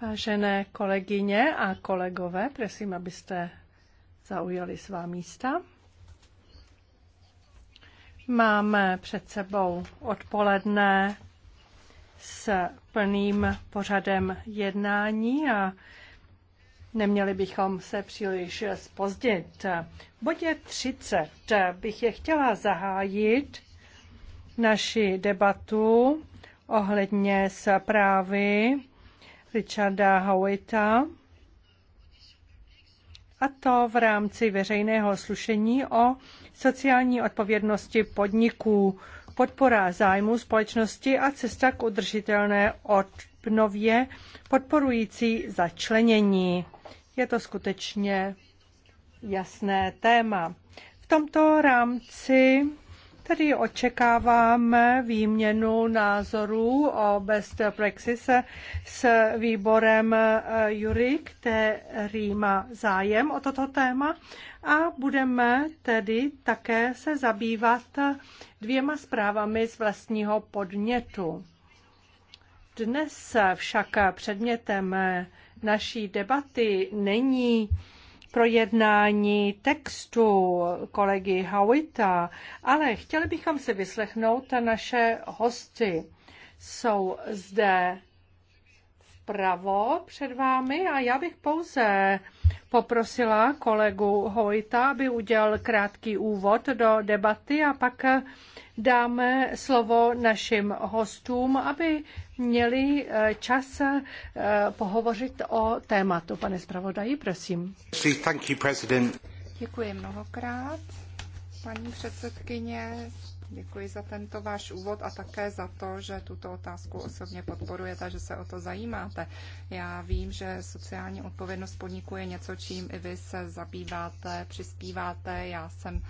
Vážené kolegyně a kolegové, prosím, abyste zaujali svá místa. Máme před sebou odpoledne s plným pořadem jednání a Neměli bychom se příliš spozdit. V bodě 30 bych je chtěla zahájit naši debatu ohledně zprávy Richarda Howita, a to v rámci veřejného slušení o sociální odpovědnosti podniků, podpora zájmu společnosti a cesta k udržitelné odpnově, podporující začlenění. Je to skutečně jasné téma. V tomto rámci Tedy očekáváme výměnu názorů o best praxise s výborem eh, Jury, který má zájem o toto téma a budeme tedy také se zabývat dvěma zprávami z vlastního podnětu. Dnes však předmětem naší debaty není projednání textu kolegy Howita, ale chtěli bychom si vyslechnout naše hosty. Jsou zde vpravo před vámi a já bych pouze poprosila kolegu Hojta, aby udělal krátký úvod do debaty a pak dáme slovo našim hostům, aby měli eh, čas eh, pohovořit o tématu. Pane zpravodaji, prosím. Děkuji mnohokrát, paní předsedkyně. Děkuji za tento váš úvod a také za to, že tuto otázku osobně podporujete a že se o to zajímáte. Já vím, že sociální odpovědnost podniku je něco, čím i vy se zabýváte, přispíváte. Já jsem uh,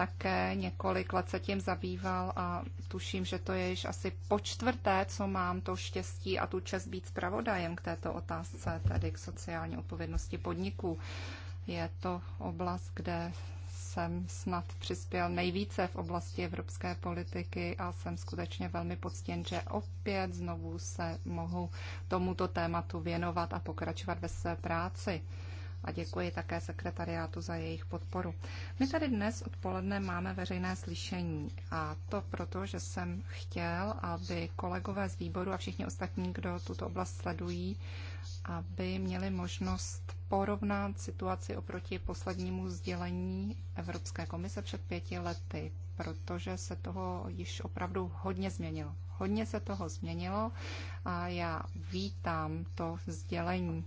také několik let se tím zabýval a tuším, že to je již asi po čtvrté, co mám to štěstí a tu čest být zpravodajem k této otázce, tedy k sociální odpovědnosti podniků. Je to oblast, kde jsem snad přispěl nejvíce v oblasti evropské politiky a jsem skutečně velmi poctěn, že opět znovu se mohu tomuto tématu věnovat a pokračovat ve své práci a děkuji také sekretariátu za jejich podporu. My tady dnes odpoledne máme veřejné slyšení a to proto, že jsem chtěl, aby kolegové z výboru a všichni ostatní, kdo tuto oblast sledují, aby měli možnost porovnat situaci oproti poslednímu sdělení Evropské komise před pěti lety, protože se toho již opravdu hodně změnilo. Hodně se toho změnilo a já vítám to sdělení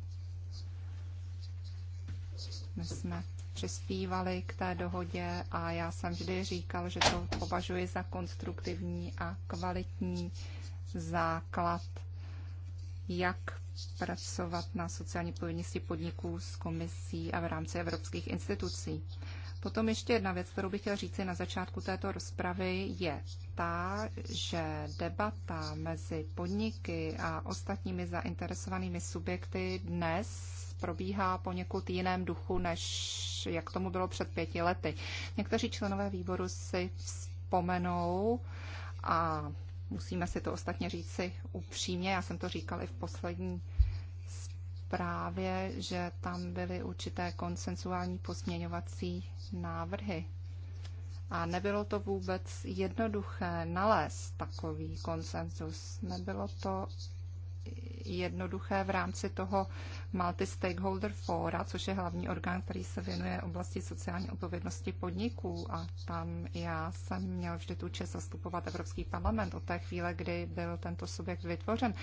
my jsme přispívali k té dohodě a já jsem vždy říkal, že to považuji za konstruktivní a kvalitní základ, jak pracovat na sociální povinnosti podniků s komisí a v rámci evropských institucí. Potom ještě jedna věc, kterou bych chtěl říci na začátku této rozpravy, je ta, že debata mezi podniky a ostatními zainteresovanými subjekty dnes probíhá poněkud jiném duchu, než jak tomu bylo před pěti lety. Někteří členové výboru si vzpomenou a musíme si to ostatně říci upřímně, já jsem to říkal i v poslední zprávě, že tam byly určité konsensuální posměňovací návrhy. A nebylo to vůbec jednoduché nalézt takový konsenzus. Nebylo to jednoduché v rámci toho multi-stakeholder fora, což je hlavní orgán, který se věnuje oblasti sociální odpovědnosti podniků. A tam já jsem měl vždy tu čest zastupovat Evropský parlament od té chvíle, kdy byl tento subjekt vytvořen.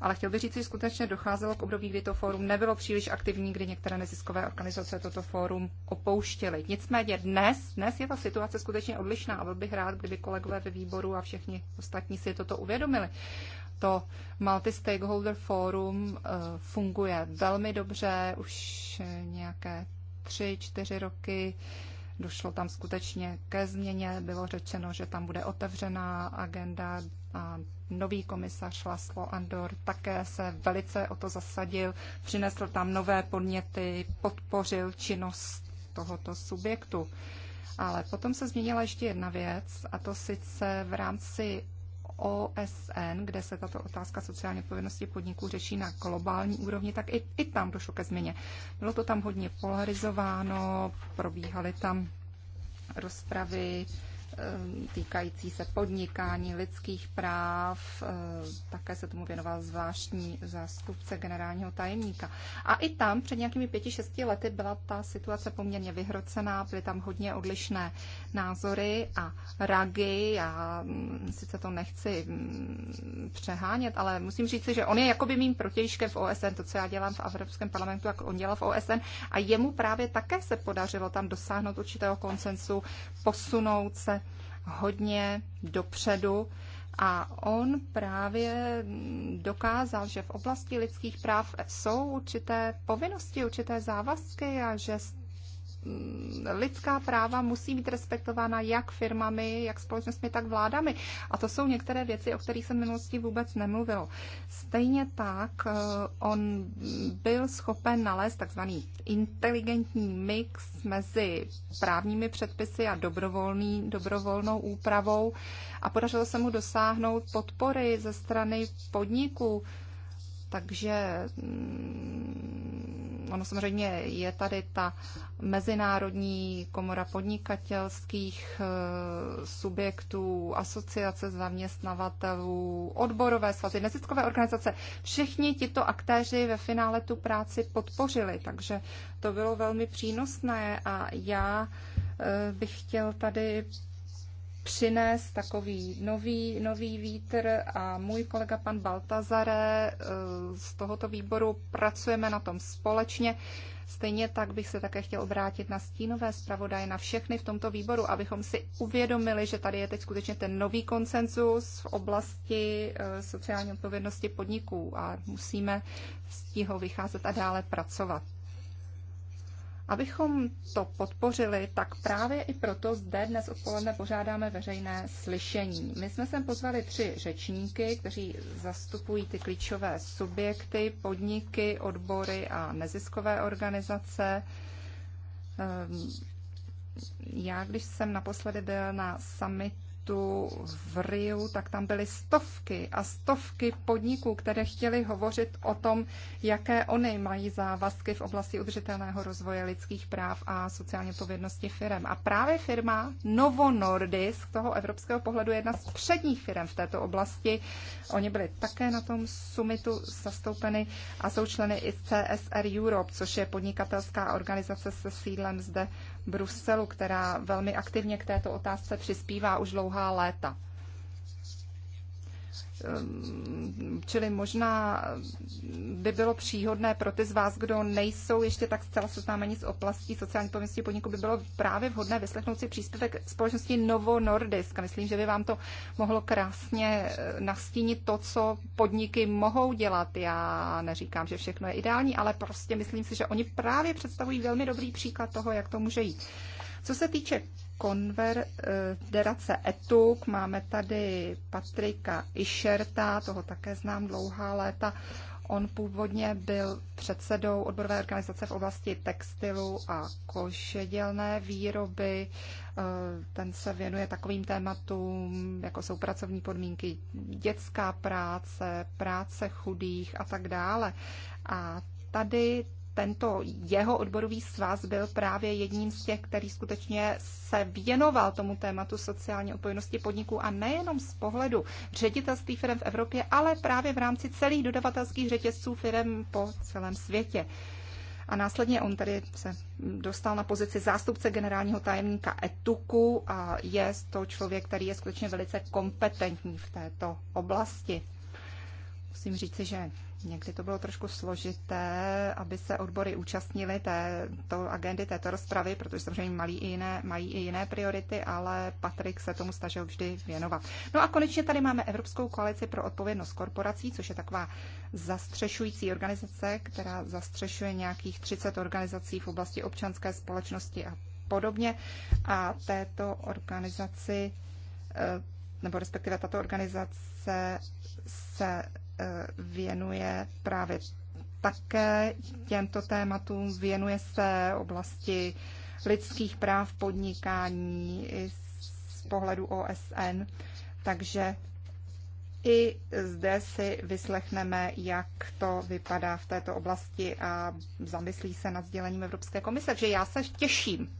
Ale chtěl bych říct, že skutečně docházelo k období, kdy to fórum nebylo příliš aktivní, kdy některé neziskové organizace toto fórum opouštěly. Nicméně dnes, dnes je ta situace skutečně odlišná a byl bych rád, kdyby kolegové ve výboru a všichni ostatní si toto uvědomili to Multi-Stakeholder Forum eh, funguje velmi dobře, už nějaké tři, čtyři roky. Došlo tam skutečně ke změně. Bylo řečeno, že tam bude otevřená agenda a nový komisař Laslo Andor také se velice o to zasadil, přinesl tam nové podněty, podpořil činnost tohoto subjektu. Ale potom se změnila ještě jedna věc, a to sice v rámci OSN, kde se tato otázka sociální odpovědnosti podniků řeší na globální úrovni, tak i, i tam došlo ke změně. Bylo to tam hodně polarizováno, probíhaly tam rozpravy, Eh, týkající se podnikání lidských práv. Eh, také se tomu věnoval zvláštní zástupce generálního tajemníka. A i tam před nějakými pěti, šesti lety byla ta situace poměrně vyhrocená, byly tam hodně odlišné názory a ragy. Já mm, sice to nechci mm, přehánět, ale musím říct, že on je jakoby mým protějškem v OSN, to, co já dělám v Evropském parlamentu, jak on dělal v OSN. A jemu právě také se podařilo tam dosáhnout určitého konsensu, posunout se hodně dopředu a on právě dokázal, že v oblasti lidských práv jsou určité povinnosti, určité závazky a že Mm, lidská práva musí být respektována jak firmami, jak společnostmi, tak vládami. A to jsou některé věci, o kterých jsem v minulosti vůbec nemluvil. Stejně tak eh, on byl schopen nalézt takzvaný inteligentní mix mezi právními předpisy a dobrovolný, dobrovolnou úpravou a podařilo se mu dosáhnout podpory ze strany podniků. Takže mm, ono samozřejmě je tady ta Mezinárodní komora podnikatelských eh, subjektů, asociace zaměstnavatelů, odborové svazy, neziskové organizace. Všichni tito aktéři ve finále tu práci podpořili, takže to bylo velmi přínosné a já eh, bych chtěl tady přinést takový nový, nový vítr a můj kolega pan Baltazare eh, z tohoto výboru pracujeme na tom společně. Stejně tak bych se také chtěl obrátit na stínové zpravodaje, na všechny v tomto výboru, abychom si uvědomili, že tady je teď skutečně ten nový konsenzus v oblasti eh, sociální odpovědnosti podniků a musíme z toho vycházet a dále pracovat. Abychom to podpořili, tak právě i proto zde dnes odpoledne pořádáme veřejné slyšení. My jsme sem pozvali tři řečníky, kteří zastupují ty klíčové subjekty, podniky, odbory a neziskové organizace. Ehm, já, když jsem naposledy byl na summit tu v Riu, tak tam byly stovky a stovky podniků, které chtěly hovořit o tom, jaké oni mají závazky v oblasti udržitelného rozvoje lidských práv a sociální odpovědnosti firm. A právě firma Novo Nordisk, toho evropského pohledu je jedna z předních firm v této oblasti, oni byli také na tom summitu zastoupeny a jsou členy i CSR Europe, což je podnikatelská organizace se sídlem zde Bruselu, která velmi aktivně k této otázce přispívá už dlouhá léta. Ehm, čili možná by bylo příhodné pro ty z vás, kdo nejsou ještě tak zcela seznámeni s oblastí sociální povinnosti podniku, by bylo právě vhodné vyslechnout si příspěvek společnosti Novo Nordisk. Myslím, že by vám to mohlo krásně eh, nastínit to, co podniky mohou dělat. Já neříkám, že všechno je ideální, ale prostě myslím si, že oni právě představují velmi dobrý příklad toho, jak to může jít. Co se týče Konverderace ETUK, máme tady Patrika Išerta, toho také znám dlouhá léta. On původně byl předsedou odborové organizace v oblasti textilu a košedělné výroby. E, ten se věnuje takovým tématům, jako jsou pracovní podmínky, dětská práce, práce chudých a tak dále. A tady tento jeho odborový svaz byl právě jedním z těch, který skutečně se věnoval tomu tématu sociální odpovědnosti podniků a nejenom z pohledu ředitelství firm v Evropě, ale právě v rámci celých dodavatelských řetězců firm po celém světě. A následně on tady se dostal na pozici zástupce generálního tajemníka Etuku a je to člověk, který je skutečně velice kompetentní v této oblasti. Musím říci, že Někdy to bylo trošku složité, aby se odbory účastnily to agendy, této rozpravy, protože samozřejmě mají i, jiné, mají i jiné priority, ale Patrik se tomu stažil vždy věnovat. No a konečně tady máme Evropskou koalici pro odpovědnost korporací, což je taková zastřešující organizace, která zastřešuje nějakých 30 organizací v oblasti občanské společnosti a podobně. A této organizaci, eh, nebo respektive tato organizace se Eh, věnuje právě také těmto tématům, věnuje se oblasti lidských práv, podnikání i z pohledu OSN. Takže i zde si vyslechneme, jak to vypadá v této oblasti a zamyslí se nad sdělením Evropské komise. Takže já se těším.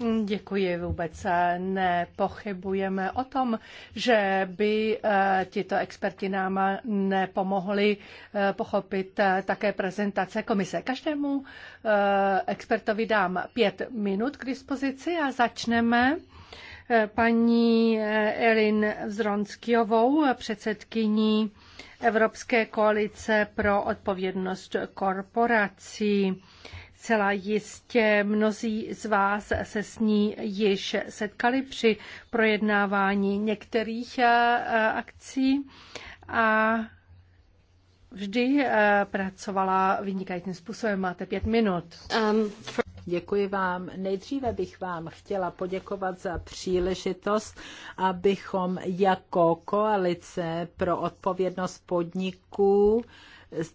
Hmm, děkuji vůbec. Eh, nepochybujeme o tom, že by eh, tito experti nám nepomohli eh, pochopit také prezentace komise. Každému expertovi dám pět minut k dispozici a začneme paní Elin Zronskijovou, předsedkyní Evropské koalice pro odpovědnost korporací. Zcela jistě mnozí z vás se s ní již setkali při projednávání některých eh, eh, akcí a vždy eh, pracovala vynikajícím způsobem. Máte pět minut. Um, for... Děkuji vám. Nejdříve bych vám chtěla poděkovat za příležitost, abychom jako koalice pro odpovědnost podniků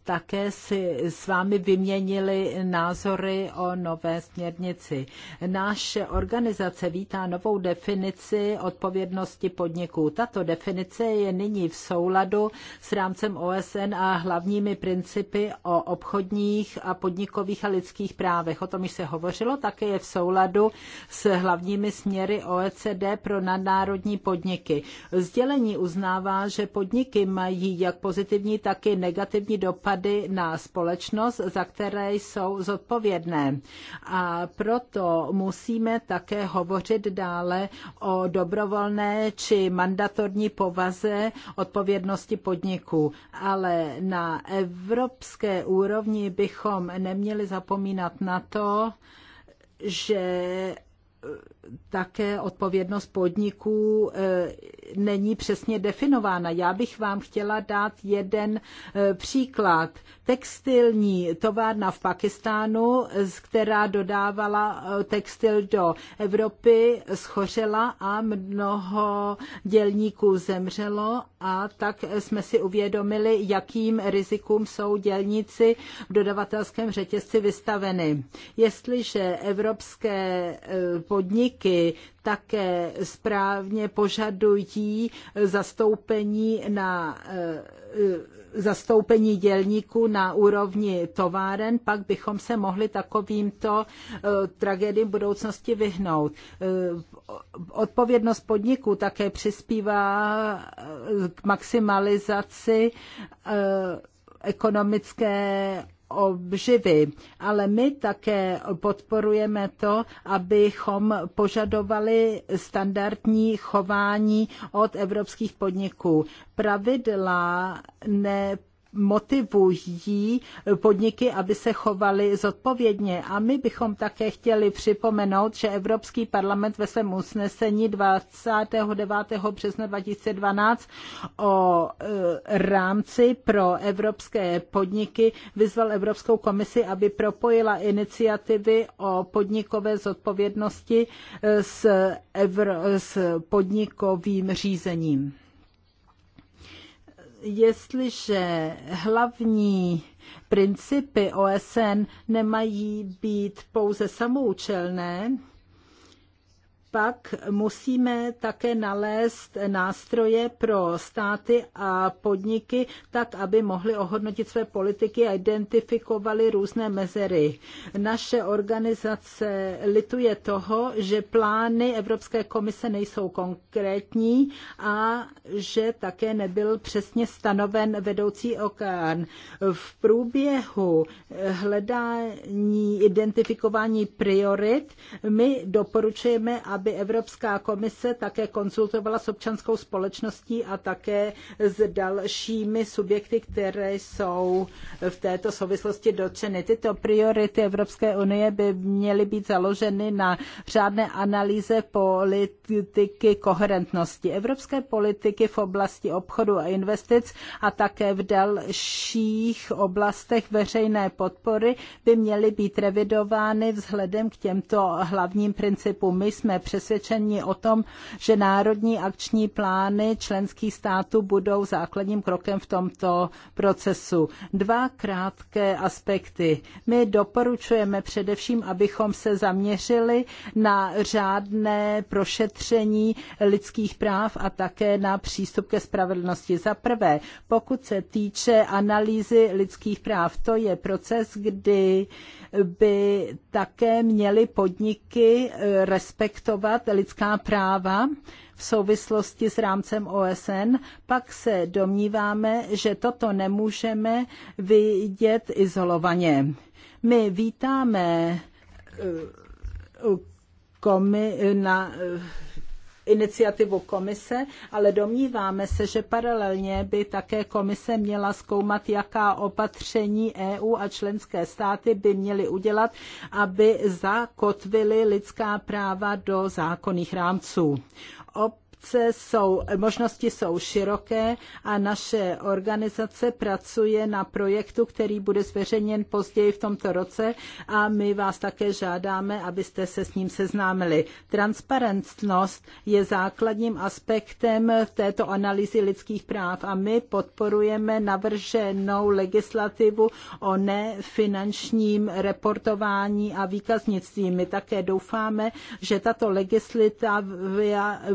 také si s vámi vyměnili názory o nové směrnici. Naše organizace vítá novou definici odpovědnosti podniků. Tato definice je nyní v souladu s rámcem OSN a hlavními principy o obchodních a podnikových a lidských právech. O tom již se hovořilo, také je v souladu s hlavními směry OECD pro nadnárodní podniky. Sdělení uznává, že podniky mají jak pozitivní, tak i negativní dopady na společnost, za které jsou zodpovědné. A proto musíme také hovořit dále o dobrovolné či mandatorní povaze odpovědnosti podniků. Ale na evropské úrovni bychom neměli zapomínat na to, že také odpovědnost podniků e, není přesně definována. Já bych vám chtěla dát jeden e, příklad. Textilní továrna v Pakistánu, která dodávala e, textil do Evropy, schořela a mnoho dělníků zemřelo a tak jsme si uvědomili, jakým rizikům jsou dělníci v dodavatelském řetězci vystaveny. Jestliže evropské podniky podniky také správně požadují zastoupení na eh, zastoupení dělníků na úrovni továren, pak bychom se mohli takovýmto eh, tragédiím budoucnosti vyhnout. Eh, odpovědnost podniků také přispívá k maximalizaci ekonomické obživy. Ale my také podporujeme to, abychom požadovali standardní chování od evropských podniků. Pravidla ne motivují podniky, aby se chovaly zodpovědně. A my bychom také chtěli připomenout, že Evropský parlament ve svém usnesení 29. března 2012 o e, rámci pro evropské podniky vyzval Evropskou komisi, aby propojila iniciativy o podnikové zodpovědnosti s, evro, s podnikovým řízením jestliže hlavní principy OSN nemají být pouze samoučelné, pak musíme také nalézt nástroje pro státy a podniky, tak aby mohly ohodnotit své politiky a identifikovali různé mezery. Naše organizace lituje toho, že plány Evropské komise nejsou konkrétní a že také nebyl přesně stanoven vedoucí okán. V průběhu hledání, identifikování priorit my doporučujeme, aby aby Evropská komise také konzultovala s občanskou společností a také s dalšími subjekty, které jsou v této souvislosti dotčeny. Tyto priority Evropské unie by měly být založeny na řádné analýze politiky koherentnosti. Evropské politiky v oblasti obchodu a investic a také v dalších oblastech veřejné podpory by měly být revidovány vzhledem k těmto hlavním principům. My jsme přesvědčeni o tom, že národní akční plány členských států budou základním krokem v tomto procesu. Dva krátké aspekty. My doporučujeme především, abychom se zaměřili na řádné prošetření lidských práv a také na přístup ke spravedlnosti. Za prvé, pokud se týče analýzy lidských práv, to je proces, kdy by také měly podniky eh, respektovat lidská práva v souvislosti s rámcem OSN, pak se domníváme, že toto nemůžeme vidět izolovaně. My vítáme eh, komi, na, iniciativu komise, ale domníváme se, že paralelně by také komise měla zkoumat, jaká opatření EU a členské státy by měly udělat, aby zakotvili lidská práva do zákonných rámců. Ob akce jsou, možnosti jsou široké a naše organizace pracuje na projektu, který bude zveřejněn později v tomto roce a my vás také žádáme, abyste se s ním seznámili. Transparentnost je základním aspektem této analýzy lidských práv a my podporujeme navrženou legislativu o nefinančním reportování a výkaznictví. My také doufáme, že tato legislativa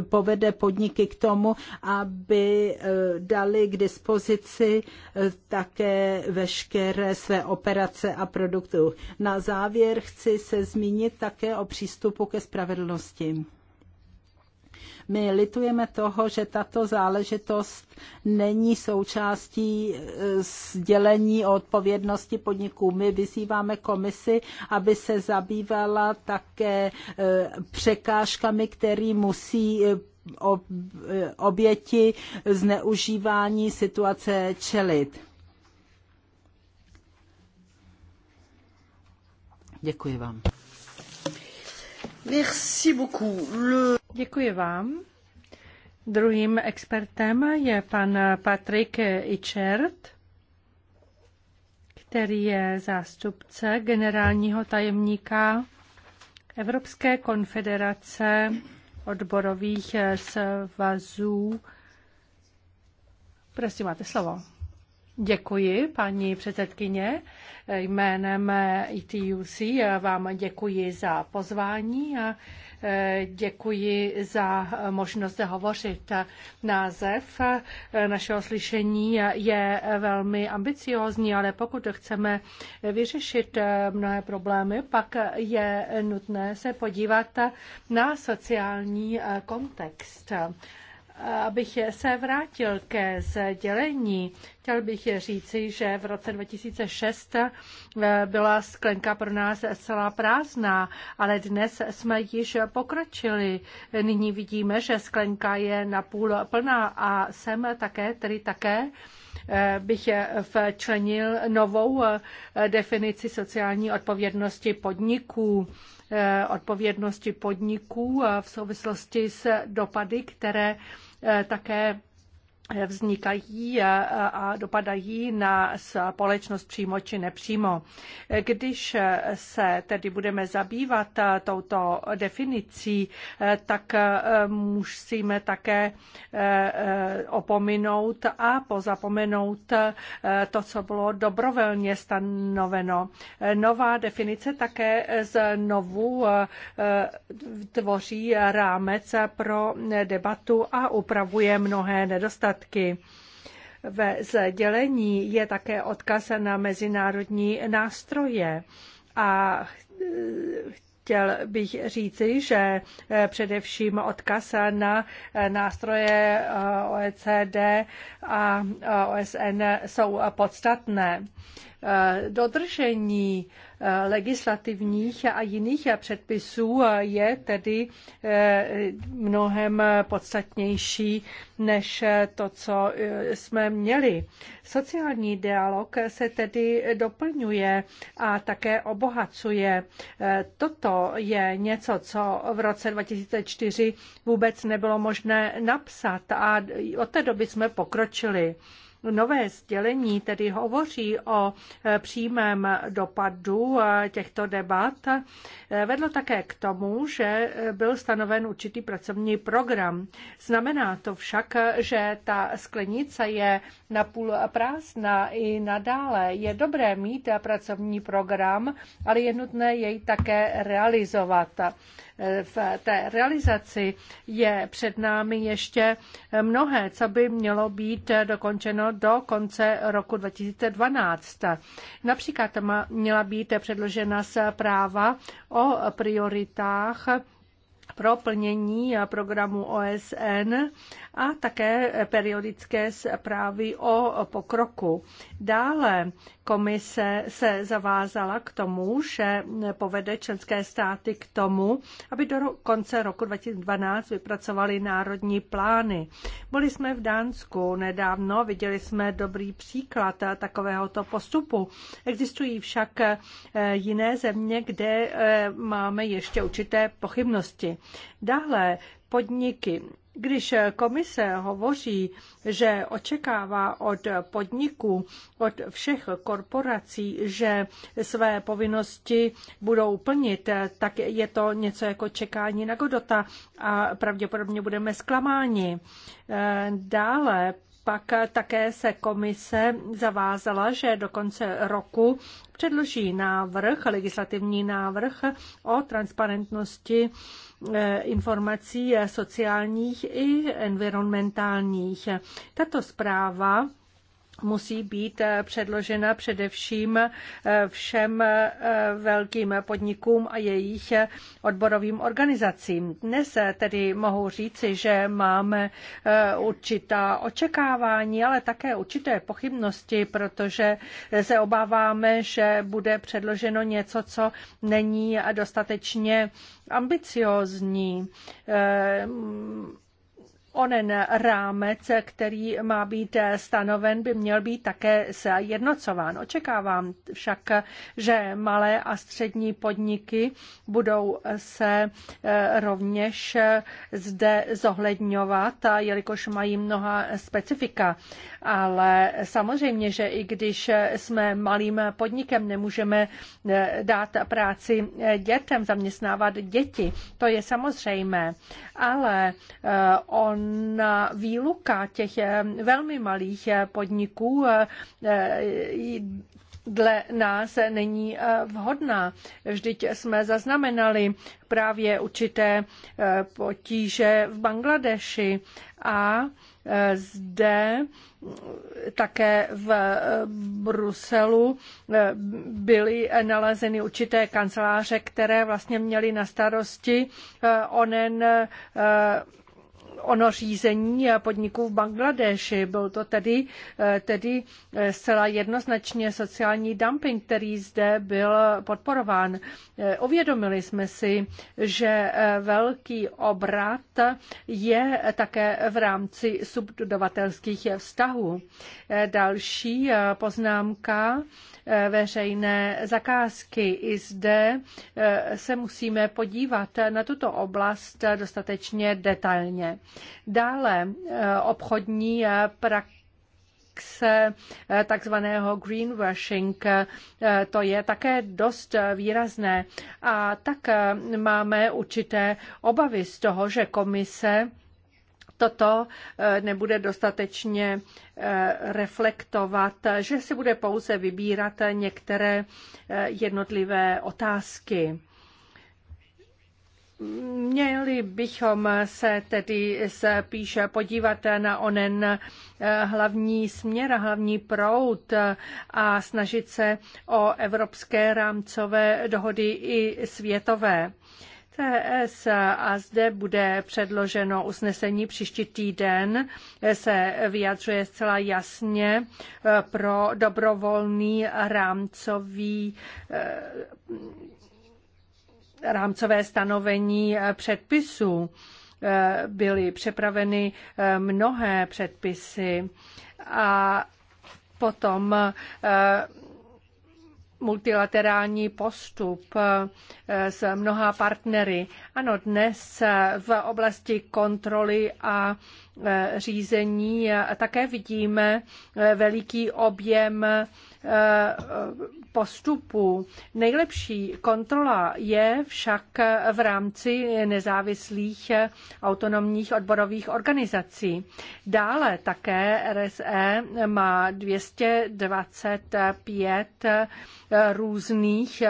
povede podniky k tomu, aby eh, dali k dispozici eh, také veškeré své operace a produkty. Na závěr chci se zmínit také o přístupu ke spravedlnosti. My litujeme toho, že tato záležitost není součástí eh, sdělení o odpovědnosti podniků. My vyzýváme komisi, aby se zabývala také překážkami, které musí oběti zneužívání situace čelit. Děkuji vám. Merci beaucoup. Le... Děkuji vám. Druhým expertem je pan Patrik Ichert, který je zástupce generálního tajemníka Evropské konfederace odborových eh, svazů. Prosím, máte slovo. Děkuji, paní předsedkyně. Jménem eh, ITUC eh, vám děkuji za pozvání a Děkuji za možnost hovořit. Název našeho slyšení je velmi ambiciózní, ale pokud chceme vyřešit mnohé problémy, pak je nutné se podívat na sociální kontext. Abych se vrátil ke sdělení, chtěl bych říci, že v roce 2006 eh, byla sklenka pro nás celá prázdná, ale dnes jsme již pokročili. Nyní vidíme, že sklenka je napůl plná a jsem také, tedy také, eh, bych včlenil novou eh, definici sociální odpovědnosti podniků odpovědnosti podniků v souvislosti s dopady, které Eh, také vznikají a dopadají na společnost přímo či nepřímo. Když se tedy budeme zabývat touto definicí, e, tak e, musíme také e, opominout a pozapomenout to, co bylo dobrovolně stanoveno. Nová definice také znovu tvoří rámec pro debatu a upravuje mnohé nedostatky nedostatky. Ve sdělení je také odkaz na mezinárodní nástroje a chtěl bych říci, že eh, především odkaz na eh, nástroje eh, OECD a OSN jsou podstatné. Dodržení Eh, legislativních a jiných předpisů eh, je tedy eh, mnohem podstatnější než to, co jsme měli. Sociální dialog se tedy doplňuje a také obohacuje. Toto je něco, co v roce 2004 vůbec nebylo možné napsat a od té doby jsme pokročili. Nové sdělení tedy hovoří o e, přímém dopadu e, těchto debat. E, vedlo také k tomu, že byl stanoven určitý pracovní program. Znamená to však, že ta sklenice je napůl prázdná i nadále. Je dobré mít pracovní program, ale je nutné jej také realizovat. Eh, v té realizaci je před námi ještě mnohé, co by mělo být dokončeno do konce roku 2012. Například měla být předložena zpráva o prioritách pro plnění programu OSN a také periodické zprávy o pokroku. Dále komise se zavázala k tomu, že povede členské státy k tomu, aby do konce roku 2012 vypracovali národní plány. Byli jsme v Dánsku nedávno, viděli jsme dobrý příklad takovéhoto postupu. Existují však eh, jiné země, kde eh, máme ještě určité pochybnosti. Dále podniky když komise hovoří, že očekává od podniků, od všech korporací, že své povinnosti budou plnit, tak je to něco jako čekání na Godota a pravděpodobně budeme zklamáni. Dále pak také se komise zavázala, že do konce roku předloží návrh, legislativní návrh o transparentnosti Eh, informací eh, sociálních i environmentálních. Tato zpráva musí být eh, předložena především eh, všem eh, velkým podnikům a jejich odborovým organizacím. Dnes tedy mohu říci, že máme určitá očekávání, ale také určité pochybnosti, protože se obáváme, že bude předloženo něco, co není dostatečně ambiciozní onen rámec, který má být stanoven, by měl být také sjednocován. Očekávám však, že malé a střední podniky budou se eh, rovněž eh, zde zohledňovat, jelikož mají mnoha specifika ale samozřejmě, že i když jsme malým podnikem, nemůžeme eh, dát práci eh, dětem, zaměstnávat děti. To je samozřejmé. Ale eh, on výluka těch velmi malých podniků dle nás není vhodná. Vždyť jsme zaznamenali právě určité potíže v Bangladeši a zde také v Bruselu byly nalezeny určité kanceláře, které vlastně měly na starosti onen ono řízení podniků v Bangladeši. Byl to tedy, eh, tedy eh, zcela jednoznačně sociální dumping, který zde byl podporován. Eh, uvědomili jsme si, že velký obrat je také v rámci subdodavatelských vztahů. Další poznámka veřejné zakázky. I zde se musíme podívat na tuto oblast dostatečně detailně. Dále eh, obchodní praktiky eh, praxe eh, takzvaného greenwashing. To je také dost výrazné. A tak máme určité obavy z toho, že komise toto nebude dostatečně reflektovat, že si bude pouze vybírat některé jednotlivé otázky. Měli bychom se tedy spíše podívat na onen eh, hlavní směr a hlavní proud a snažit se o evropské rámcové dohody i světové. TS a zde bude předloženo usnesení příští týden, se vyjadřuje zcela jasně eh, pro dobrovolný rámcový eh, rámcové stanovení eh, předpisů. Eh, byly přepraveny eh, mnohé předpisy a potom multilaterální postup s mnoha partnery. Ano, dnes v oblasti kontroly a řízení také vidíme veliký objem postupů. Nejlepší kontrola je však v rámci nezávislých autonomních odborových organizací. Dále také RSE má 225 různých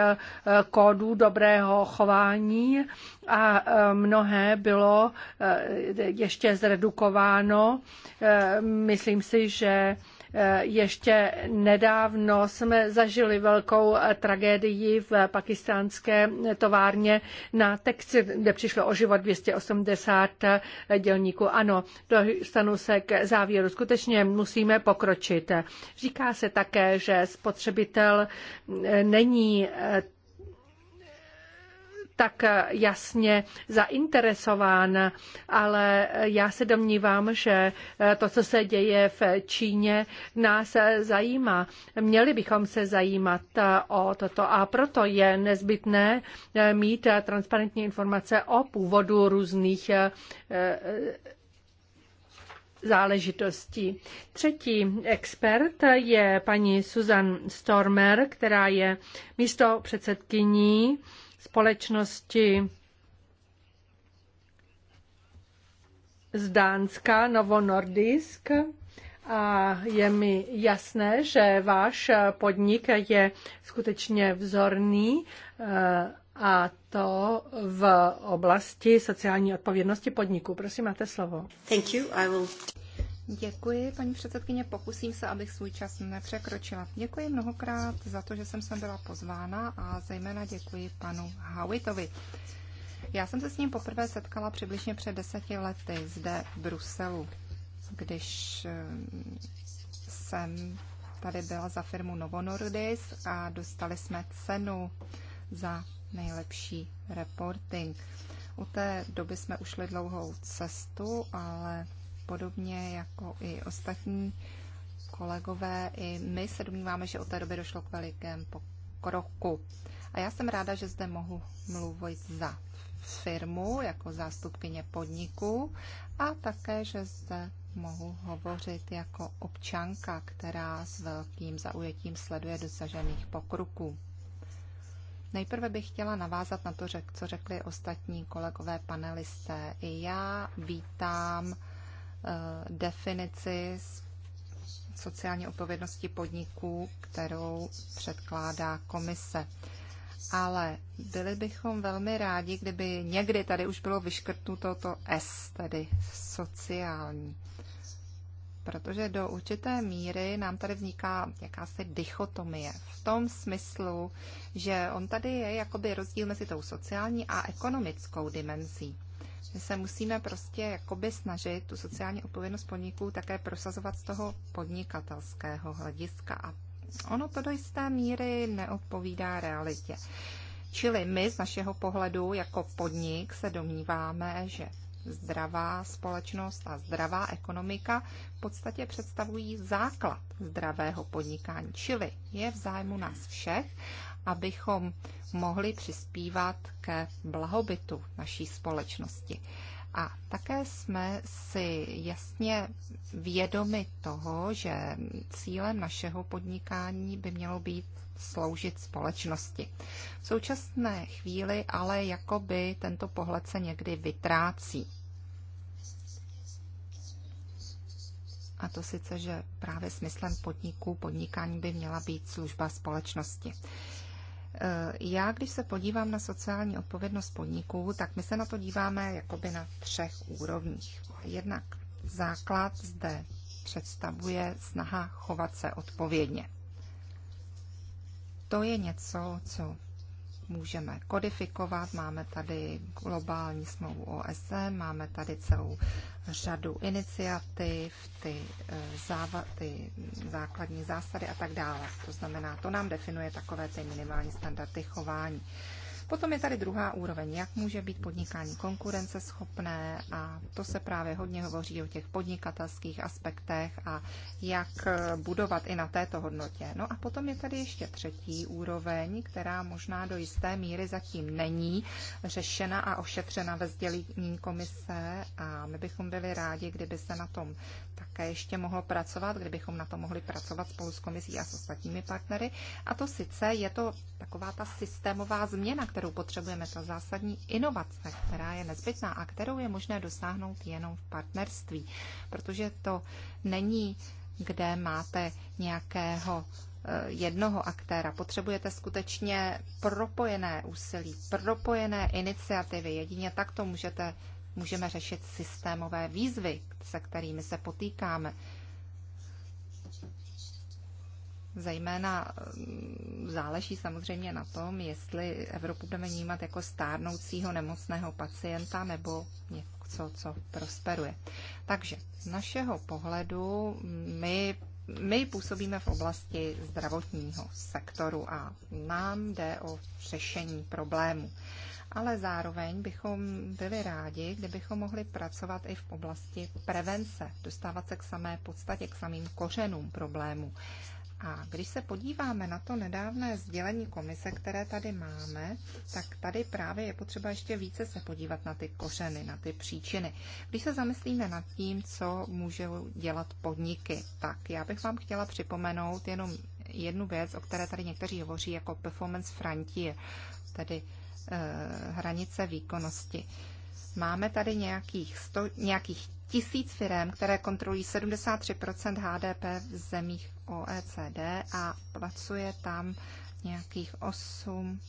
kódů dobrého chování a mnohé bylo ještě zredukováno. Myslím si, že Eh, ještě nedávno jsme zažili velkou eh, tragédii v pakistánské továrně na textil, kde přišlo o život 280 eh, dělníků. Ano, dostanu se k závěru. Skutečně musíme pokročit. Říká se také, že spotřebitel není tak jasně zainteresován, ale já se domnívám, že to, co se děje v Číně, nás zajímá. Měli bychom se zajímat o toto a proto je nezbytné mít transparentní informace o původu různých eh, eh, záležitostí. Třetí expert je paní Susan Stormer, která je místo předsedkyní společnosti z Dánska Novo Nordisk a je mi jasné, že váš podnik je skutečně vzorný eh, a to v oblasti sociální odpovědnosti podniku. Prosím, máte slovo. Thank you. I will... Děkuji, paní předsedkyně. Pokusím se, abych svůj čas nepřekročila. Děkuji mnohokrát za to, že jsem sem byla pozvána a zejména děkuji panu Hawitovi. Já jsem se s ním poprvé setkala přibližně před deseti lety zde v Bruselu, když eh, jsem tady byla za firmu Novo Nordis a dostali jsme cenu za nejlepší reporting. U té doby jsme ušli dlouhou cestu, ale Podobně jako i ostatní kolegové, i my se domníváme, že od té doby došlo k velikému pokroku. A já jsem ráda, že zde mohu mluvit za firmu jako zástupkyně podniku a také, že zde mohu hovořit jako občanka, která s velkým zaujetím sleduje dosažených pokroků. Nejprve bych chtěla navázat na to, co řekli ostatní kolegové panelisté. I já vítám Eh, definici sociální odpovědnosti podniků, kterou předkládá komise. Ale byli bychom velmi rádi, kdyby někdy tady už bylo vyškrtnuto to S, tedy sociální. Protože do určité míry nám tady vzniká jakási dichotomie. V tom smyslu, že on tady je jakoby rozdíl mezi tou sociální a ekonomickou dimenzí. My se musíme prostě jakoby snažit tu sociální odpovědnost podniků také prosazovat z toho podnikatelského hlediska. A ono to do jisté míry neodpovídá realitě. Čili my z našeho pohledu jako podnik se domníváme, že zdravá společnost a zdravá ekonomika v podstatě představují základ zdravého podnikání, čili je v zájmu nás všech, abychom mohli přispívat ke blahobytu naší společnosti. A také jsme si jasně vědomi toho, že cílem našeho podnikání by mělo být sloužit společnosti. V současné chvíli ale jakoby tento pohled se někdy vytrácí. A to sice, že právě smyslem podniků podnikání by měla být služba společnosti. Eh, já, když se podívám na sociální odpovědnost podniků, tak my se na to díváme jakoby na třech úrovních. Jednak základ zde představuje snaha chovat se odpovědně. To je něco, co můžeme kodifikovat. Máme tady globální smlouvu OSN, máme tady celou řadu iniciativ, ty, eh, záva, ty základní zásady a tak dále. To znamená, to nám definuje takové ty minimální standardy chování. Potom je tady druhá úroveň, jak může být podnikání konkurenceschopné a to se právě hodně hovoří o těch podnikatelských aspektech a jak budovat i na této hodnotě. No a potom je tady ještě třetí úroveň, která možná do jisté míry zatím není řešena a ošetřena ve sdělení komise a my bychom byli rádi, kdyby se na tom také ještě mohlo pracovat, kdybychom na tom mohli pracovat spolu s komisí a s ostatními partnery. A to sice je to taková ta systémová změna, kterou potřebujeme, ta zásadní inovace, která je nezbytná a kterou je možné dosáhnout jenom v partnerství, protože to není, kde máte nějakého eh, jednoho aktéra. Potřebujete skutečně propojené úsilí, propojené iniciativy. Jedině tak to můžete, můžeme řešit systémové výzvy, se kterými se potýkáme. Zejména mm, záleží samozřejmě na tom, jestli Evropu budeme vnímat jako stárnoucího nemocného pacienta nebo něco, co prosperuje. Takže z našeho pohledu mm, my, my působíme v oblasti zdravotního sektoru a nám jde o řešení problému. Ale zároveň bychom byli rádi, kdybychom mohli pracovat i v oblasti prevence, dostávat se k samé podstatě, k samým kořenům problému a když se podíváme na to nedávné sdělení komise, které tady máme, tak tady právě je potřeba ještě více se podívat na ty kořeny, na ty příčiny. Když se zamyslíme nad tím, co můžou dělat podniky, tak já bych vám chtěla připomenout jenom jednu věc, o které tady někteří hovoří jako performance frontier, tedy eh, hranice výkonnosti. Máme tady nějakých, sto, nějakých tisíc firm, které kontrolují 73 HDP v zemích OECD a pracuje tam nějakých 8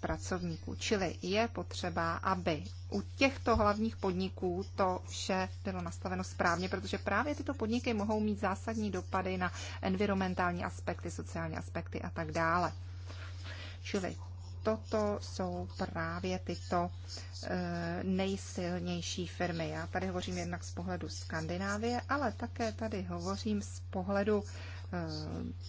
pracovníků. Čili je potřeba, aby u těchto hlavních podniků to vše bylo nastaveno správně, protože právě tyto podniky mohou mít zásadní dopady na environmentální aspekty, sociální aspekty a tak dále. Čili toto jsou právě tyto eh, nejsilnější firmy. Já tady hovořím jednak z pohledu Skandinávie, ale také tady hovořím z pohledu Eh,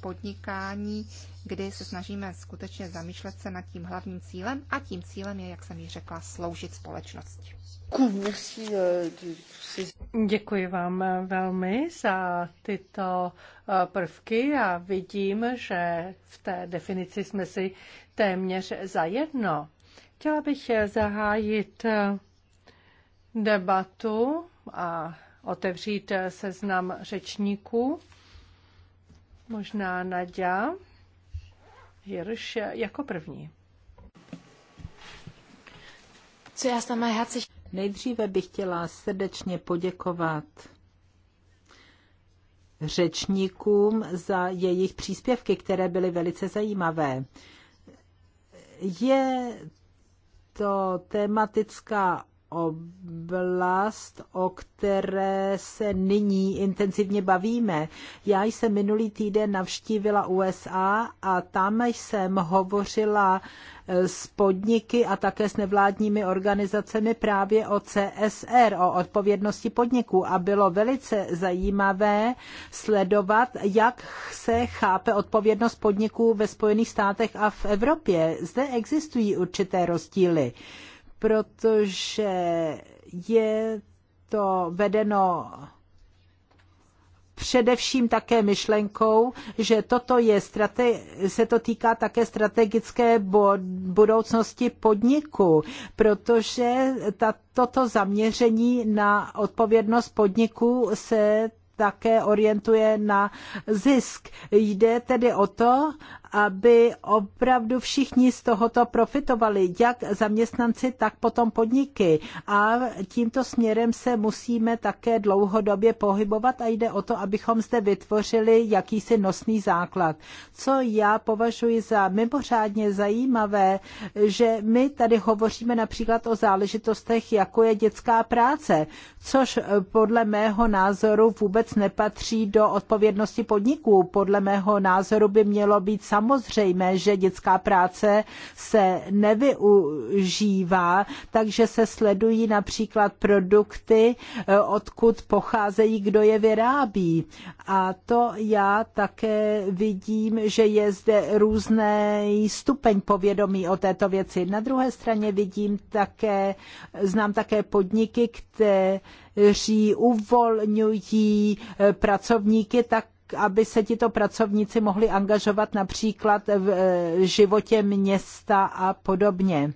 podnikání, kdy se snažíme skutečně zamýšlet se nad tím hlavním cílem a tím cílem je, jak jsem ji řekla, sloužit společnosti. Děkuji vám velmi za tyto eh, prvky a vidím, že v té definici jsme si téměř zajedno. Chtěla bych eh, zahájit debatu a otevřít seznam řečníků. Možná Nadia Hirš jako první. Co já sama herzlich... Nejdříve bych chtěla srdečně poděkovat řečníkům za jejich příspěvky, které byly velice zajímavé. Je to tematická oblast, o které se nyní intenzivně bavíme. Já jsem minulý týden navštívila USA a tam jsem hovořila eh, s podniky a také s nevládními organizacemi právě o CSR, o odpovědnosti podniků. A bylo velice zajímavé sledovat, jak se chápe odpovědnost podniků ve Spojených státech a v Evropě. Zde existují určité rozdíly protože je to vedeno především také myšlenkou, že toto je strate- se to týká také strategické budoucnosti podniku, protože ta, toto zaměření na odpovědnost podniku se také orientuje na zisk. Jde tedy o to, aby opravdu všichni z tohoto profitovali, jak zaměstnanci, tak potom podniky. A tímto směrem se musíme také dlouhodobě pohybovat a jde o to, abychom zde vytvořili jakýsi nosný základ. Co já považuji za mimořádně zajímavé, že my tady hovoříme například o záležitostech, jako je dětská práce, což podle mého názoru vůbec nepatří do odpovědnosti podniků. Podle mého názoru by mělo být samozřejmě samozřejmé, že dětská práce se nevyužívá, takže se sledují například produkty, eh, odkud pocházejí, kdo je vyrábí. A to já také vidím, že je zde různý stupeň povědomí o této věci. Na druhé straně vidím také, znám také podniky, které kteří uvolňují eh, pracovníky tak, aby se tito pracovníci mohli angažovat například v eh, životě města a podobně.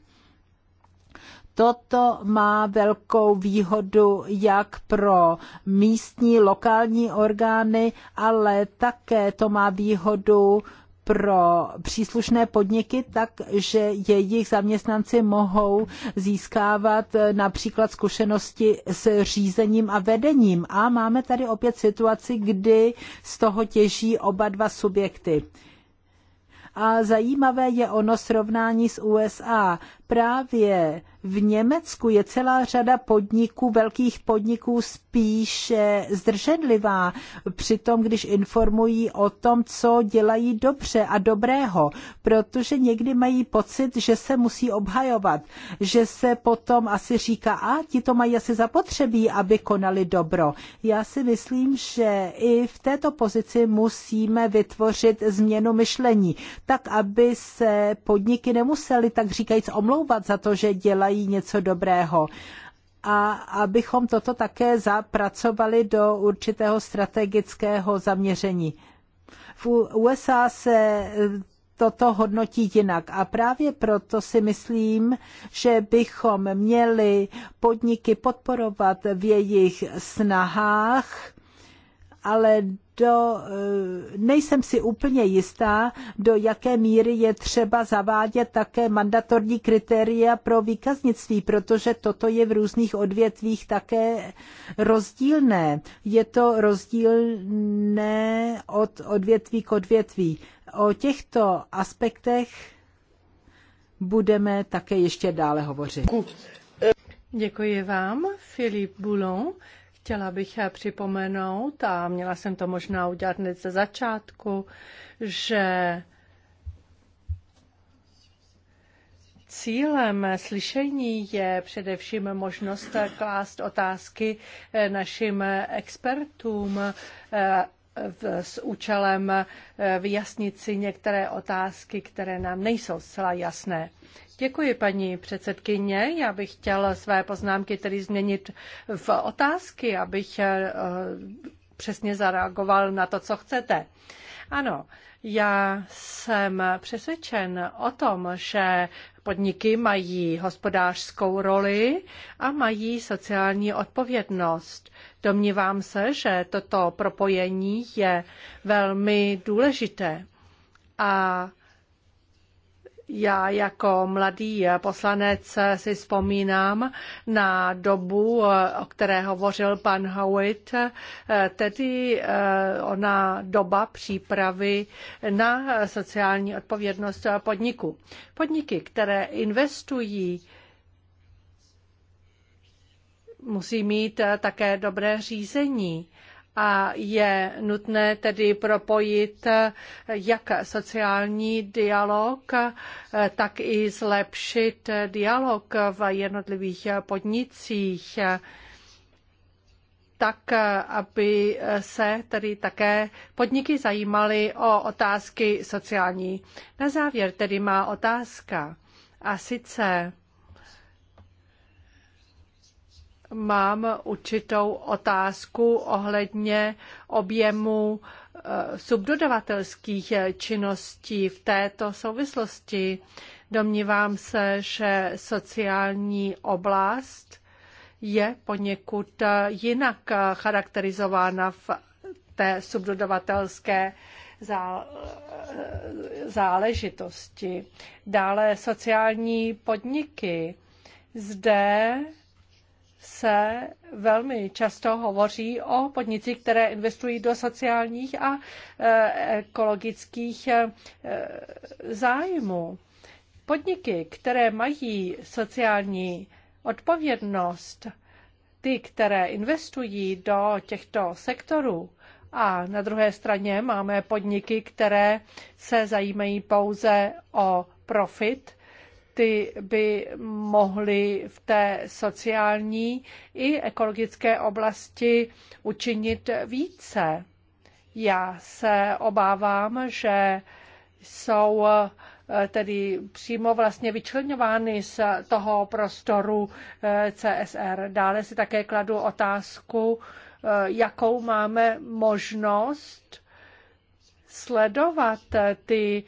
Toto má velkou výhodu jak pro místní, lokální orgány, ale také to má výhodu pro příslušné podniky, tak že jejich zaměstnanci mohou získávat eh, například zkušenosti s řízením a vedením. A máme tady opět situaci, kdy z toho těží oba dva subjekty. A zajímavé je ono srovnání s USA právě v Německu je celá řada podniků, velkých podniků spíše zdrženlivá, přitom když informují o tom, co dělají dobře a dobrého, protože někdy mají pocit, že se musí obhajovat, že se potom asi říká, a ti to mají asi zapotřebí, aby konali dobro. Já si myslím, že i v této pozici musíme vytvořit změnu myšlení, tak aby se podniky nemuseli tak říkajíc omlouvat, omlouvat za to, že dělají něco dobrého a abychom toto také zapracovali do určitého strategického zaměření. V USA se eh, toto hodnotí jinak a právě proto si myslím, že bychom měli podniky podporovat v jejich snahách, ale do, eh, nejsem si úplně jistá, do jaké míry je třeba zavádět také mandatorní kritéria pro výkaznictví, protože toto je v různých odvětvích také rozdílné. Je to rozdílné od odvětví k odvětví. O těchto aspektech budeme také ještě dále hovořit. Děkuji vám, Filip Boulon. Chtěla bych eh, připomenout, a měla jsem to možná udělat hned ze začátku, že Cílem slyšení je především možnost klást otázky eh, našim expertům eh, s účelem eh, vyjasnit si některé otázky, které nám nejsou zcela jasné. Děkuji, paní předsedkyně. Já bych chtěl své poznámky tedy změnit v otázky, abych eh, přesně zareagoval na to, co chcete. Ano, já jsem přesvědčen o tom, že podniky mají hospodářskou roli a mají sociální odpovědnost. Domnívám se, že toto propojení je velmi důležité a já jako mladý poslanec si vzpomínám na dobu, o které hovořil pan Howitt, tedy eh, ona doba přípravy na sociální odpovědnost podniku. Podniky, které investují musí mít eh, také dobré řízení a je nutné tedy propojit eh, jak sociální dialog, eh, tak i zlepšit dialog v jednotlivých podnicích tak, aby se tedy také podniky zajímaly o otázky sociální. Na závěr tedy má otázka. A sice mám určitou otázku ohledně objemu eh, subdodavatelských eh, činností v této souvislosti. Domnívám se, že sociální oblast je poněkud eh, jinak charakterizována v té subdodavatelské záležitosti. Dále sociální podniky. Zde se velmi často hovoří o podnicích, které investují do sociálních a e, ekologických e, zájmů. Podniky, které mají sociální odpovědnost, ty, které investují do těchto sektorů, a na druhé straně máme podniky, které se zajímají pouze o profit, ty by mohly v té sociální i ekologické oblasti učinit více. Já se obávám, že jsou eh, tedy přímo vlastně vyčlňovány z toho prostoru eh, CSR. Dále si také kladu otázku, eh, jakou máme možnost sledovat ty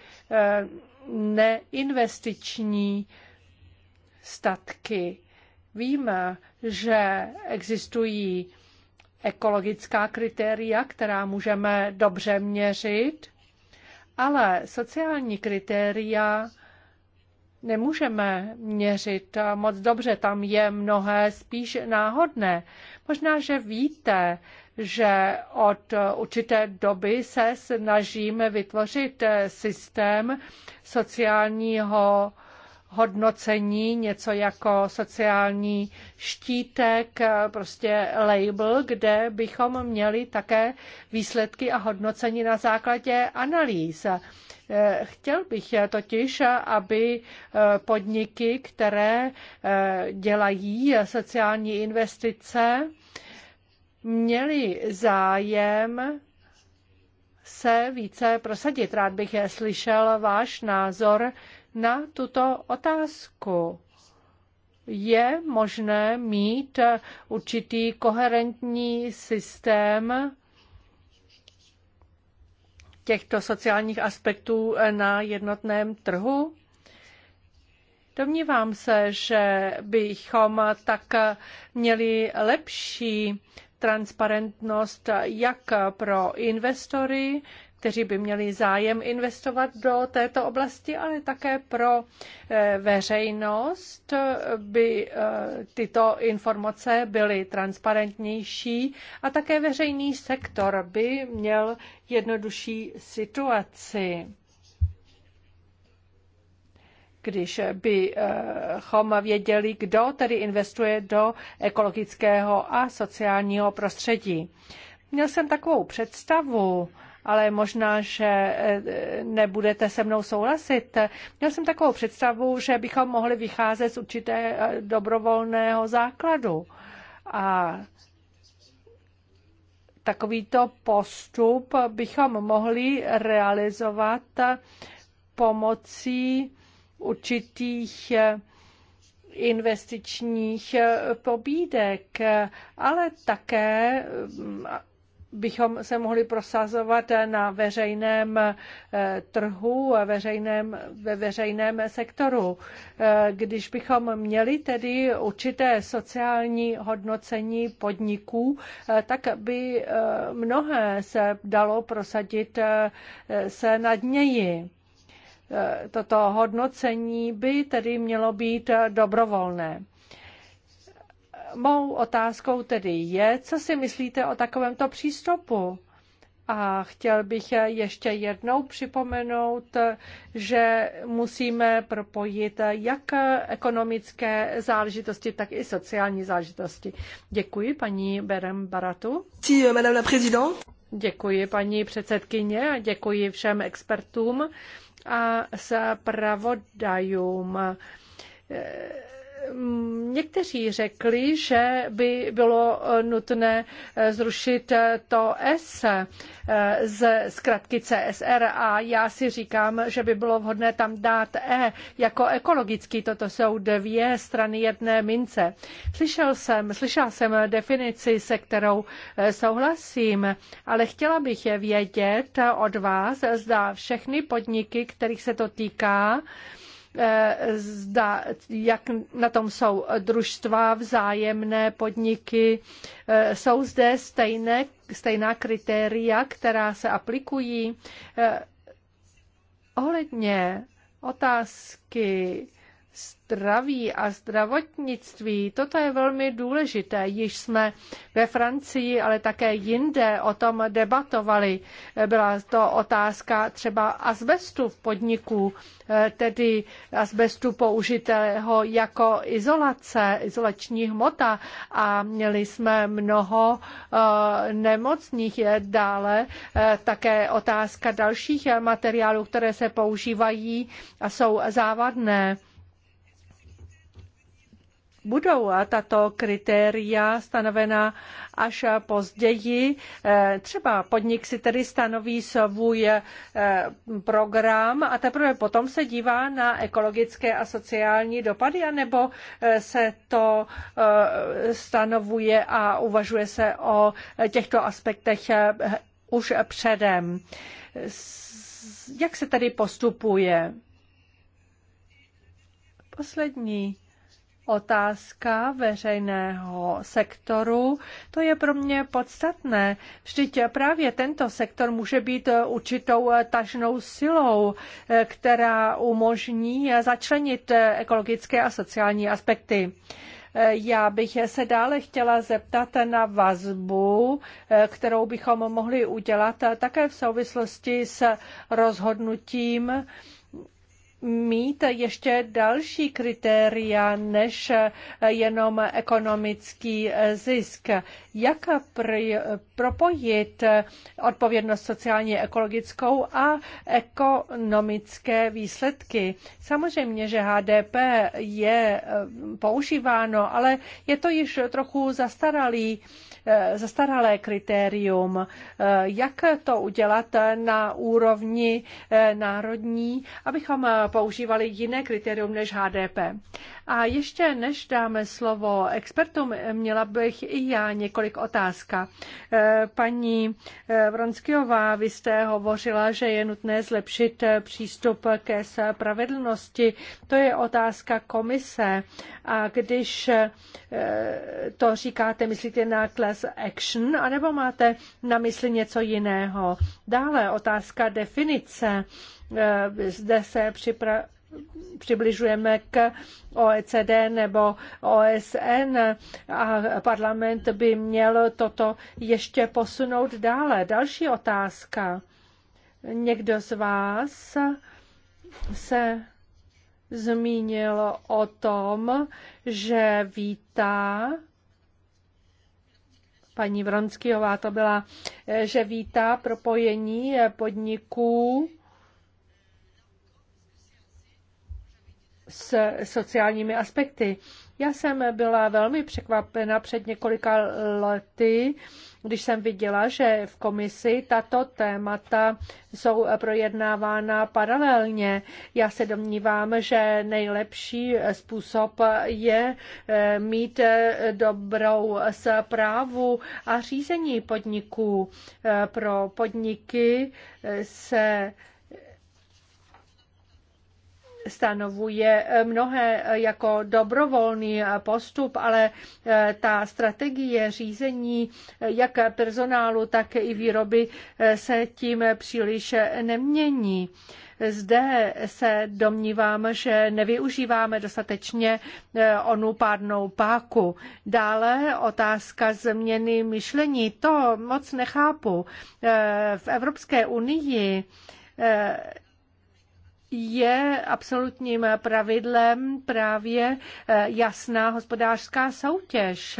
neinvestiční statky. Víme, že existují ekologická kritéria, která můžeme dobře měřit, ale sociální kritéria nemůžeme měřit moc dobře, tam je mnohé spíš náhodné. Možná, že víte, že od určité doby se snažíme vytvořit eh, systém sociálního hodnocení, něco jako sociální štítek, eh, prostě label, kde bychom měli také výsledky a hodnocení na základě analýz. Eh, chtěl bych totiž, aby podniky, které dělají sociální investice, měli zájem se více prosadit. Rád bych je slyšel váš názor na tuto otázku. Je možné mít určitý koherentní systém těchto sociálních aspektů na jednotném trhu? Domnívám se, že bychom tak měli lepší transparentnost jak pro investory, kteří by měli zájem investovat do této oblasti, ale také pro eh, veřejnost by eh, tyto informace byly transparentnější a také veřejný sektor by měl jednodušší situaci když bychom věděli, kdo tedy investuje do ekologického a sociálního prostředí. Měl jsem takovou představu, ale možná, že eh, nebudete se mnou souhlasit. Měl jsem takovou představu, že bychom mohli vycházet z určité eh, dobrovolného základu. A takovýto postup bychom mohli realizovat eh, pomocí určitých eh, investičních eh, pobídek, eh, ale také mm, bychom se mohli prosazovat na veřejném trhu, veřejném, ve veřejném sektoru. Když bychom měli tedy určité sociální hodnocení podniků, tak by mnohé se dalo prosadit se nad něji. Eh, toto hodnocení by tedy mělo být eh, dobrovolné. Mou otázkou tedy je, co si myslíte o takovémto přístupu? A chtěl bych eh, ještě jednou připomenout, že musíme propojit jak ekonomické záležitosti, tak i sociální záležitosti. Děkuji paní Berem Baratu. Euh, la Děkuji paní předsedkyně a děkuji všem expertům a s Někteří řekli, že by bylo nutné eh, zrušit to S eh, z zkratky CSR a já si říkám, že by bylo vhodné tam dát E jako ekologický. Toto jsou dvě strany jedné mince. Slyšel jsem, slyšela jsem definici, se kterou eh, souhlasím, ale chtěla bych je vědět od vás, zda všechny podniky, kterých se to týká, Eh, zda, jak na tom jsou družstva, vzájemné podniky. Eh, jsou zde stejné, stejná kritéria, která se aplikují eh, ohledně otázky zdraví a zdravotnictví, toto je velmi důležité. Již jsme ve Francii, ale také jinde o tom debatovali. Byla to otázka třeba asbestu v podniku, tedy asbestu použitého jako izolace, izolační hmota a měli jsme mnoho eh, nemocných dále. Eh, také otázka dalších eh, materiálů, které se používají a jsou závadné budou tato kritéria stanovena až později. Eh, třeba podnik si tedy stanoví svůj eh, program a teprve potom se dívá na ekologické a sociální dopady, anebo eh, se to stanovuje a uvažuje se o těchto aspektech už předem. Jak se tedy postupuje? Poslední otázka veřejného sektoru. To je pro mě podstatné. Vždyť právě tento sektor může být určitou tažnou silou, která umožní začlenit ekologické a sociální aspekty. Já bych se dále chtěla zeptat na vazbu, kterou bychom mohli udělat také v souvislosti s rozhodnutím mít ještě další kritéria než jenom ekonomický zisk. Jak pr- propojit odpovědnost sociálně ekologickou a ekonomické výsledky? Samozřejmě, že HDP je používáno, ale je to již trochu zastaralý Eh, zastaralé kritérium. Eh, jak to udělat na úrovni eh, národní, abychom používali jiné kritérium než HDP? A ještě než dáme slovo expertům, měla bych i já několik otázka. Eh, paní eh, Vronskyová, vy jste hovořila, že je nutné zlepšit eh, přístup ke spravedlnosti. To je otázka komise. A když to říkáte, myslíte na class action, anebo máte na mysli něco jiného? Dále otázka definice. Zde se připravuje přibližujeme k OECD nebo OSN a parlament by měl toto ještě posunout dále. Další otázka. Někdo z vás se zmínil o tom, že vítá paní Vronskýová to byla, že vítá propojení podniků s sociálními aspekty. Já jsem byla velmi překvapena před několika lety, když jsem viděla, že v komisi tato témata jsou projednávána paralelně. Já se domnívám, že nejlepší způsob je eh, mít eh, dobrou zprávu a řízení podniků. Eh, pro podniky se stanovuje eh, mnohé eh, jako dobrovolný eh, postup, ale ta strategie řízení jak personálu, tak i výroby se tím příliš nemění. Zde se domnívám, že nevyužíváme dostatečně onu pádnou páku. Dále otázka změny myšlení. To moc nechápu. V Evropské unii je absolutním pravidlem právě eh, jasná hospodářská soutěž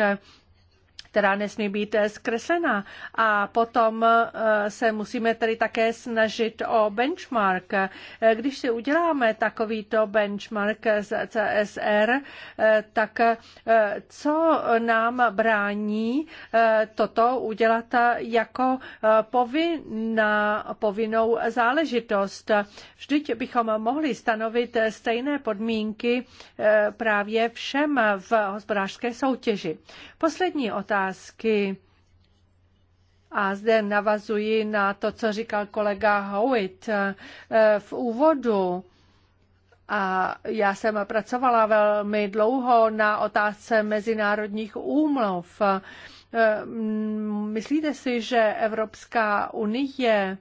která nesmí být eh, zkreslená. A potom eh, se musíme tedy také snažit o benchmark. Eh, když si uděláme takovýto benchmark z CSR, tak co nám brání toto udělat jako povinná, povinnou záležitost? Vždyť bychom mohli stanovit stejné podmínky právě všem v hospodářské soutěži. Poslední otázka otázky. A zde navazuji na to, co říkal kolega Howitt eh, v úvodu. A já jsem pracovala velmi dlouho na otázce mezinárodních úmluv. Eh, myslíte si, že Evropská unie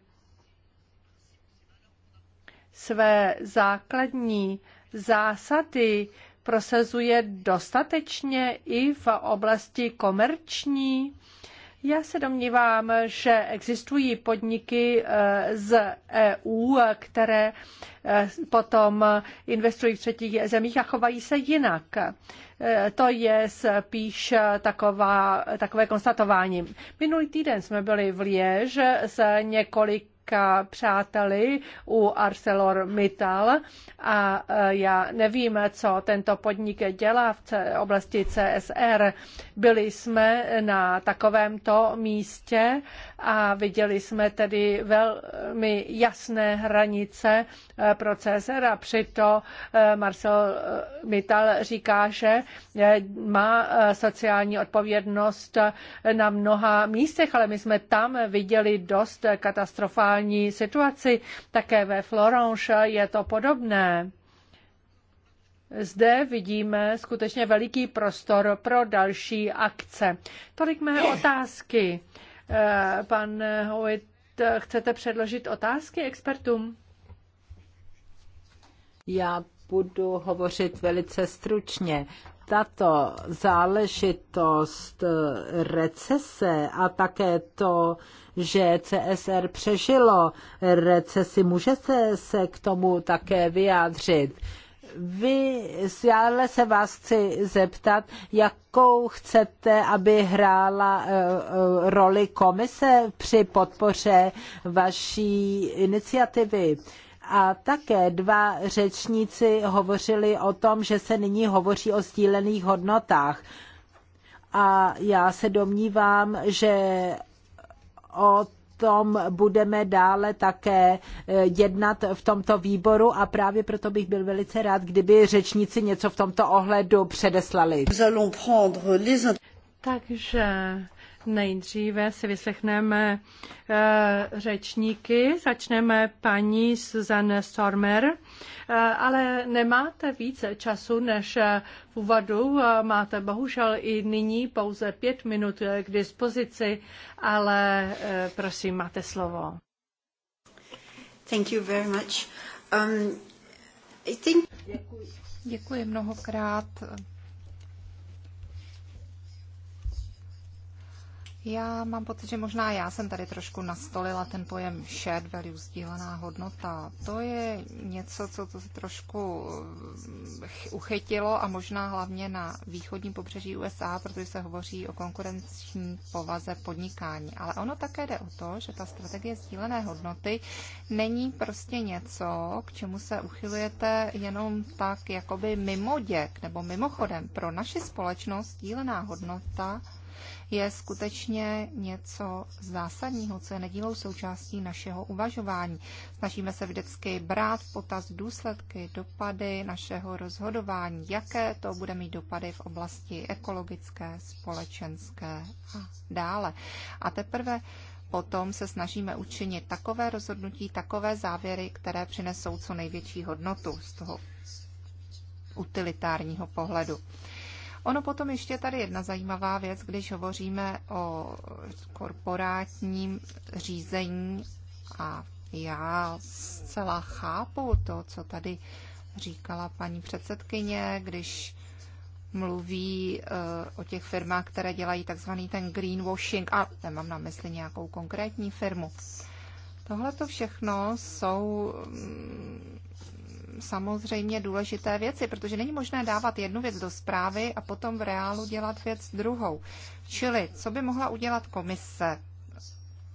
své základní zásady prosazuje dostatečně i v oblasti komerční? Já se domnívám, že existují podniky eh, z EU, které eh, potom investují v třetích zemích a chovají se jinak. Eh, to je spíš taková, takové konstatování. Minulý týden jsme byli v Liež s několik několika přáteli u ArcelorMittal a e, já nevím, co tento podnik dělá v oblasti CSR. Byli jsme na takovémto místě a viděli jsme tedy velmi jasné hranice eh, pro Cezar a přito eh, Marcel eh, Mittal říká, že má sociální odpovědnost na mnoha místech, ale my jsme tam viděli dost katastrofální situaci. Také ve Florence je to podobné. Zde vidíme skutečně veliký prostor pro další akce. Tolik mé otázky. Eh, pan Hoyt, eh, chcete předložit otázky expertům? Já budu hovořit velice stručně tato záležitost eh, recese a také to, že CSR přežilo recesi, můžete se k tomu také vyjádřit vy, ale se vás chci zeptat, jakou chcete, aby hrála eh, eh, roli komise při podpoře vaší iniciativy. A také dva řečníci hovořili o tom, že se nyní hovoří o sdílených hodnotách. A já se domnívám, že o tom budeme dále také eh, jednat v tomto výboru a právě proto bych byl velice rád, kdyby řečníci něco v tomto ohledu předeslali. Takže Nejdříve si vyslechneme eh, řečníky. Začneme paní Suzanne Stormer, eh, ale nemáte více času než eh, v úvodu. Máte bohužel i nyní pouze pět minut k dispozici, ale prosím, máte slovo. Thank you very much. Um, I think... Děkuji. Děkuji mnohokrát. Já mám pocit, že možná já jsem tady trošku nastolila ten pojem shared value, sdílená hodnota. To je něco, co to se trošku eh, uchytilo a možná hlavně na východním pobřeží USA, protože se hovoří o konkurenční povaze podnikání. Ale ono také jde o to, že ta strategie sdílené hodnoty není prostě něco, k čemu se uchylujete jenom tak jakoby mimo děk nebo mimochodem. Pro naši společnost sdílená hodnota je skutečně něco zásadního, co je nedílou součástí našeho uvažování. Snažíme se vždycky brát v potaz důsledky, dopady našeho rozhodování, jaké to bude mít dopady v oblasti ekologické, společenské a dále. A teprve potom se snažíme učinit takové rozhodnutí, takové závěry, které přinesou co největší hodnotu z toho utilitárního pohledu. Ono potom ještě tady jedna zajímavá věc, když hovoříme o korporátním řízení a já zcela chápu to, co tady říkala paní předsedkyně, když mluví eh, o těch firmách, které dělají takzvaný ten greenwashing a nemám na mysli nějakou konkrétní firmu. Tohle to všechno jsou mm, samozřejmě důležité věci, protože není možné dávat jednu věc do zprávy a potom v reálu dělat věc druhou. Čili, co by mohla udělat komise?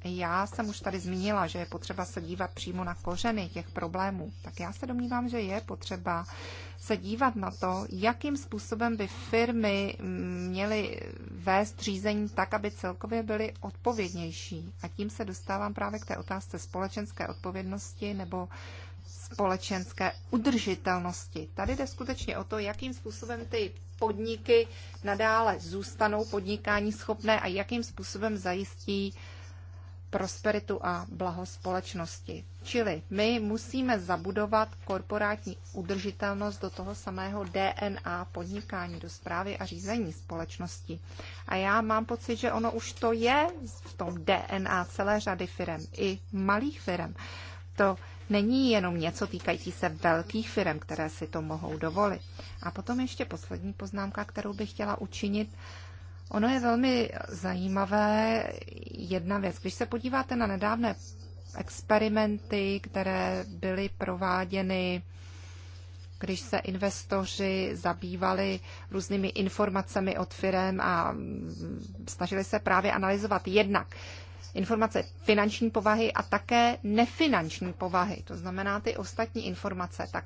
Já jsem už tady zmínila, že je potřeba se dívat přímo na kořeny těch problémů. Tak já se domnívám, že je potřeba se dívat na to, jakým způsobem by firmy měly vést řízení tak, aby celkově byly odpovědnější. A tím se dostávám právě k té otázce společenské odpovědnosti nebo společenské udržitelnosti. Tady jde skutečně o to, jakým způsobem ty podniky nadále zůstanou podnikání schopné a jakým způsobem zajistí prosperitu a blaho společnosti. Čili my musíme zabudovat korporátní udržitelnost do toho samého DNA podnikání, do zprávy a řízení společnosti. A já mám pocit, že ono už to je v tom DNA celé řady firem, i malých firem. To není jenom něco týkající se velkých firm, které si to mohou dovolit. A potom ještě poslední poznámka, kterou bych chtěla učinit. Ono je velmi zajímavé jedna věc. Když se podíváte na nedávné experimenty, které byly prováděny, když se investoři zabývali různými informacemi od firm a snažili se právě analyzovat jednak informace finanční povahy a také nefinanční povahy, to znamená ty ostatní informace, tak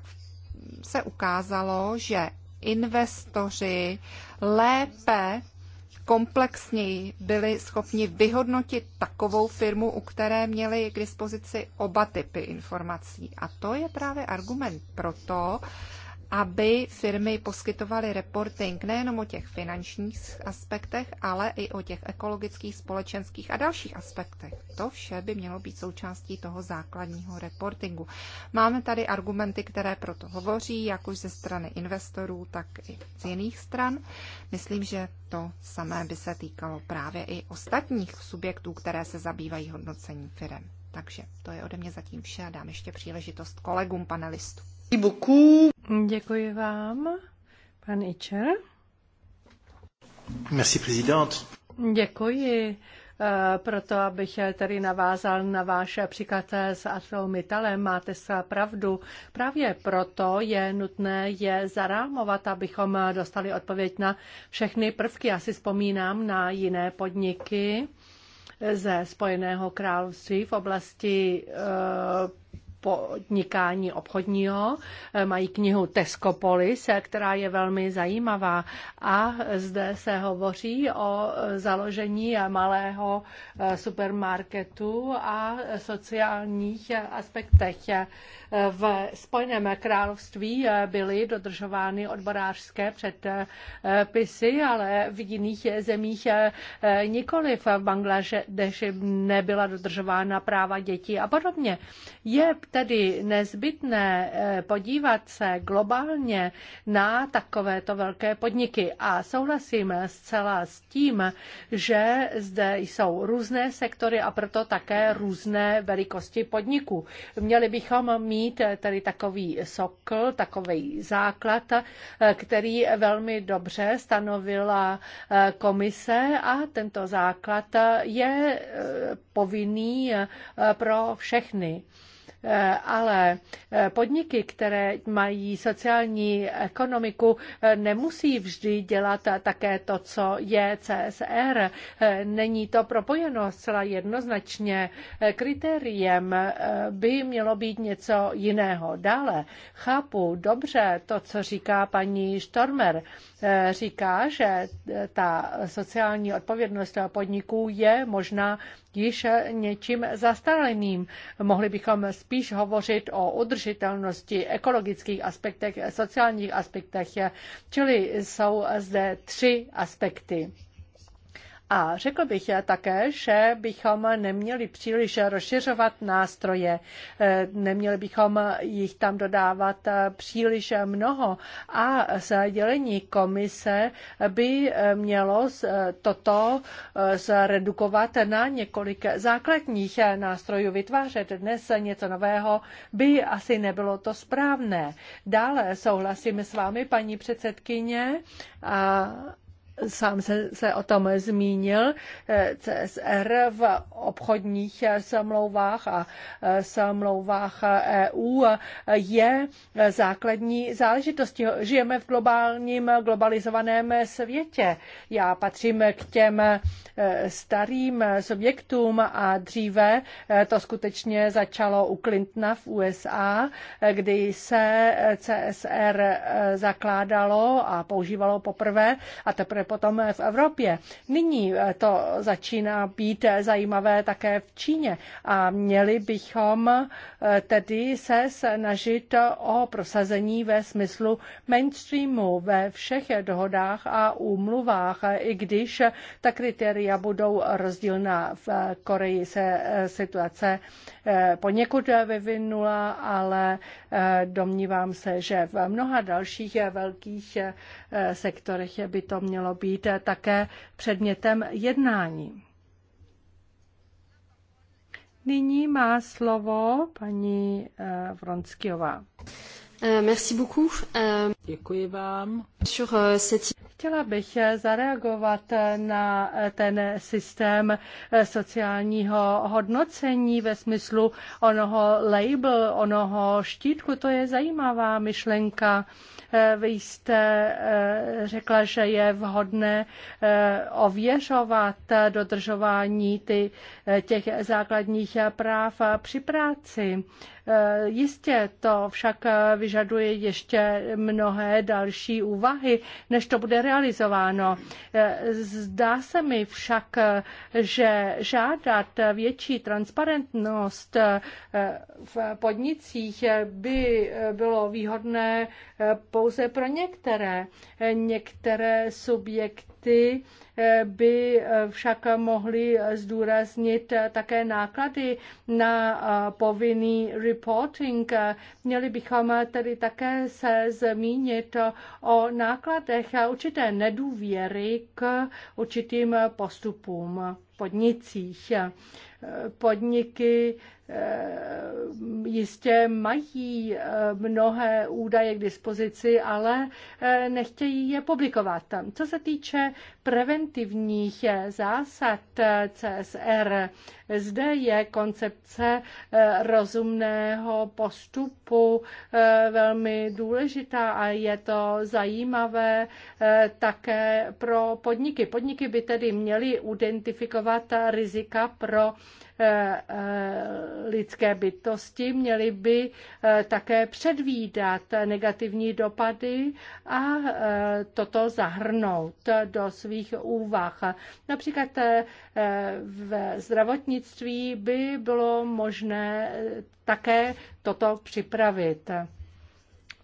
se ukázalo, že investoři lépe komplexněji byli schopni vyhodnotit takovou firmu, u které měli k dispozici oba typy informací. A to je právě argument pro to, aby firmy poskytovaly reporting nejenom o těch finančních aspektech, ale i o těch ekologických, společenských a dalších aspektech. To vše by mělo být součástí toho základního reportingu. Máme tady argumenty, které proto hovoří, jak už ze strany investorů, tak i z jiných stran. Myslím, že to samé by se týkalo právě i ostatních subjektů, které se zabývají hodnocením firm. Takže to je ode mě zatím vše a dám ještě příležitost kolegům panelistům. Děkuji vám, pan Ičer. Merci, prezident. Děkuji. Eh, proto, abych tady navázal na váš příklad s ArcelorMittalem, máte se pravdu. Právě proto je nutné je zarámovat, abychom dostali odpověď na všechny prvky. Já si vzpomínám na jiné podniky ze Spojeného království v oblasti eh, podnikání obchodního. Eh, mají knihu Teskopolis, eh, která je velmi zajímavá a zde se hovoří o eh, založení malého supermarketu a sociálních aspektech. V Spojeném království byly dodržovány odborářské předpisy, ale v jiných zemích nikoli, V Bangladeši nebyla dodržována práva dětí a podobně. Je tedy nezbytné eh, podívat se globálně na takovéto velké podniky. A souhlasím zcela s tím, že zde jsou různé sektory a proto také různé velikosti podniků. Měli bychom mít tedy takový sokl, takový základ, eh, který velmi dobře stanovila eh, komise a tento základ je povinný pro všechny. Eh, ale eh, podniky, které mají sociální ekonomiku, eh, nemusí vždy dělat také to, co je CSR. Není to propojeno zcela jednoznačně. Kritériem by mělo být něco jiného. Dále chápu dobře to, co říká paní Stormer. Eh, říká, že eh, ta sociální odpovědnost podniků je možná již eh, něčím zastaraným. Mohli bychom spíš hovořit o udržitelnosti, ekologických aspektech, sociálních aspektech, čili jsou zde tři aspekty. A řekl bych také, že bychom neměli příliš rozšiřovat nástroje, eh, neměli bychom jich tam dodávat eh, příliš mnoho a zadělení komise by eh, mělo toto zredukovat na několik základních nástrojů. Vytvářet dnes něco nového by asi nebylo to správné. Dále souhlasím s vámi, paní předsedkyně, a sám se, se o tom zmínil, eh, CSR v obchodních eh, smlouvách a eh, smlouvách EU e je základní záležitostí. Žijeme v globálním, globalizovaném světě. Já patřím k těm starým subjektům a dříve to skutečně začalo u Clintona v USA, kdy se CSR zakládalo a používalo poprvé a teprve potom v Evropě. Nyní eh, to začíná být eh, zajímavé také v Číně a měli bychom eh, tedy se snažit o prosazení ve smyslu mainstreamu ve všech dohodách a úmluvách, i když ta kritéria budou rozdílná. V Koreji se situace Eh, poněkud eh, vyvinula, ale eh, domnívám se, že v mnoha dalších velkých sektorech by to mělo být také předmětem jednání. Nyní má slovo paní Vronskiová. Eh, merci beaucoup. Eh, Děkuji vám. Sur eh, cette... Chtěla bych zareagovat na ten systém sociálního hodnocení ve smyslu onoho label, onoho štítku. To je zajímavá myšlenka. Eh, vy jste eh, řekla, že je vhodné eh, ověřovat dodržování ty, těch základních práv při práci. Jistě to však vyžaduje ještě mnohé další úvahy, než to bude realizováno. Zdá se mi však, že žádat větší transparentnost v podnicích by bylo výhodné po pouze pro některé. Některé subjekty eh, by eh, však mohly zdůraznit eh, také náklady na povinný reporting. Měli bychom tedy také se zmínit o nákladech a určité nedůvěry k určitým postupům podnicích. Podniky Eh, jistě mají eh, mnohé údaje k dispozici, ale eh, nechtějí je publikovat. Co se týče preventivních zásad CSR, zde je koncepce rozumného postupu velmi důležitá a je to zajímavé také pro podniky. Podniky by tedy měly identifikovat rizika pro Eh, eh, lidské bytosti, měly by eh, také předvídat negativní dopady a toto zahrnout do svých úvah. Například v zdravotnictví by bylo možné také toto připravit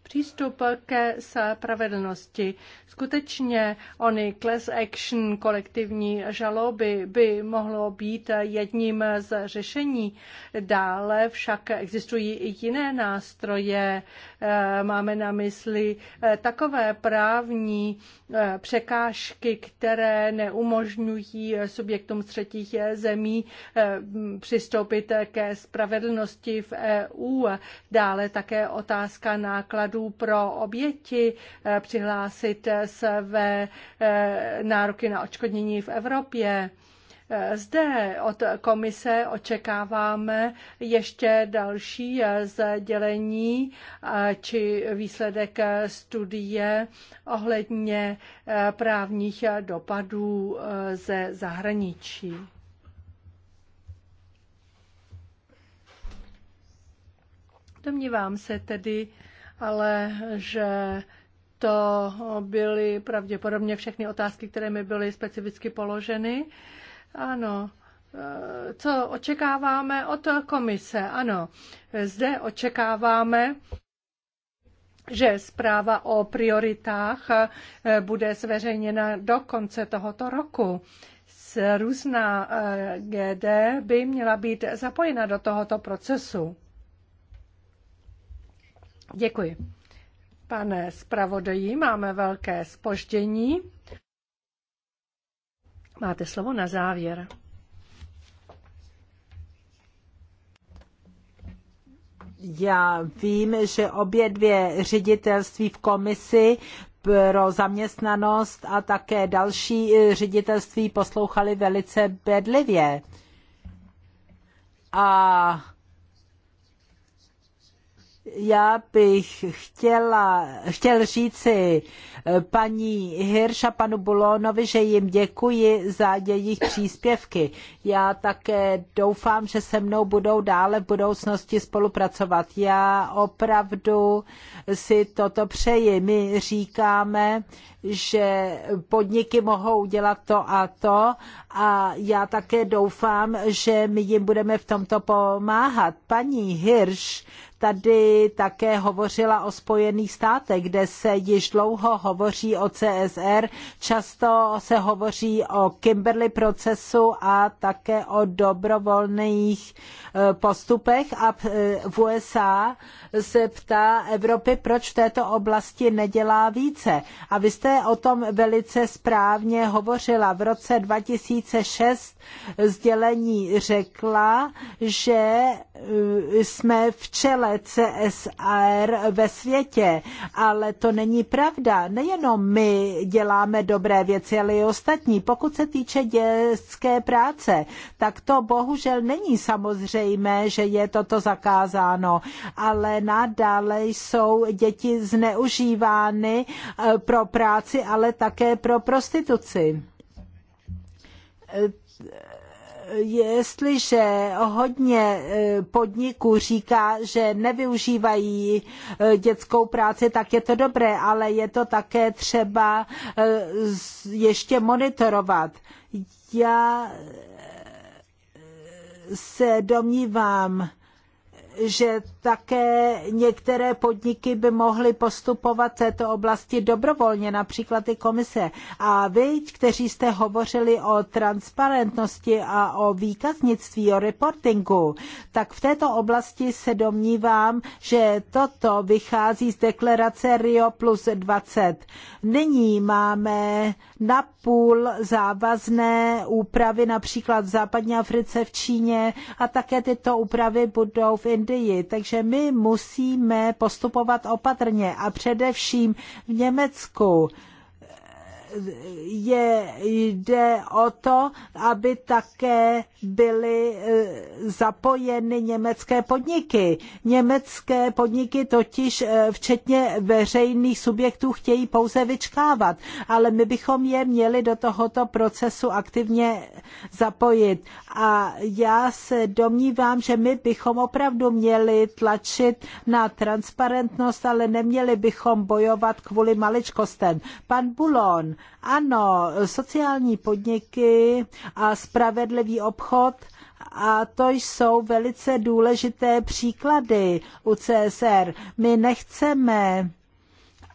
přístup ke spravedlnosti. Skutečně ony class action kolektivní žaloby by mohlo být jedním z řešení. Dále však existují i jiné nástroje. Eh, máme na mysli eh, takové právní Eh, překážky, které neumožňují subjektům třetích zemí eh, přistoupit ke spravedlnosti v EU. Dále také otázka nákladů pro oběti eh, přihlásit své nároky na očkodnění v Evropě. Zde od komise očekáváme ještě další sdělení eh, či výsledek studie ohledně eh, právních dopadů eh, ze zahraničí. Domnívám se tedy ale, že to byly pravděpodobně všechny otázky, které mi byly specificky položeny. Ano, eh, co očekáváme od komise? Ano, zde očekáváme, že zpráva o prioritách eh, bude zveřejněna do konce tohoto roku různá eh, GD by měla být zapojena do tohoto procesu. Děkuji. Pane zpravodaji, máme velké spoždění. Máte slovo na závěr. Já vím, že obě dvě ředitelství v komisi pro zaměstnanost a také další ředitelství poslouchali velice bedlivě. A já bych chtěla, chtěl říci eh, paní Hirš a panu Bulonovi, že jim děkuji za jejich příspěvky. Já také doufám, že se mnou budou dále v budoucnosti spolupracovat. Já opravdu si toto přeji. My říkáme, že podniky mohou dělat to a to a já také doufám, že my jim budeme v tomto pomáhat. Paní Hirš tady také hovořila o Spojených státech, kde se již dlouho hovoří o CSR, často se hovoří o Kimberley procesu a také o dobrovolných eh, postupech a eh, v USA se ptá Evropy, proč v této oblasti nedělá více. A vy jste o tom velice správně hovořila. V roce 2006 sdělení řekla, že eh, jsme v čele CSR ve světě, ale to není pravda. Nejenom my děláme dobré věci, ale i ostatní. Pokud se týče dětské práce, tak to bohužel není samozřejmé, že je toto zakázáno, ale nadále jsou děti zneužívány eh, pro práci, ale také pro prostituci eh, jestliže hodně e, podniků říká, že nevyužívají e, dětskou práci, tak je to dobré, ale je to také třeba e, ještě monitorovat. Já se domnívám, že také některé podniky by mohly postupovat v této oblasti dobrovolně, například i komise. A vy, kteří jste hovořili o transparentnosti a o výkaznictví, o reportingu, tak v této oblasti se domnívám, že toto vychází z deklarace Rio plus 20. Nyní máme napůl závazné úpravy například v západní Africe, v Číně a také tyto úpravy budou v Indii. Takže my musíme postupovat opatrně a především v Německu je, jde o to, aby také byly e, zapojeny německé podniky. Německé podniky totiž e, včetně veřejných subjektů chtějí pouze vyčkávat, ale my bychom je měli do tohoto procesu aktivně zapojit. A já se domnívám, že my bychom opravdu měli tlačit na transparentnost, ale neměli bychom bojovat kvůli maličkostem. Pan Bulon ano, sociální podniky a spravedlivý obchod a to jsou velice důležité příklady u CSR. My nechceme,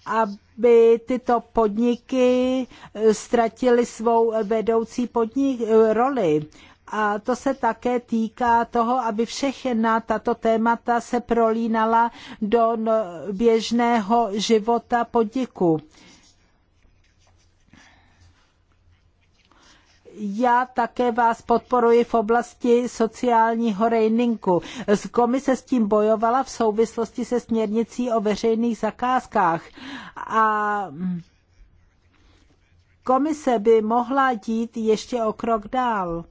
aby tyto podniky eh, ztratily svou vedoucí podnik, eh, roli. A to se také týká toho, aby všechna tato témata se prolínala do no, běžného života podniku. já také vás podporuji v oblasti sociálního rejninku. Komise s tím bojovala v souvislosti se směrnicí o veřejných zakázkách. A komise by mohla jít ještě o krok dál.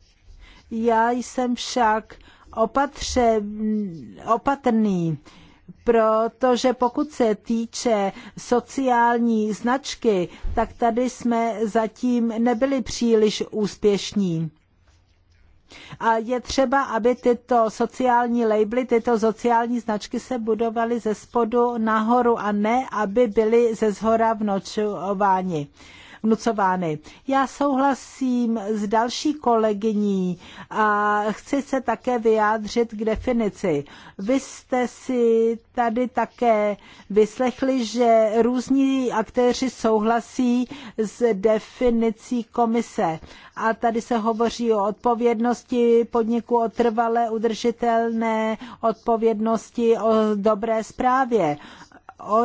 Já jsem však opatře, opatrný protože pokud se týče sociální značky, tak tady jsme zatím nebyli příliš úspěšní. A je třeba, aby tyto sociální labely, tyto sociální značky se budovaly ze spodu nahoru a ne, aby byly ze zhora vnočováni. Uh, vnucovány. Já souhlasím s další kolegyní a chci se také vyjádřit k definici. Vy jste si tady také vyslechli, že různí aktéři souhlasí s definicí komise. A tady se hovoří o odpovědnosti podniku, o trvalé udržitelné odpovědnosti, o dobré správě. O,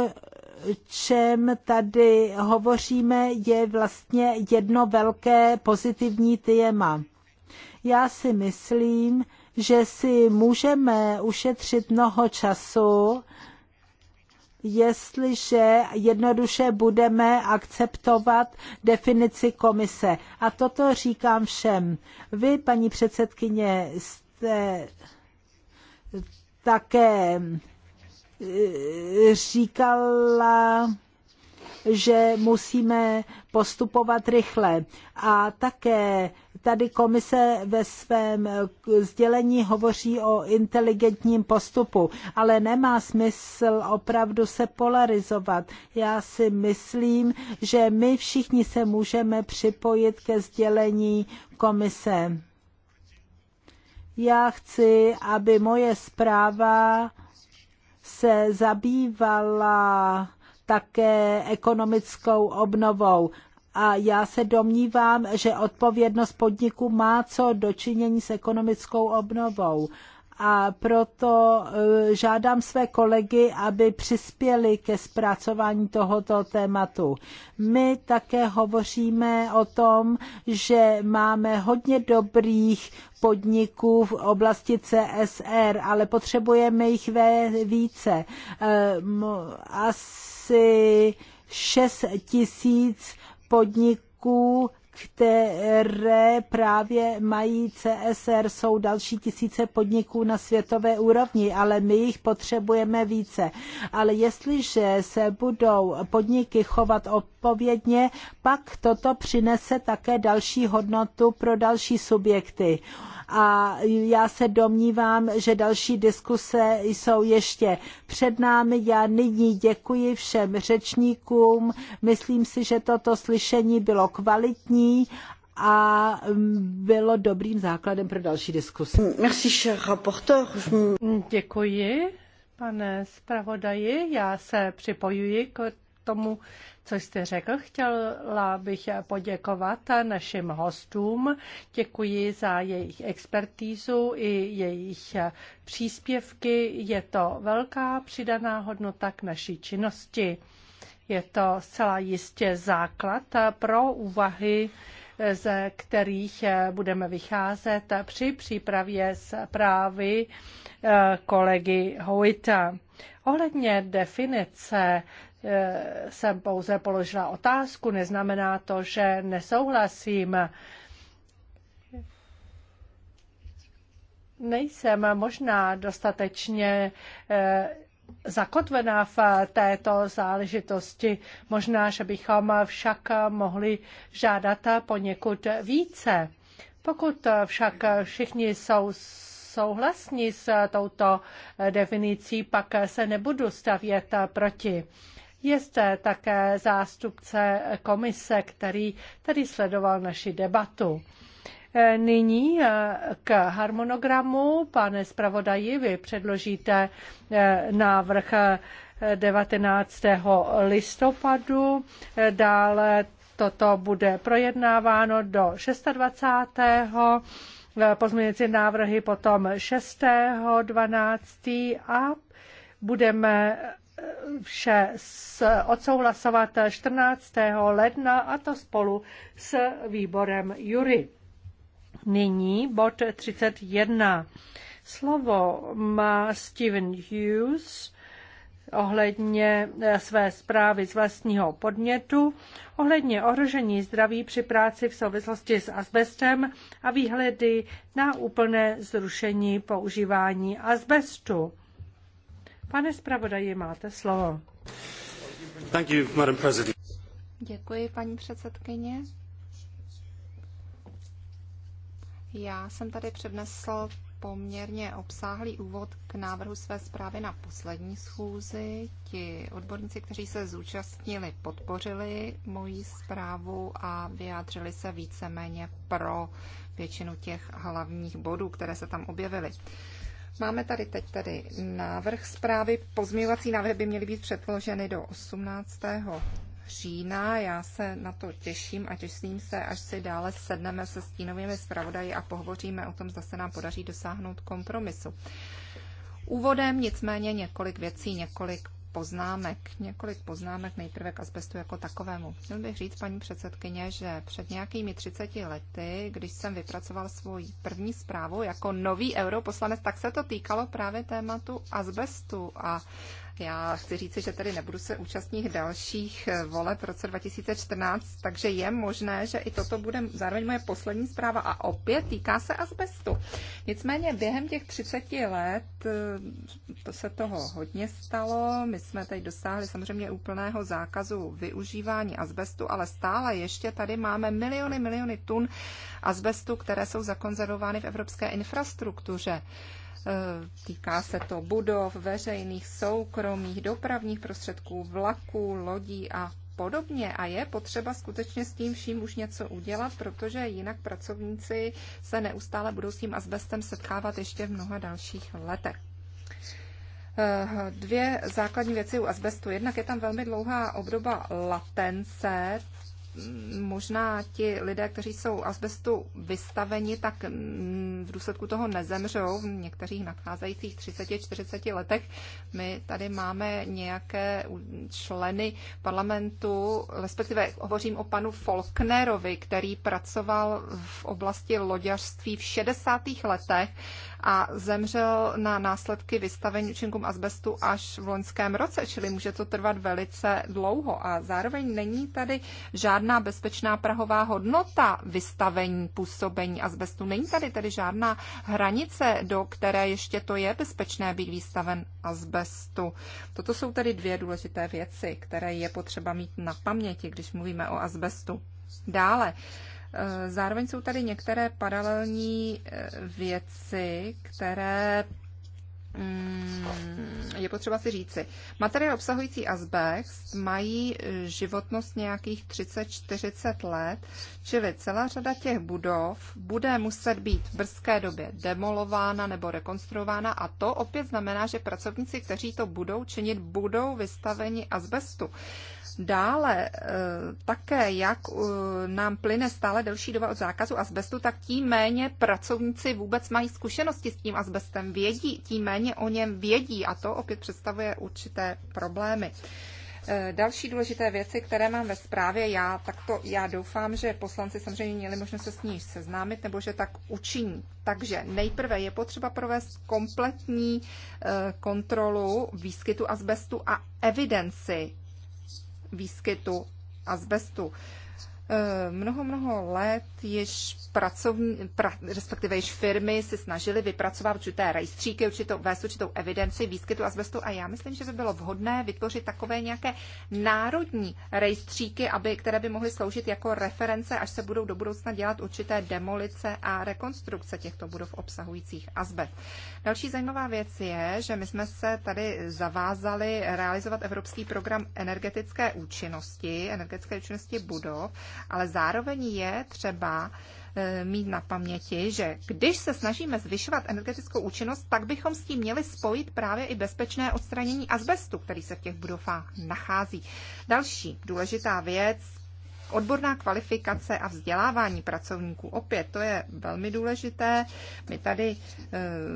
čem tady hovoříme, je vlastně jedno velké pozitivní téma. Já si myslím, že si můžeme ušetřit mnoho času, jestliže jednoduše budeme akceptovat definici komise. A toto říkám všem. Vy, paní předsedkyně, jste také říkala, že musíme postupovat rychle. A také tady komise ve svém sdělení hovoří o inteligentním postupu, ale nemá smysl opravdu se polarizovat. Já si myslím, že my všichni se můžeme připojit ke sdělení komise. Já chci, aby moje zpráva se zabývala také ekonomickou obnovou. A já se domnívám, že odpovědnost podniku má co dočinění s ekonomickou obnovou a proto eh, žádám své kolegy, aby přispěli ke zpracování tohoto tématu. My také hovoříme o tom, že máme hodně dobrých podniků v oblasti CSR, ale potřebujeme jich více. Eh, asi 6 tisíc podniků které právě mají CSR, jsou další tisíce podniků na světové úrovni, ale my jich potřebujeme více. Ale jestliže se budou podniky chovat odpovědně, pak toto přinese také další hodnotu pro další subjekty a já se domnívám, že další diskuse jsou ještě před námi. Já nyní děkuji všem řečníkům. Myslím si, že toto slyšení bylo kvalitní a bylo dobrým základem pro další diskusi. Merci, cher rapporteur. Děkuji, pane zpravodaji. Já se připojuji k tomu co jste řekl. Chtěla bych poděkovat našim hostům. Děkuji za jejich expertízu i jejich příspěvky. Je to velká přidaná hodnota k naší činnosti. Je to zcela jistě základ pro úvahy ze kterých budeme vycházet při přípravě zprávy eh, kolegy Hojta. Ohledně definice Eh, jsem pouze položila otázku, neznamená to, že nesouhlasím. Nejsem možná dostatečně eh, zakotvená v této záležitosti. Možná, že bychom však mohli žádat poněkud více. Pokud však všichni jsou souhlasní s touto definicí, pak se nebudu stavět proti. Je zde také zástupce komise, který tedy sledoval naši debatu. E, nyní e, k harmonogramu. Pane zpravodaji, vy předložíte e, návrh 19. listopadu, dále toto bude projednáváno do 26. Pozměňující návrhy potom 6. 12. a budeme vše odsouhlasovat 14. ledna a to spolu s výborem Jury. Nyní bod 31. Slovo má Steven Hughes ohledně eh, své zprávy z vlastního podnětu, ohledně ohrožení zdraví při práci v souvislosti s asbestem a výhledy na úplné zrušení používání asbestu. Pane zpravodaji, máte slovo. Thank you, Madam President. Děkuji, paní předsedkyně. Já jsem tady přednesl poměrně obsáhlý úvod k návrhu své zprávy na poslední schůzi. Ti odborníci, kteří se zúčastnili, podpořili moji zprávu a vyjádřili se víceméně pro většinu těch hlavních bodů, které se tam objevily. Máme tady teď tady návrh zprávy. Pozměňovací návrhy by měly být předloženy do 18. října. Já se na to těším a těším se, až si dále sedneme se stínovými zpravodaji a pohovoříme o tom, zda se nám podaří dosáhnout kompromisu. Úvodem nicméně několik věcí, několik poznámek. Několik poznámek nejprve k asbestu jako takovému. Chtěl bych říct, paní předsedkyně, že před nějakými 30 lety, když jsem vypracoval svou první zprávu jako nový europoslanec, tak se to týkalo právě tématu asbestu a já chci říci, že tady nebudu se účastnit dalších eh, voleb v roce 2014, takže je možné, že i toto bude zároveň moje poslední zpráva a opět týká se asbestu. Nicméně během těch 30 let eh, to se toho hodně stalo. My jsme teď dosáhli samozřejmě úplného zákazu využívání asbestu, ale stále ještě tady máme miliony, miliony tun asbestu, které jsou zakonzervovány v evropské infrastruktuře. Eh, týká se to budov, veřejných, soukromých, dopravních prostředků, vlaků, lodí a podobně. A je potřeba skutečně s tím vším už něco udělat, protože jinak pracovníci se neustále budou s tím asbestem setkávat ještě v mnoha dalších letech. Eh, dvě základní věci u asbestu. Jednak je tam velmi dlouhá obdoba latence, možná ti lidé, kteří jsou asbestu vystaveni, tak mm, v důsledku toho nezemřou v některých nadcházejících 30-40 letech. My tady máme nějaké členy parlamentu, respektive hovořím o panu Folknerovi, který pracoval v oblasti loďařství v 60. letech a zemřel na následky vystavení účinkům asbestu až v loňském roce, čili může to trvat velice dlouho a zároveň není tady žádná bezpečná prahová hodnota vystavení působení asbestu. Není tady tedy žádná hranice, do které ještě to je bezpečné být výstaven asbestu. Toto jsou tedy dvě důležité věci, které je potřeba mít na paměti, když mluvíme o asbestu. Dále, Zároveň jsou tady některé paralelní eh, věci, které mm, je potřeba si říci. Materiál obsahující asbest mají eh, životnost nějakých 30-40 let, čili celá řada těch budov bude muset být v brzké době demolována nebo rekonstruována a to opět znamená, že pracovníci, kteří to budou činit, budou vystaveni asbestu. Dále eh, také, jak eh, nám plyne stále delší doba od zákazu asbestu, tak tím méně pracovníci vůbec mají zkušenosti s tím asbestem, vědí, tím méně o něm vědí a to opět představuje určité problémy. Eh, další důležité věci, které mám ve zprávě, já, takto, já doufám, že poslanci samozřejmě měli možnost se s ní seznámit, nebo že tak učiní. Takže nejprve je potřeba provést kompletní kontrolu výskytu asbestu a evidenci výskytu azbestu. Eh, mnoho, mnoho let již pracovní, pra, respektive již firmy se snažily vypracovat určité rejstříky, určitou, vést určitou evidenci výskytu asbestu a já myslím, že by bylo vhodné vytvořit takové nějaké národní rejstříky, aby, které by mohly sloužit jako reference, až se budou do budoucna dělat určité demolice a rekonstrukce těchto budov obsahujících asbest. Další zajímavá věc je, že my jsme se tady zavázali realizovat Evropský program energetické účinnosti, energetické účinnosti budov, ale zároveň je třeba eh, mít na paměti, že když se snažíme zvyšovat energetickou účinnost, tak bychom s tím měli spojit právě i bezpečné odstranění azbestu, který se v těch budovách nachází. Další důležitá věc, Odborná kvalifikace a vzdělávání pracovníků. Opět, to je velmi důležité. My tady e,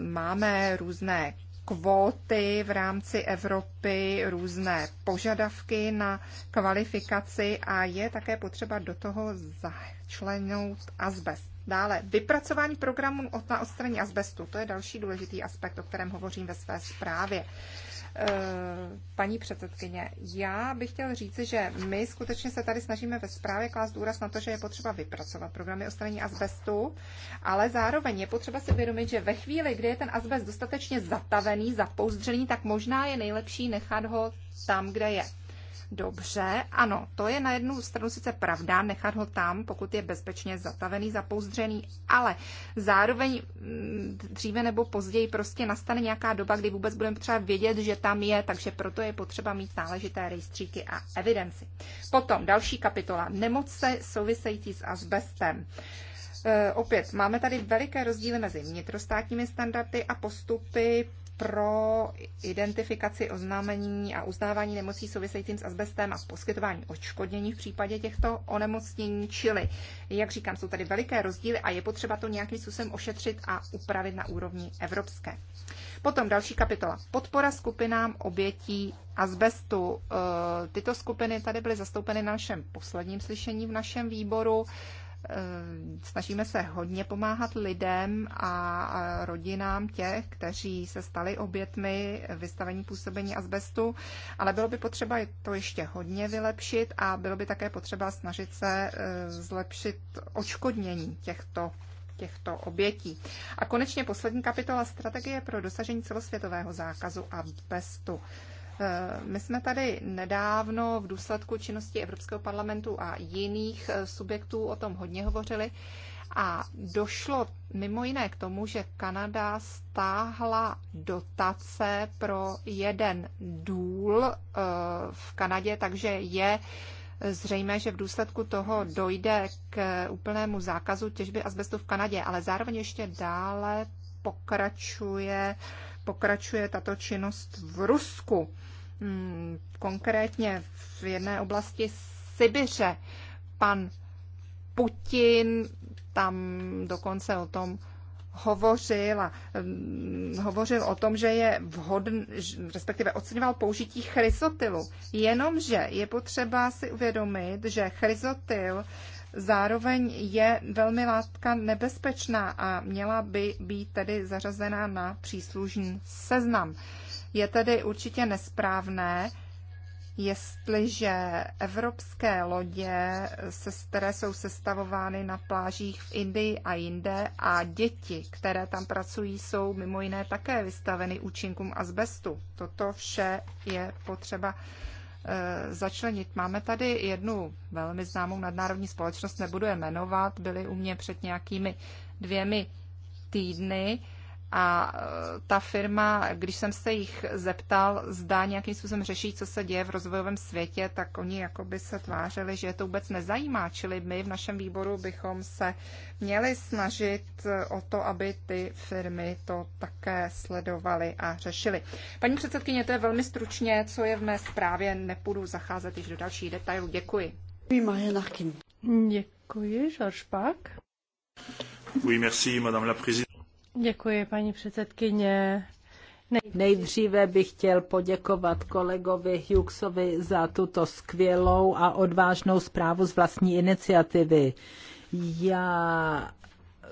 máme různé kvóty v rámci Evropy, různé požadavky na kvalifikaci a je také potřeba do toho začlenout azbest. Dále, vypracování programu na odstranění azbestu, to je další důležitý aspekt, o kterém hovořím ve své zprávě paní předsedkyně. Já bych chtěl říct, že my skutečně se tady snažíme ve zprávě klást důraz na to, že je potřeba vypracovat programy odstranění asbestu, ale zároveň je potřeba si uvědomit, že ve chvíli, kdy je ten asbest dostatečně zatavený, zapouzdřený, tak možná je nejlepší nechat ho tam, kde je. Dobře, ano, to je na jednu stranu sice pravda, nechat ho tam, pokud je bezpečně zatavený, zapouzdřený, ale zároveň mm, dříve nebo později prostě nastane nějaká doba, kdy vůbec budeme třeba vědět, že tam je, takže proto je potřeba mít náležité rejstříky a evidenci. Potom další kapitola. Nemoce související s asbestem e, opět máme tady veliké rozdíly mezi vnitrostátními standardy a postupy pro identifikaci oznámení a uznávání nemocí souvisejícím s asbestem a poskytování odškodnění v případě těchto onemocnění. Čili, jak říkám, jsou tady veliké rozdíly a je potřeba to nějakým způsobem ošetřit a upravit na úrovni evropské. Potom další kapitola. Podpora skupinám obětí asbestu. E, tyto skupiny tady byly zastoupeny na našem posledním slyšení v našem výboru. Eh, snažíme se hodně pomáhat lidem a rodinám těch, kteří se stali obětmi vystavení působení asbestu, ale bylo by potřeba to ještě hodně vylepšit a bylo by také potřeba snažit se eh, zlepšit očkodnění těchto těchto obětí. A konečně poslední kapitola strategie pro dosažení celosvětového zákazu a bestu. Eh, my jsme tady nedávno v důsledku činnosti Evropského parlamentu a jiných eh, subjektů o tom hodně hovořili a došlo mimo jiné k tomu, že Kanada stáhla dotace pro jeden důl eh, v Kanadě, takže je zřejmé, že v důsledku toho dojde k úplnému zákazu těžby asbestu v Kanadě, ale zároveň ještě dále pokračuje, pokračuje tato činnost v Rusku. Mm, konkrétně v jedné oblasti Sibiře. Pan Putin tam dokonce o tom hovořil a mm, hovořil o tom, že je vhodný, respektive oceňoval použití chryzotylu. Jenomže je potřeba si uvědomit, že chryzotyl zároveň je velmi látka nebezpečná a měla by být tedy zařazena na příslušný seznam. Je tedy určitě nesprávné, jestliže evropské lodě, které jsou sestavovány na plážích v Indii a jinde a děti, které tam pracují, jsou mimo jiné také vystaveny účinkům azbestu. Toto vše je potřeba eh, začlenit. Máme tady jednu velmi známou nadnárodní společnost, nebudu je jmenovat, byly u mě před nějakými dvěmi týdny, a e, ta firma, když jsem se jich zeptal, zdá nějakým způsobem řeší, co se děje v rozvojovém světě, tak oni jakoby se tvářili, že je to vůbec nezajímá. Čili my v našem výboru bychom se měli snažit e, o to, aby ty firmy to také sledovaly a řešily. Paní předsedkyně, to je velmi stručně, co je v mé zprávě. Nepůjdu zacházet již do dalších detailů. Děkuji. Děkuji, Georges Pak. Oui, merci, madame la présidente. Děkuji, paní předsedkyně. Nejdříve bych chtěl poděkovat kolegovi Hughesovi za tuto skvělou a odvážnou zprávu z vlastní iniciativy. Já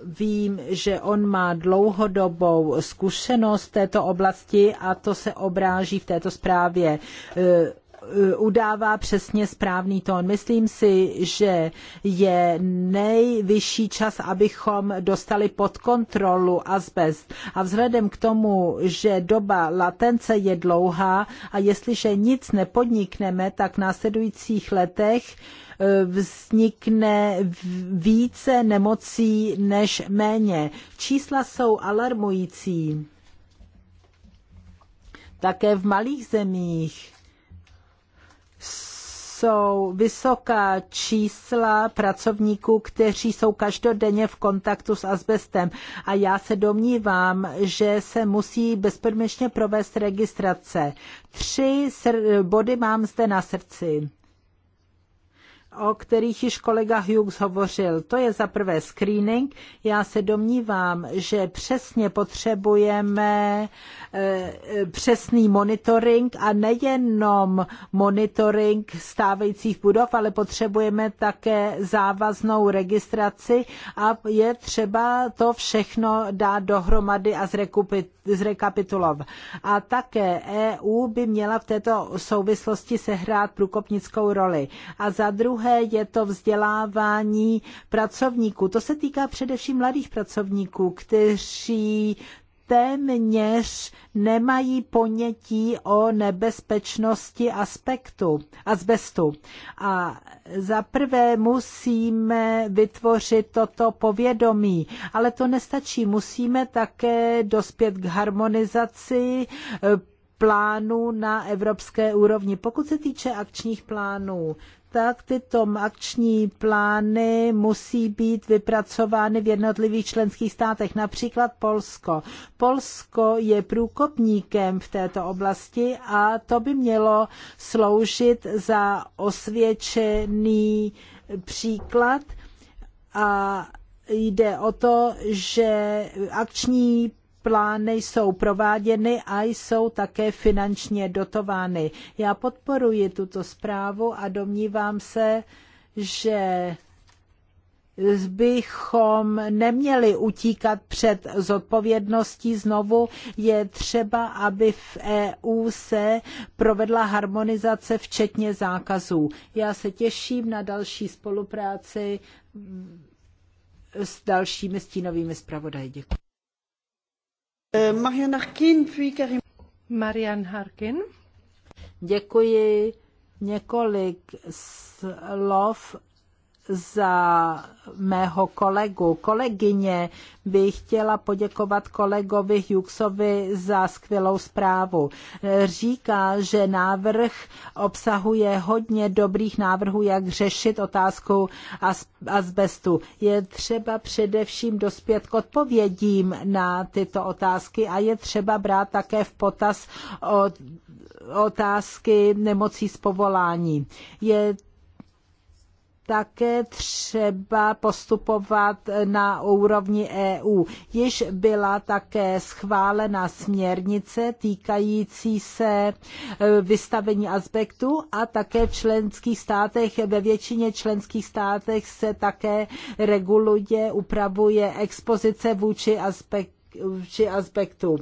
vím, že on má dlouhodobou zkušenost v této oblasti a to se obráží v této zprávě. Eh, udává přesně správný tón. Myslím si, že je nejvyšší čas, abychom dostali pod kontrolu azbest. A vzhledem k tomu, že doba latence je dlouhá a jestliže nic nepodnikneme, tak v následujících letech eh, vznikne více nemocí než méně. Čísla jsou alarmující. Také v malých zemích jsou vysoká čísla pracovníků, kteří jsou každodenně v kontaktu s asbestem. A já se domnívám, že se musí bezpodmínečně provést registrace. Tři body mám zde na srdci o kterých již kolega Hughes hovořil. To je za prvé screening. Já se domnívám, že přesně potřebujeme eh, přesný monitoring a nejenom monitoring stávajících budov, ale potřebujeme také závaznou registraci a je třeba to všechno dát dohromady a zrekapitulovat. A také EU by měla v této souvislosti sehrát průkopnickou roli. A za druhé, druhé je to vzdělávání pracovníků. To se týká především mladých pracovníků, kteří téměř nemají ponětí o nebezpečnosti aspektu, asbestu. A za prvé musíme vytvořit toto povědomí, ale to nestačí. Musíme také dospět k harmonizaci eh, plánů na evropské úrovni. Pokud se týče akčních plánů, tak tyto akční plány musí být vypracovány v jednotlivých členských státech, například Polsko. Polsko je průkopníkem v této oblasti a to by mělo sloužit za osvědčený příklad a jde o to, že akční plány jsou prováděny a jsou také finančně dotovány. Já podporuji tuto zprávu a domnívám se, že bychom neměli utíkat před zodpovědností znovu. Je třeba, aby v EU se provedla harmonizace včetně zákazů. Já se těším na další spolupráci s dalšími stínovými zpravodaji. Děkuji. Eh, Marian Harkin, puis Karim. Marian Harkin. Děkuji několik slov za mého kolegu. Kolegyně bych chtěla poděkovat kolegovi Hughesovi za skvělou zprávu. Říká, že návrh obsahuje hodně dobrých návrhů, jak řešit otázku asbestu. Je třeba především dospět k odpovědím na tyto otázky a je třeba brát také v potaz otázky nemocí z povolání. Je také třeba postupovat na úrovni EU. Již byla také schválena směrnice týkající se e, vystavení aspektu a také v členských státech, ve většině členských státech se také reguluje, upravuje expozice vůči aspektu či aspektu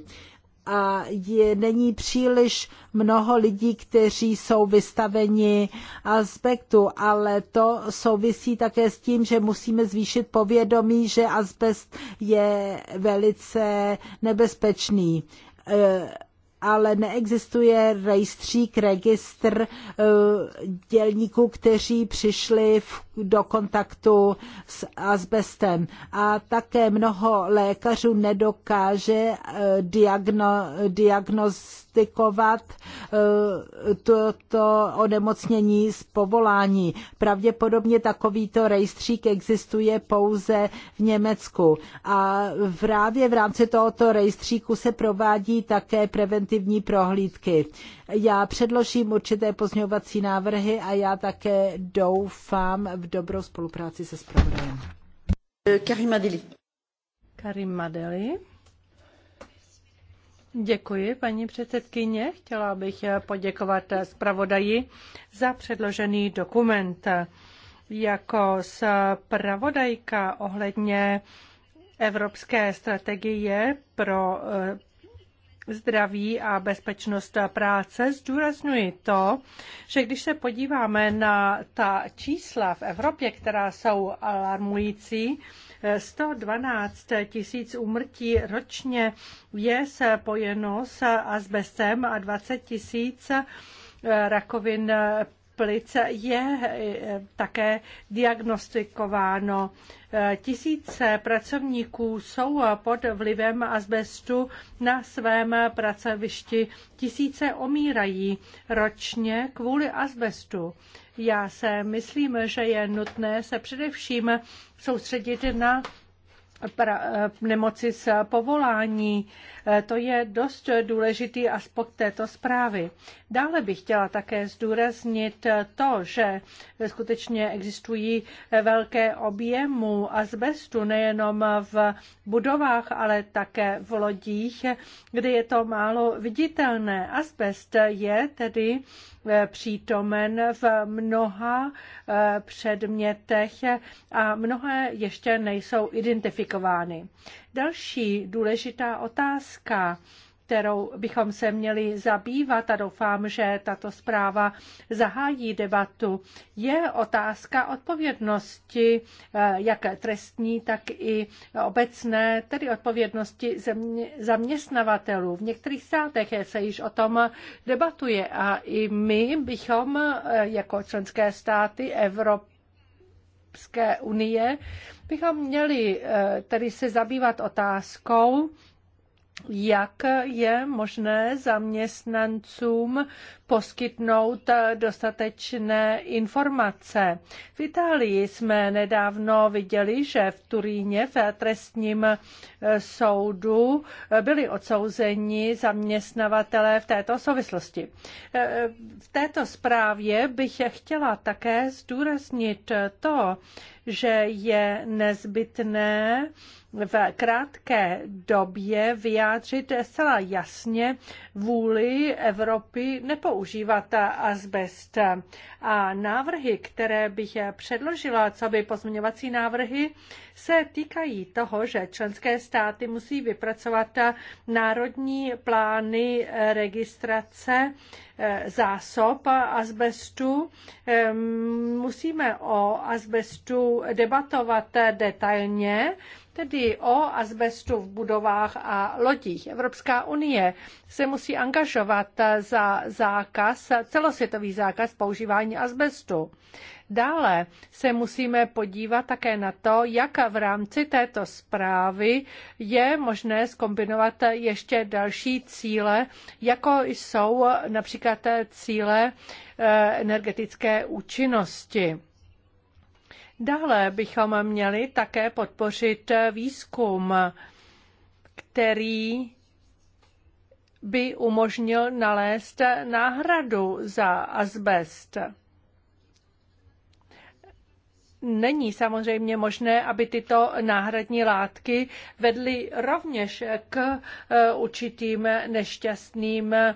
a je, není příliš mnoho lidí, kteří jsou vystaveni azbestu, ale to souvisí také s tím, že musíme zvýšit povědomí, že azbest je velice nebezpečný. E, ale neexistuje rejstřík, registr eh, dělníků, kteří přišli v, do kontaktu s asbestem. A také mnoho lékařů nedokáže eh, diagno, diagnostikovat eh, toto onemocnění z povolání. Pravděpodobně takovýto rejstřík existuje pouze v Německu. A právě v rámci tohoto rejstříku se provádí také preventivní prohlídky. Já předložím určité pozňovací návrhy a já také doufám v dobrou spolupráci se zpravodajem. Eh, Karima Deli. Karima Deli. Děkuji, paní předsedkyně. Chtěla bych poděkovat zpravodaji za předložený dokument. Jako zpravodajka ohledně Evropské strategie pro eh, zdraví a bezpečnost práce. Zdůraznuji to, že když se podíváme na ta čísla v Evropě, která jsou alarmující, 112 tisíc úmrtí ročně je spojeno s asbestem a 20 tisíc rakovin plice je eh, také diagnostikováno. Eh, tisíce pracovníků jsou pod vlivem azbestu na svém pracovišti. Tisíce omírají ročně kvůli azbestu. Já se myslím, že je nutné se především soustředit na eh, nemoci z povolání Eh, to je dost důležitý aspekt této zprávy. Dále bych chtěla také zdůraznit eh, to, že skutečně existují eh, velké objemu azbestu nejenom v budovách, ale také v lodích, kde je to málo viditelné. Azbest je tedy přítomen v mnoha předmětech a mnohé ještě nejsou identifikovány. Další důležitá otázka kterou bychom se měli zabývat a doufám, že tato zpráva zahájí debatu, je otázka odpovědnosti, eh, jak trestní, tak i obecné, tedy odpovědnosti zaměstnavatelů. V některých státech se již o tom debatuje a i my bychom eh, jako členské státy Evropy Evropské unie, bychom měli eh, tedy se zabývat otázkou, jak je možné zaměstnancům poskytnout eh, dostatečné informace. V Itálii jsme nedávno viděli, že v Turíně v trestním eh, soudu eh, byli odsouzeni zaměstnavatelé v této souvislosti. V této zprávě bych chtěla také zdůraznit to, že je nezbytné v krátké době vyjádřit zcela jasně vůli Evropy nepoužít používat asbest. A návrhy, které bych předložila, co by pozměňovací návrhy, se týkají toho, že členské státy musí vypracovat národní plány registrace eh, zásob asbestu. Musíme o asbestu debatovat eh, detailně, tedy o azbestu v budovách a lodích. Evropská unie se musí angažovat za zákaz, celosvětový zákaz používání azbestu. Dále se musíme podívat také na to, jak v rámci této zprávy je možné skombinovat ještě další cíle, jako jsou například cíle eh, energetické účinnosti. Dále bychom měli také podpořit výzkum, který by umožnil nalézt náhradu za asbest. Není samozřejmě možné, aby tyto náhradní látky vedly rovněž k e, určitým nešťastným e,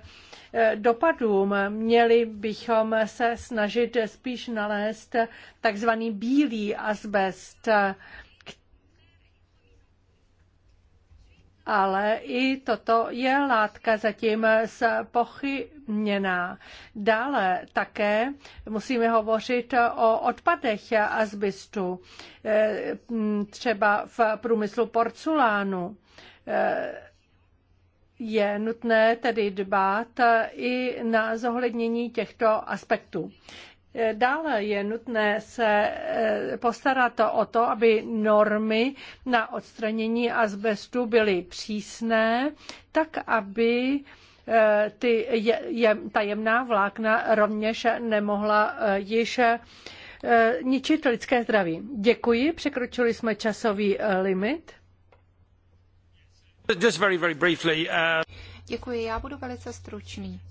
dopadům. Měli bychom se snažit spíš nalézt takzvaný bílý asbest, ale i toto je látka zatím spochybněná. Dále také musíme hovořit o odpadech azbestu, eh, třeba v průmyslu porcelánu eh, je nutné tedy dbát i na zohlednění těchto aspektů. Dále je nutné se eh, postarat o to, aby normy na odstranění azbestu byly přísné, tak aby eh, ty je, je, ta jemná vlákna rovněž nemohla eh, již ničit lidské zdraví. Děkuji, překročili jsme časový limit. Just very, very briefly, uh... Děkuji, já budu velice stručný.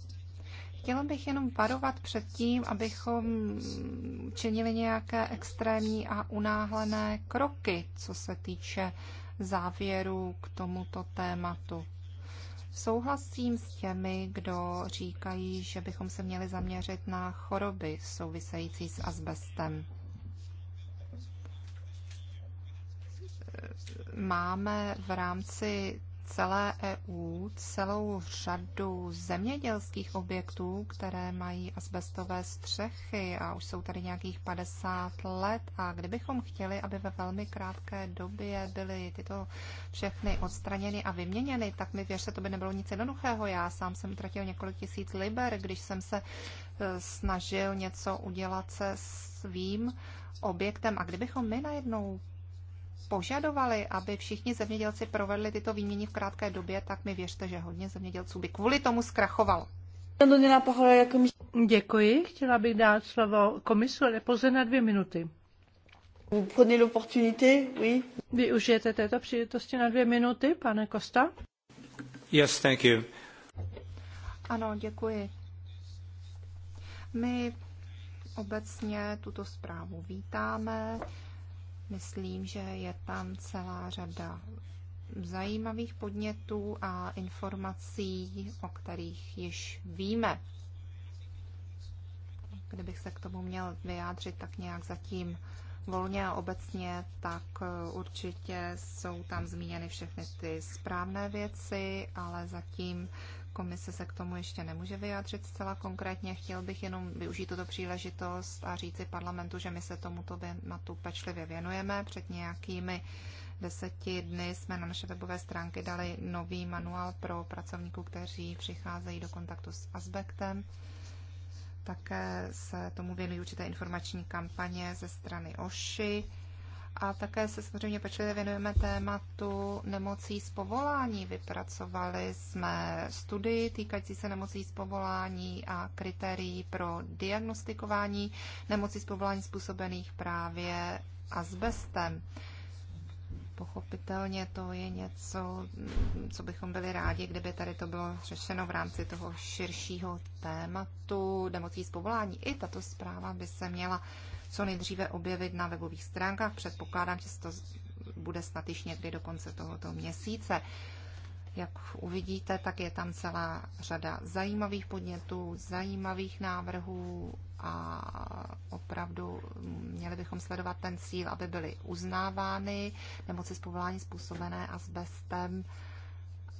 Chtěla bych jenom varovat před tím, abychom činili nějaké extrémní a unáhlené kroky, co se týče závěru k tomuto tématu. Souhlasím s těmi, kdo říkají, že bychom se měli zaměřit na choroby související s asbestem. Máme v rámci celé EU celou řadu zemědělských objektů, které mají asbestové střechy a už jsou tady nějakých 50 let. A kdybychom chtěli, aby ve velmi krátké době byly tyto všechny odstraněny a vyměněny, tak mi věřte, to by nebylo nic jednoduchého. Já sám jsem utratil několik tisíc liber, když jsem se e, snažil něco udělat se svým objektem. A kdybychom my najednou požadovali, aby všichni zemědělci provedli tyto výměny v krátké době, tak mi věřte, že hodně zemědělců by kvůli tomu zkrachovalo. Děkuji. Chtěla bych dát slovo komisu, ale pouze na dvě minuty. Využijete této příležitosti na dvě minuty, pane Kosta? Yes, thank you. Ano, děkuji. My obecně tuto zprávu vítáme. Myslím, že je tam celá řada zajímavých podnětů a informací, o kterých již víme. Kdybych se k tomu měl vyjádřit tak nějak zatím volně a obecně, tak určitě jsou tam zmíněny všechny ty správné věci, ale zatím Komise se k tomu ještě nemůže vyjádřit zcela konkrétně. Chtěl bych jenom využít tuto příležitost a říci parlamentu, že my se tomuto tématu pečlivě věnujeme. Před nějakými deseti dny jsme na naše webové stránky dali nový manuál pro pracovníků, kteří přicházejí do kontaktu s aspektem. Také se tomu věnují určité informační kampaně ze strany OŠI a také se samozřejmě pečlivě věnujeme tématu nemocí z povolání. Vypracovali jsme studii týkající se nemocí z povolání a kritérií pro diagnostikování nemocí z povolání způsobených právě asbestem. Pochopitelně to je něco, co bychom byli rádi, kdyby tady to bylo řešeno v rámci toho širšího tématu nemocí z povolání. I tato zpráva by se měla co nejdříve objevit na webových stránkách. Předpokládám, že to bude snad již někdy do konce tohoto měsíce. Jak uvidíte, tak je tam celá řada zajímavých podnětů, zajímavých návrhů a opravdu měli bychom sledovat ten cíl, aby byly uznávány nemoci z povolání způsobené asbestem.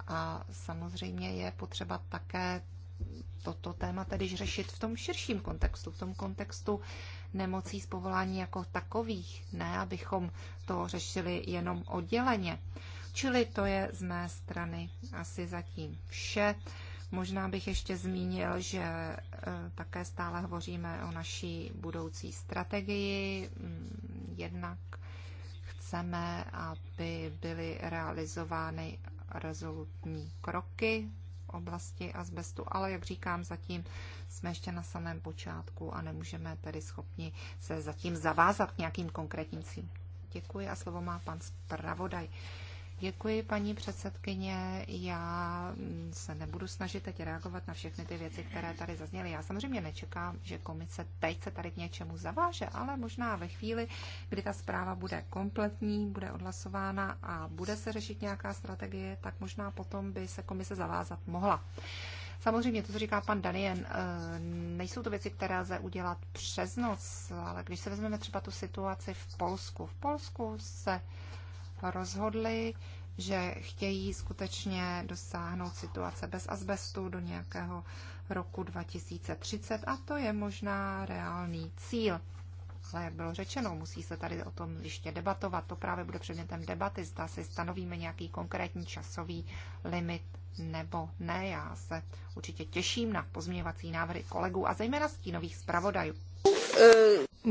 A samozřejmě je potřeba také toto téma tedy řešit v tom širším kontextu, v tom kontextu nemocí z povolání jako takových, ne abychom to řešili jenom odděleně. Čili to je z mé strany asi zatím vše. Možná bych ještě zmínil, že e, také stále hovoříme o naší budoucí strategii. Mm, jednak chceme, aby byly realizovány rezolutní kroky oblasti azbestu, ale jak říkám, zatím jsme ještě na samém počátku a nemůžeme tedy schopni se zatím zavázat k nějakým konkrétním cílům. Děkuji a slovo má pan zpravodaj. Děkuji, paní předsedkyně. Já se nebudu snažit teď reagovat na všechny ty věci, které tady zazněly. Já samozřejmě nečekám, že komise teď se tady k něčemu zaváže, ale možná ve chvíli, kdy ta zpráva bude kompletní, bude odhlasována a bude se řešit nějaká strategie, tak možná potom by se komise zavázat mohla. Samozřejmě, to, co říká pan Danien, eh, nejsou to věci, které lze udělat přes noc, ale když se vezmeme třeba tu situaci v Polsku. V Polsku se rozhodli, že chtějí skutečně dosáhnout situace bez asbestu do nějakého roku 2030 a to je možná reálný cíl. Ale jak bylo řečeno, musí se tady o tom ještě debatovat. To právě bude předmětem debaty, zda si stanovíme nějaký konkrétní časový limit nebo ne. Já se určitě těším na pozměňovací návrhy kolegů a zejména stínových zpravodajů.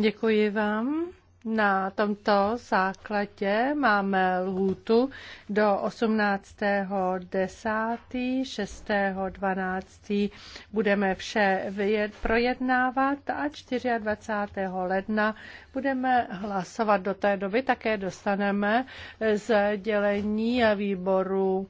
Děkuji vám. Na tomto základě máme lhůtu do 18.10. 6.12. budeme vše projednávat a 24. ledna budeme hlasovat. Do té doby také dostaneme sdělení výboru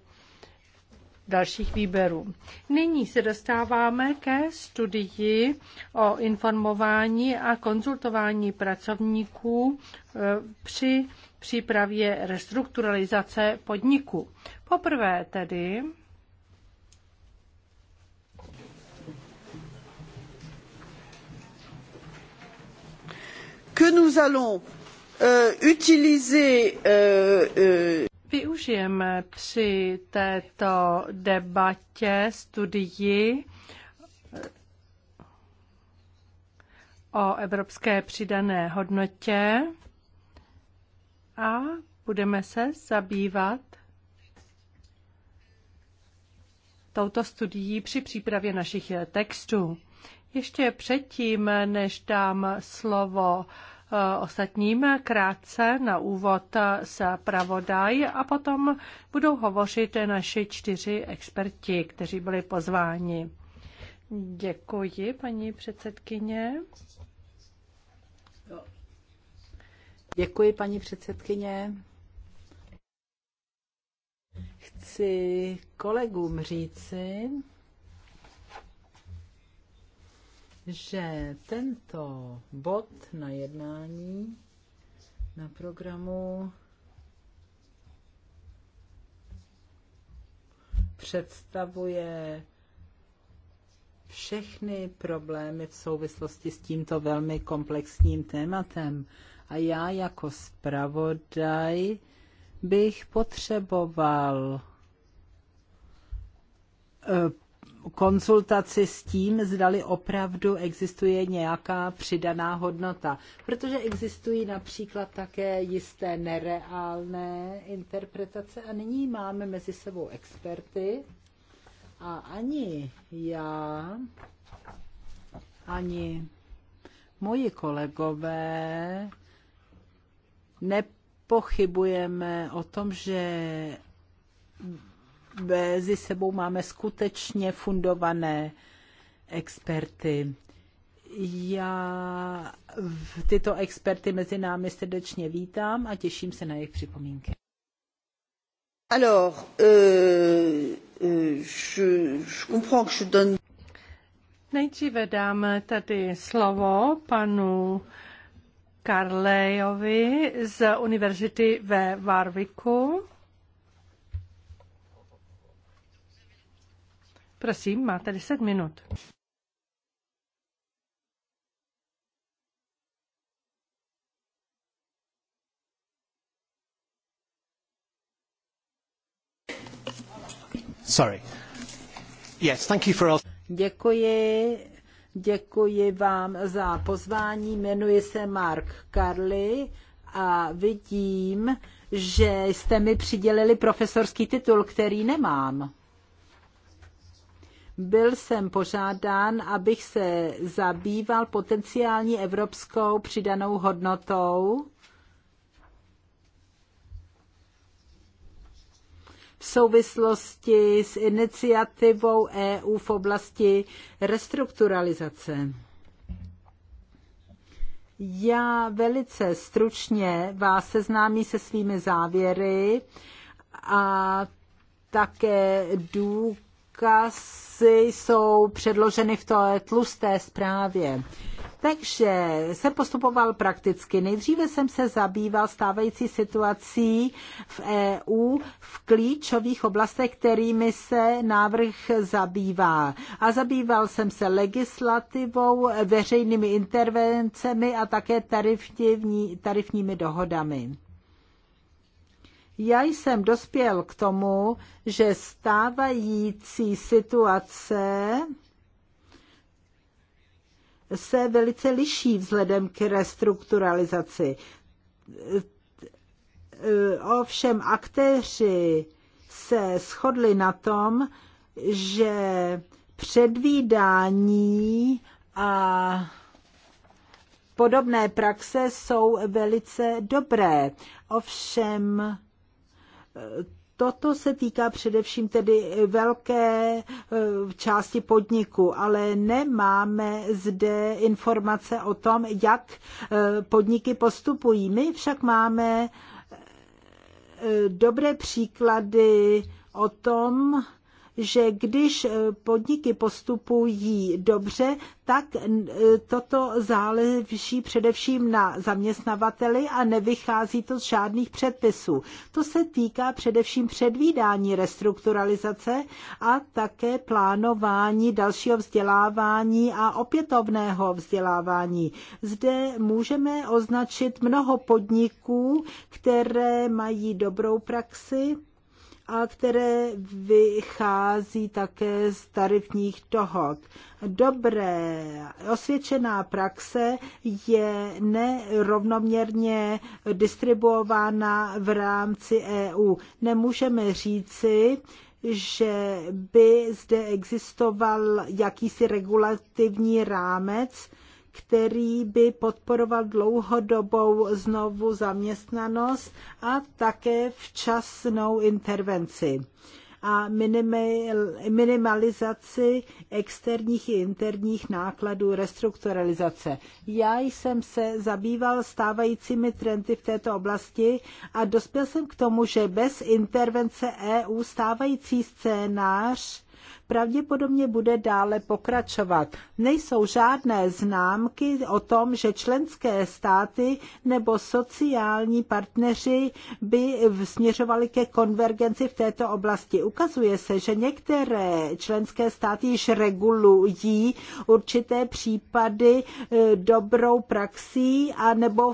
dalších výběrů. Nyní se dostáváme ke studii o informování a konzultování pracovníků eh, při přípravě restrukturalizace podniku. Poprvé tedy que nous allons euh, utiliser euh, euh využijeme při této debatě, studii o evropské přidané hodnotě a budeme se zabývat touto studií při přípravě našich textů. Ještě předtím, než dám slovo Eh, ostatním krátce na úvod se pravodaj a potom budou hovořit naši čtyři experti, kteří byli pozváni. Děkuji, paní předsedkyně. Děkuji, paní předsedkyně. Chci kolegům říci, že tento bod na jednání na programu představuje všechny problémy v souvislosti s tímto velmi komplexním tématem. A já jako zpravodaj bych potřeboval eh, konzultaci s tím, zdali opravdu existuje nějaká přidaná hodnota. Protože existují například také jisté nereálné interpretace a nyní máme mezi sebou experty a ani já, ani moji kolegové nepochybujeme o tom, že mezi sebou máme skutečně fundované experty. Já tyto experty mezi námi srdečně vítám a těším se na jejich připomínky. Alors, euh, euh, je, je comprends que je donne... Nejdříve dáme tady slovo panu Karlejovi z univerzity ve Warwicku. Prosím, máte 10 minut. Sorry. Yes, thank you for all... Děkuji, děkuji vám za pozvání. Jmenuji se Mark Carly a vidím, že jste mi přidělili profesorský titul, který nemám. Byl jsem požádán, abych se zabýval potenciální evropskou přidanou hodnotou v souvislosti s iniciativou EU v oblasti restrukturalizace. Já velice stručně vás seznámí se svými závěry a také důk odkazy jsou předloženy v té tlusté zprávě. Takže jsem postupoval prakticky. Nejdříve jsem se zabýval stávající situací v EU v klíčových oblastech, kterými se návrh zabývá. A zabýval jsem se legislativou, veřejnými intervencemi a také tarifní, tarifními dohodami. Já jsem dospěl k tomu, že stávající situace se velice liší vzhledem k restrukturalizaci. Ovšem aktéři se shodli na tom, že předvídání a podobné praxe jsou velice dobré. Ovšem Toto se týká především tedy velké eh, části podniku, ale nemáme zde informace o tom, jak eh, podniky postupují. My však máme eh, dobré příklady o tom, že když eh, podniky postupují dobře, tak eh, toto záleží především na zaměstnavateli a nevychází to z žádných předpisů. To se týká především předvídání restrukturalizace a také plánování dalšího vzdělávání a opětovného vzdělávání. Zde můžeme označit mnoho podniků, které mají dobrou praxi, a které vychází také z tarifních dohod. Dobré osvědčená praxe je nerovnoměrně distribuována v rámci EU. Nemůžeme říci, že by zde existoval jakýsi regulativní rámec, který by podporoval dlouhodobou znovu zaměstnanost a také včasnou intervenci a minimalizaci externích i interních nákladů restrukturalizace. Já jsem se zabýval stávajícími trendy v této oblasti a dospěl jsem k tomu, že bez intervence EU stávající scénář pravděpodobně bude dále pokračovat. Nejsou žádné známky o tom, že členské státy nebo sociální partneři by směřovali ke konvergenci v této oblasti. Ukazuje se, že některé členské státy již regulují určité případy e, dobrou praxí a nebo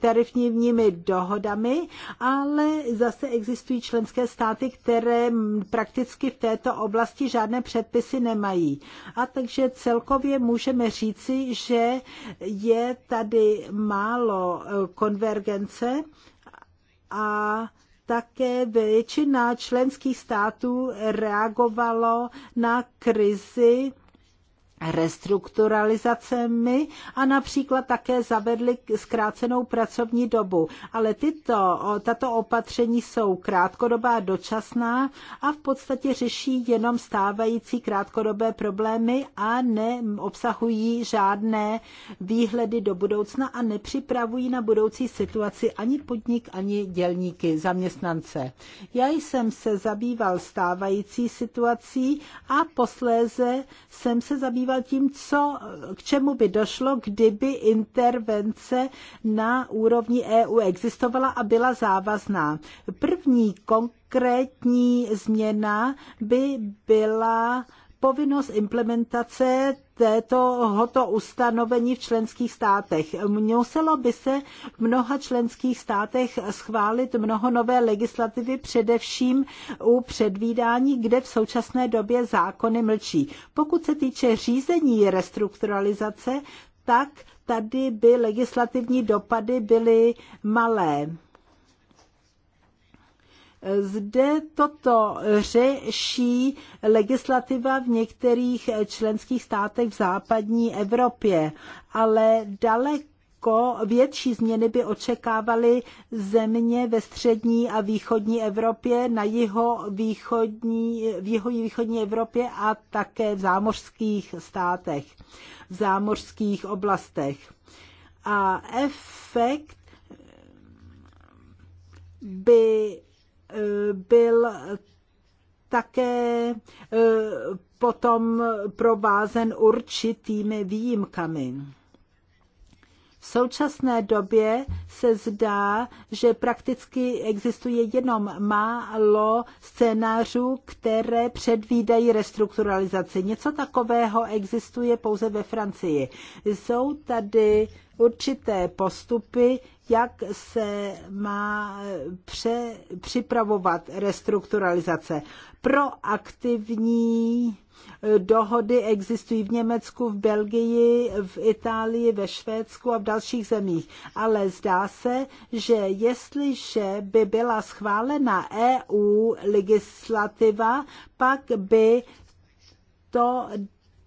tarifními dohodami, ale zase existují členské státy, které prakticky v této oblasti žádné žádné předpisy nemají. A takže celkově můžeme říci, že je tady málo eh, konvergence a také většina členských států reagovalo na krizi restrukturalizacemi a například také zavedli zkrácenou pracovní dobu. Ale tyto, tato opatření jsou krátkodobá, dočasná a v podstatě řeší jenom stávající krátkodobé problémy a neobsahují žádné výhledy do budoucna a nepřipravují na budoucí situaci ani podnik, ani dělníky, zaměstnance. Já jsem se zabýval stávající situací a posléze jsem se zabýval zabýval tím, co, k čemu by došlo, kdyby intervence na úrovni EU existovala a byla závazná. První konkrétní změna by byla povinnost implementace tohoto ustanovení v členských státech. Muselo by se v mnoha členských státech schválit mnoho nové legislativy, především u předvídání, kde v současné době zákony mlčí. Pokud se týče řízení restrukturalizace, tak tady by legislativní dopady byly malé zde toto řeší legislativa v některých členských státech v západní Evropě, ale daleko větší změny by očekávaly země ve střední a východní Evropě, na jiho východní, v jeho východní Evropě a také v zámořských státech, v zámořských oblastech. A efekt by byl také e, potom provázen určitými výjimkami. V současné době se zdá, že prakticky existuje jenom málo scénářů, které předvídají restrukturalizaci. Něco takového existuje pouze ve Francii. Jsou tady určité postupy, jak se má pře, připravovat restrukturalizace. Proaktivní dohody existují v Německu, v Belgii, v Itálii, ve Švédsku a v dalších zemích. Ale zdá se, že jestliže by byla schválena EU legislativa, pak by to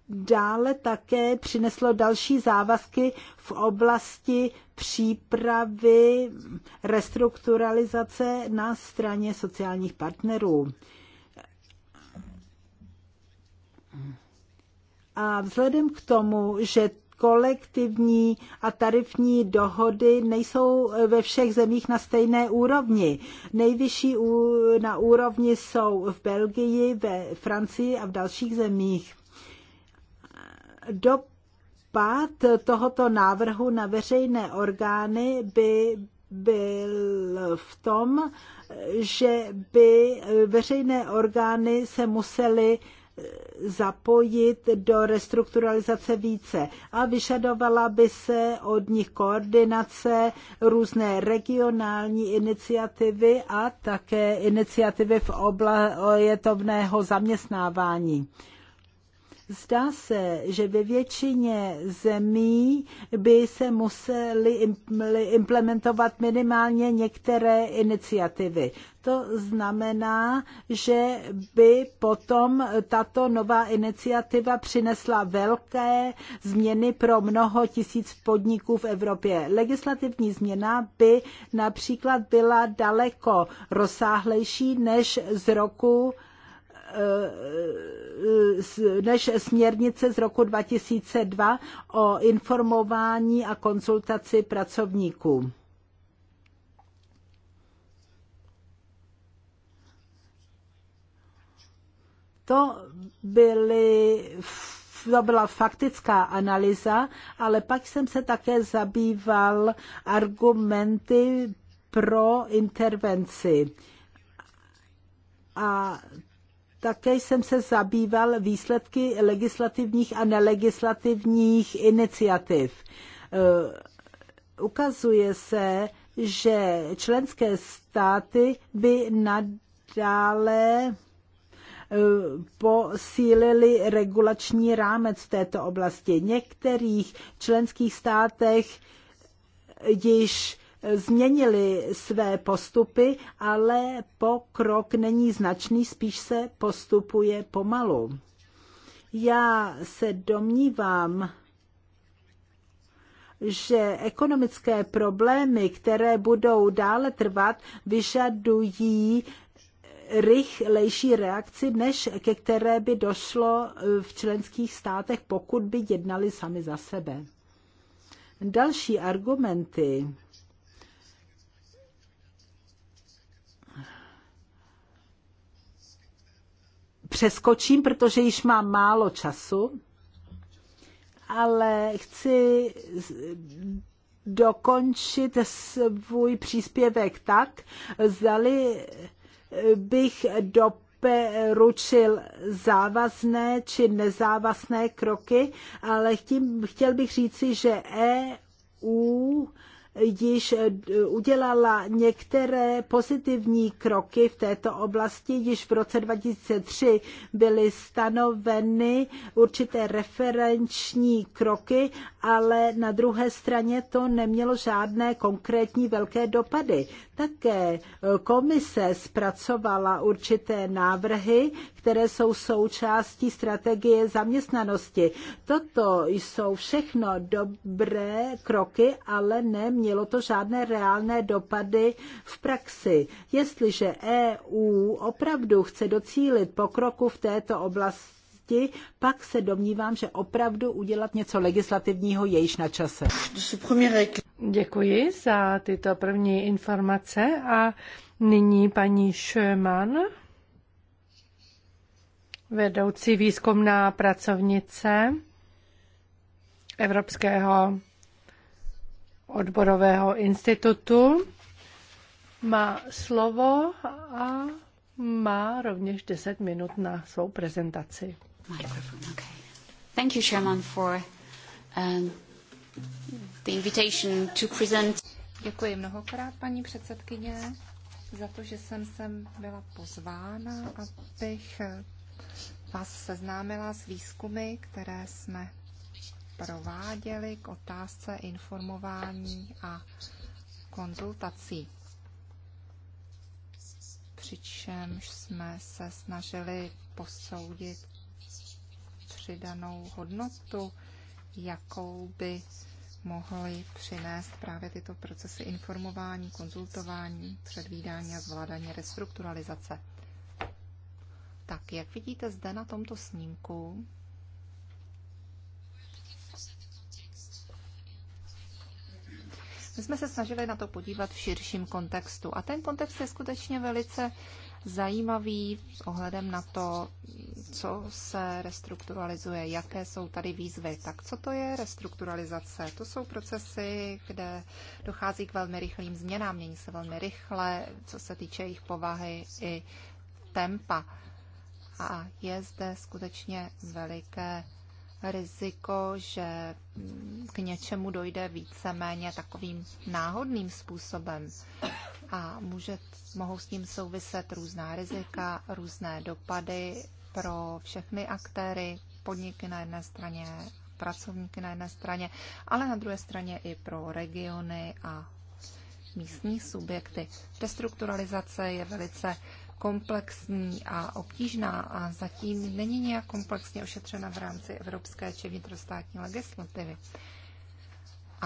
dále také přineslo další závazky v oblasti přípravy restrukturalizace na straně sociálních partnerů. A vzhledem k tomu, že kolektivní a tarifní dohody nejsou ve všech zemích na stejné úrovni. Nejvyšší na úrovni jsou v Belgii, ve Francii a v dalších zemích. Do dopad tohoto návrhu na veřejné orgány by byl v tom, že by veřejné orgány se musely zapojit do restrukturalizace více a vyžadovala by se od nich koordinace, různé regionální iniciativy a také iniciativy v oblasti ojetovného zaměstnávání. Zdá se, že ve většině zemí by se musely implementovat minimálně některé iniciativy. To znamená, že by potom tato nová iniciativa přinesla velké změny pro mnoho tisíc podniků v Evropě. Legislativní změna by například byla daleko rozsáhlejší než z roku Eh, než směrnice z roku 2002 o informování a konzultaci pracovníků. To byly to byla faktická analýza, ale pak jsem se také zabýval argumenty pro intervenci. A také jsem se zabýval výsledky legislativních a nelegislativních iniciativ. Eh, ukazuje se, že členské státy by nadále eh, posílili regulační rámec v této oblasti. V některých členských státech již změnili své postupy, ale pokrok není značný, spíš se postupuje pomalu. Já se domnívám, že ekonomické problémy, které budou dále trvat, vyžadují rychlejší reakci, než ke které by došlo eh, v členských státech, pokud by jednali sami za sebe. Další argumenty přeskočím, protože již mám málo času, ale chci dokončit svůj příspěvek tak, zdali bych doporučil závazné či nezávazné kroky, ale tím, chtěl bych říci, že EU již eh, udělala některé pozitivní kroky v této oblasti. Již v roce 2003 byly stanoveny určité referenční kroky ale na druhé straně to nemělo žádné konkrétní velké dopady. Také eh, komise zpracovala určité návrhy, které jsou součástí strategie zaměstnanosti. Toto jsou všechno dobré kroky, ale nemělo to žádné reálné dopady v praxi. Jestliže EU opravdu chce docílit pokroku v této oblasti, oblasti, pak se domnívám, že opravdu udělat něco legislativního je již na čase. Děkuji za tyto první informace a nyní paní Schöman, vedoucí výzkumná pracovnice Evropského odborového institutu má slovo a má rovněž 10 minut na svou prezentaci. Microphone, okay. Thank you, Chairman, for um, the invitation to present. Děkuji mnohokrát, paní předsedkyně, za to, že jsem sem byla pozvána, abych eh, vás seznámila s výzkumy, které jsme prováděli k otázce informování a konzultací. Přičemž jsme se snažili posoudit přidanou hodnotu, jakou by mohly přinést právě tyto procesy informování, konzultování, předvídání a zvládání restrukturalizace. Tak, jak vidíte zde na tomto snímku, My jsme se snažili na to podívat v širším kontextu a ten kontext je skutečně velice zajímavý s ohledem na to, co se restrukturalizuje, jaké jsou tady výzvy. Tak co to je restrukturalizace? To jsou procesy, kde dochází k velmi rychlým změnám, mění se velmi rychle, co se týče jejich povahy i tempa. A je zde skutečně veliké riziko, že k něčemu dojde víceméně takovým náhodným způsobem a může, mohou s ním souviset různá rizika, různé dopady pro všechny aktéry, podniky na jedné straně, pracovníky na jedné straně, ale na druhé straně i pro regiony a místní subjekty. Restrukturalizace je velice komplexní a obtížná a zatím není nějak komplexně ošetřena v rámci evropské či vnitrostátní legislativy.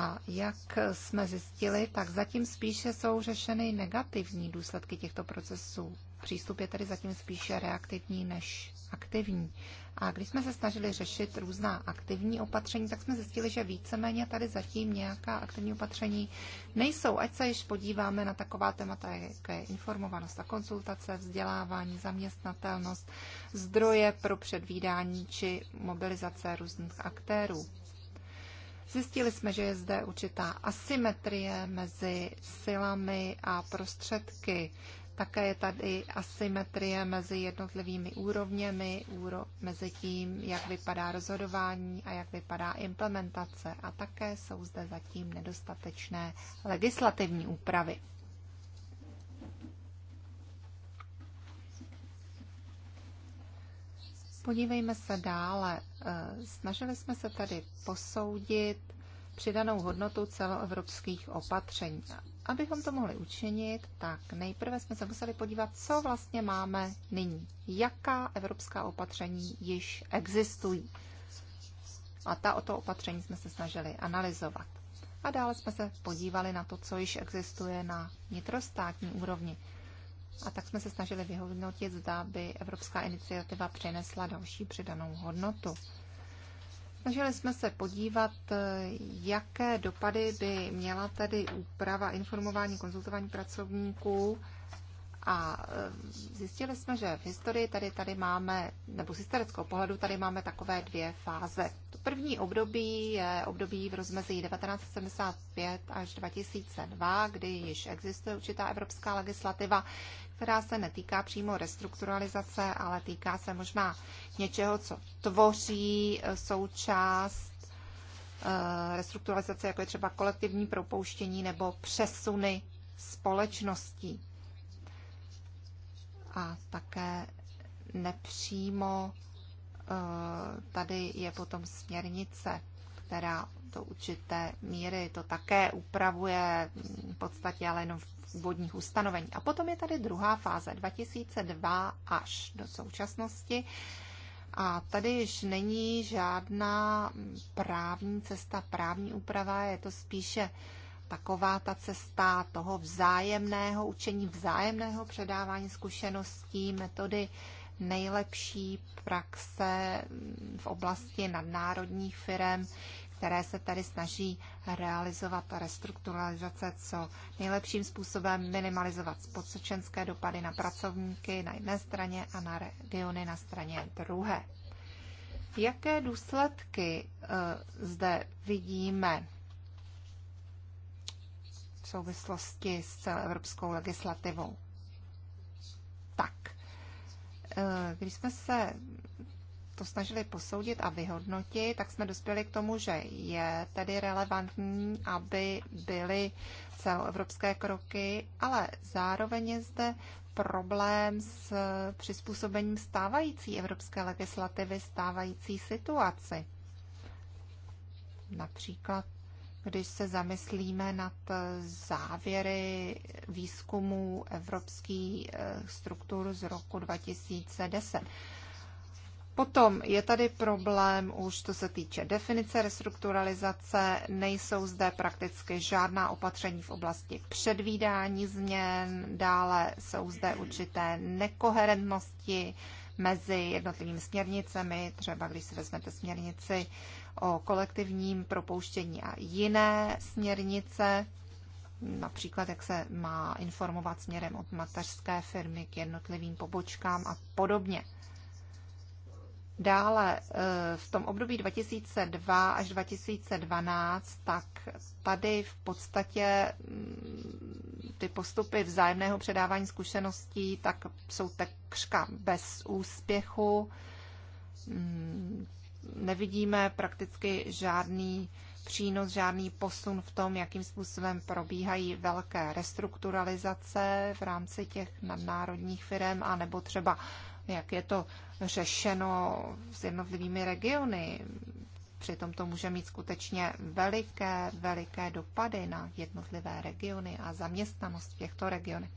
A jak jsme zjistili, tak zatím spíše jsou řešeny negativní důsledky těchto procesů. Přístup je tedy zatím spíše reaktivní než aktivní. A když jsme se snažili řešit různá aktivní opatření, tak jsme zjistili, že víceméně tady zatím nějaká aktivní opatření nejsou. Ať se již podíváme na taková témata, jako je informovanost a konzultace, vzdělávání, zaměstnatelnost, zdroje pro předvídání či mobilizace různých aktérů. Zjistili jsme, že je zde určitá asymetrie mezi silami a prostředky. Také je tady asymetrie mezi jednotlivými úrovněmi, úro, mezi tím, jak vypadá rozhodování a jak vypadá implementace. A také jsou zde zatím nedostatečné legislativní úpravy. Podívejme se dále. Eh, snažili jsme se tady posoudit přidanou hodnotu celoevropských opatření. Abychom to mohli učinit, tak nejprve jsme se museli podívat, co vlastně máme nyní. Jaká evropská opatření již existují. A ta o to opatření jsme se snažili analyzovat. A dále jsme se podívali na to, co již existuje na vnitrostátní úrovni. A tak jsme se snažili vyhodnotit, zda by evropská iniciativa přinesla další přidanou hodnotu. Snažili jsme se podívat, jaké dopady by měla tedy úprava informování, konzultování pracovníků a e, zjistili jsme, že v historii tady, tady máme, nebo z historického pohledu tady máme takové dvě fáze. To první období je období v rozmezí 1975 až 2002, kdy již existuje určitá evropská legislativa, která se netýká přímo restrukturalizace, ale týká se možná něčeho, co tvoří eh, součást eh, restrukturalizace, jako je třeba kolektivní propouštění nebo přesuny společností. A také nepřímo eh, tady je potom směrnice, která do určité míry. To také upravuje v podstatě ale jenom v úvodních ustanovení. A potom je tady druhá fáze, 2002 až do současnosti. A tady již není žádná právní cesta, právní úprava, je to spíše taková ta cesta toho vzájemného učení, vzájemného předávání zkušeností, metody nejlepší praxe v oblasti nadnárodních firm, které se tady snaží realizovat restrukturalizace co nejlepším způsobem, minimalizovat spotřečenské dopady na pracovníky na jedné straně a na regiony na straně druhé. Jaké důsledky e, zde vidíme v souvislosti s celoevropskou legislativou? Tak, e, když jsme se to snažili posoudit a vyhodnotit, tak jsme dospěli k tomu, že je tedy relevantní, aby byly celoevropské kroky, ale zároveň je zde problém s přizpůsobením stávající evropské legislativy stávající situaci. Například, když se zamyslíme nad závěry výzkumu evropských eh, struktur z roku 2010, Potom je tady problém už, co se týče definice restrukturalizace. Nejsou zde prakticky žádná opatření v oblasti předvídání změn. Dále jsou zde určité nekoherentnosti mezi jednotlivými směrnicemi, třeba když si vezmete směrnici o kolektivním propouštění a jiné směrnice, například jak se má informovat směrem od mateřské firmy k jednotlivým pobočkám a podobně. Dále eh, v tom období 2002 až 2012, tak tady v podstatě mm, ty postupy vzájemného předávání zkušeností tak jsou takřka bez úspěchu. Mm, nevidíme prakticky žádný přínos, žádný posun v tom, jakým způsobem probíhají velké restrukturalizace v rámci těch nadnárodních firm, anebo třeba jak je to řešeno s jednotlivými regiony. Přitom to může mít skutečně veliké, veliké dopady na jednotlivé regiony a zaměstnanost v těchto regionech.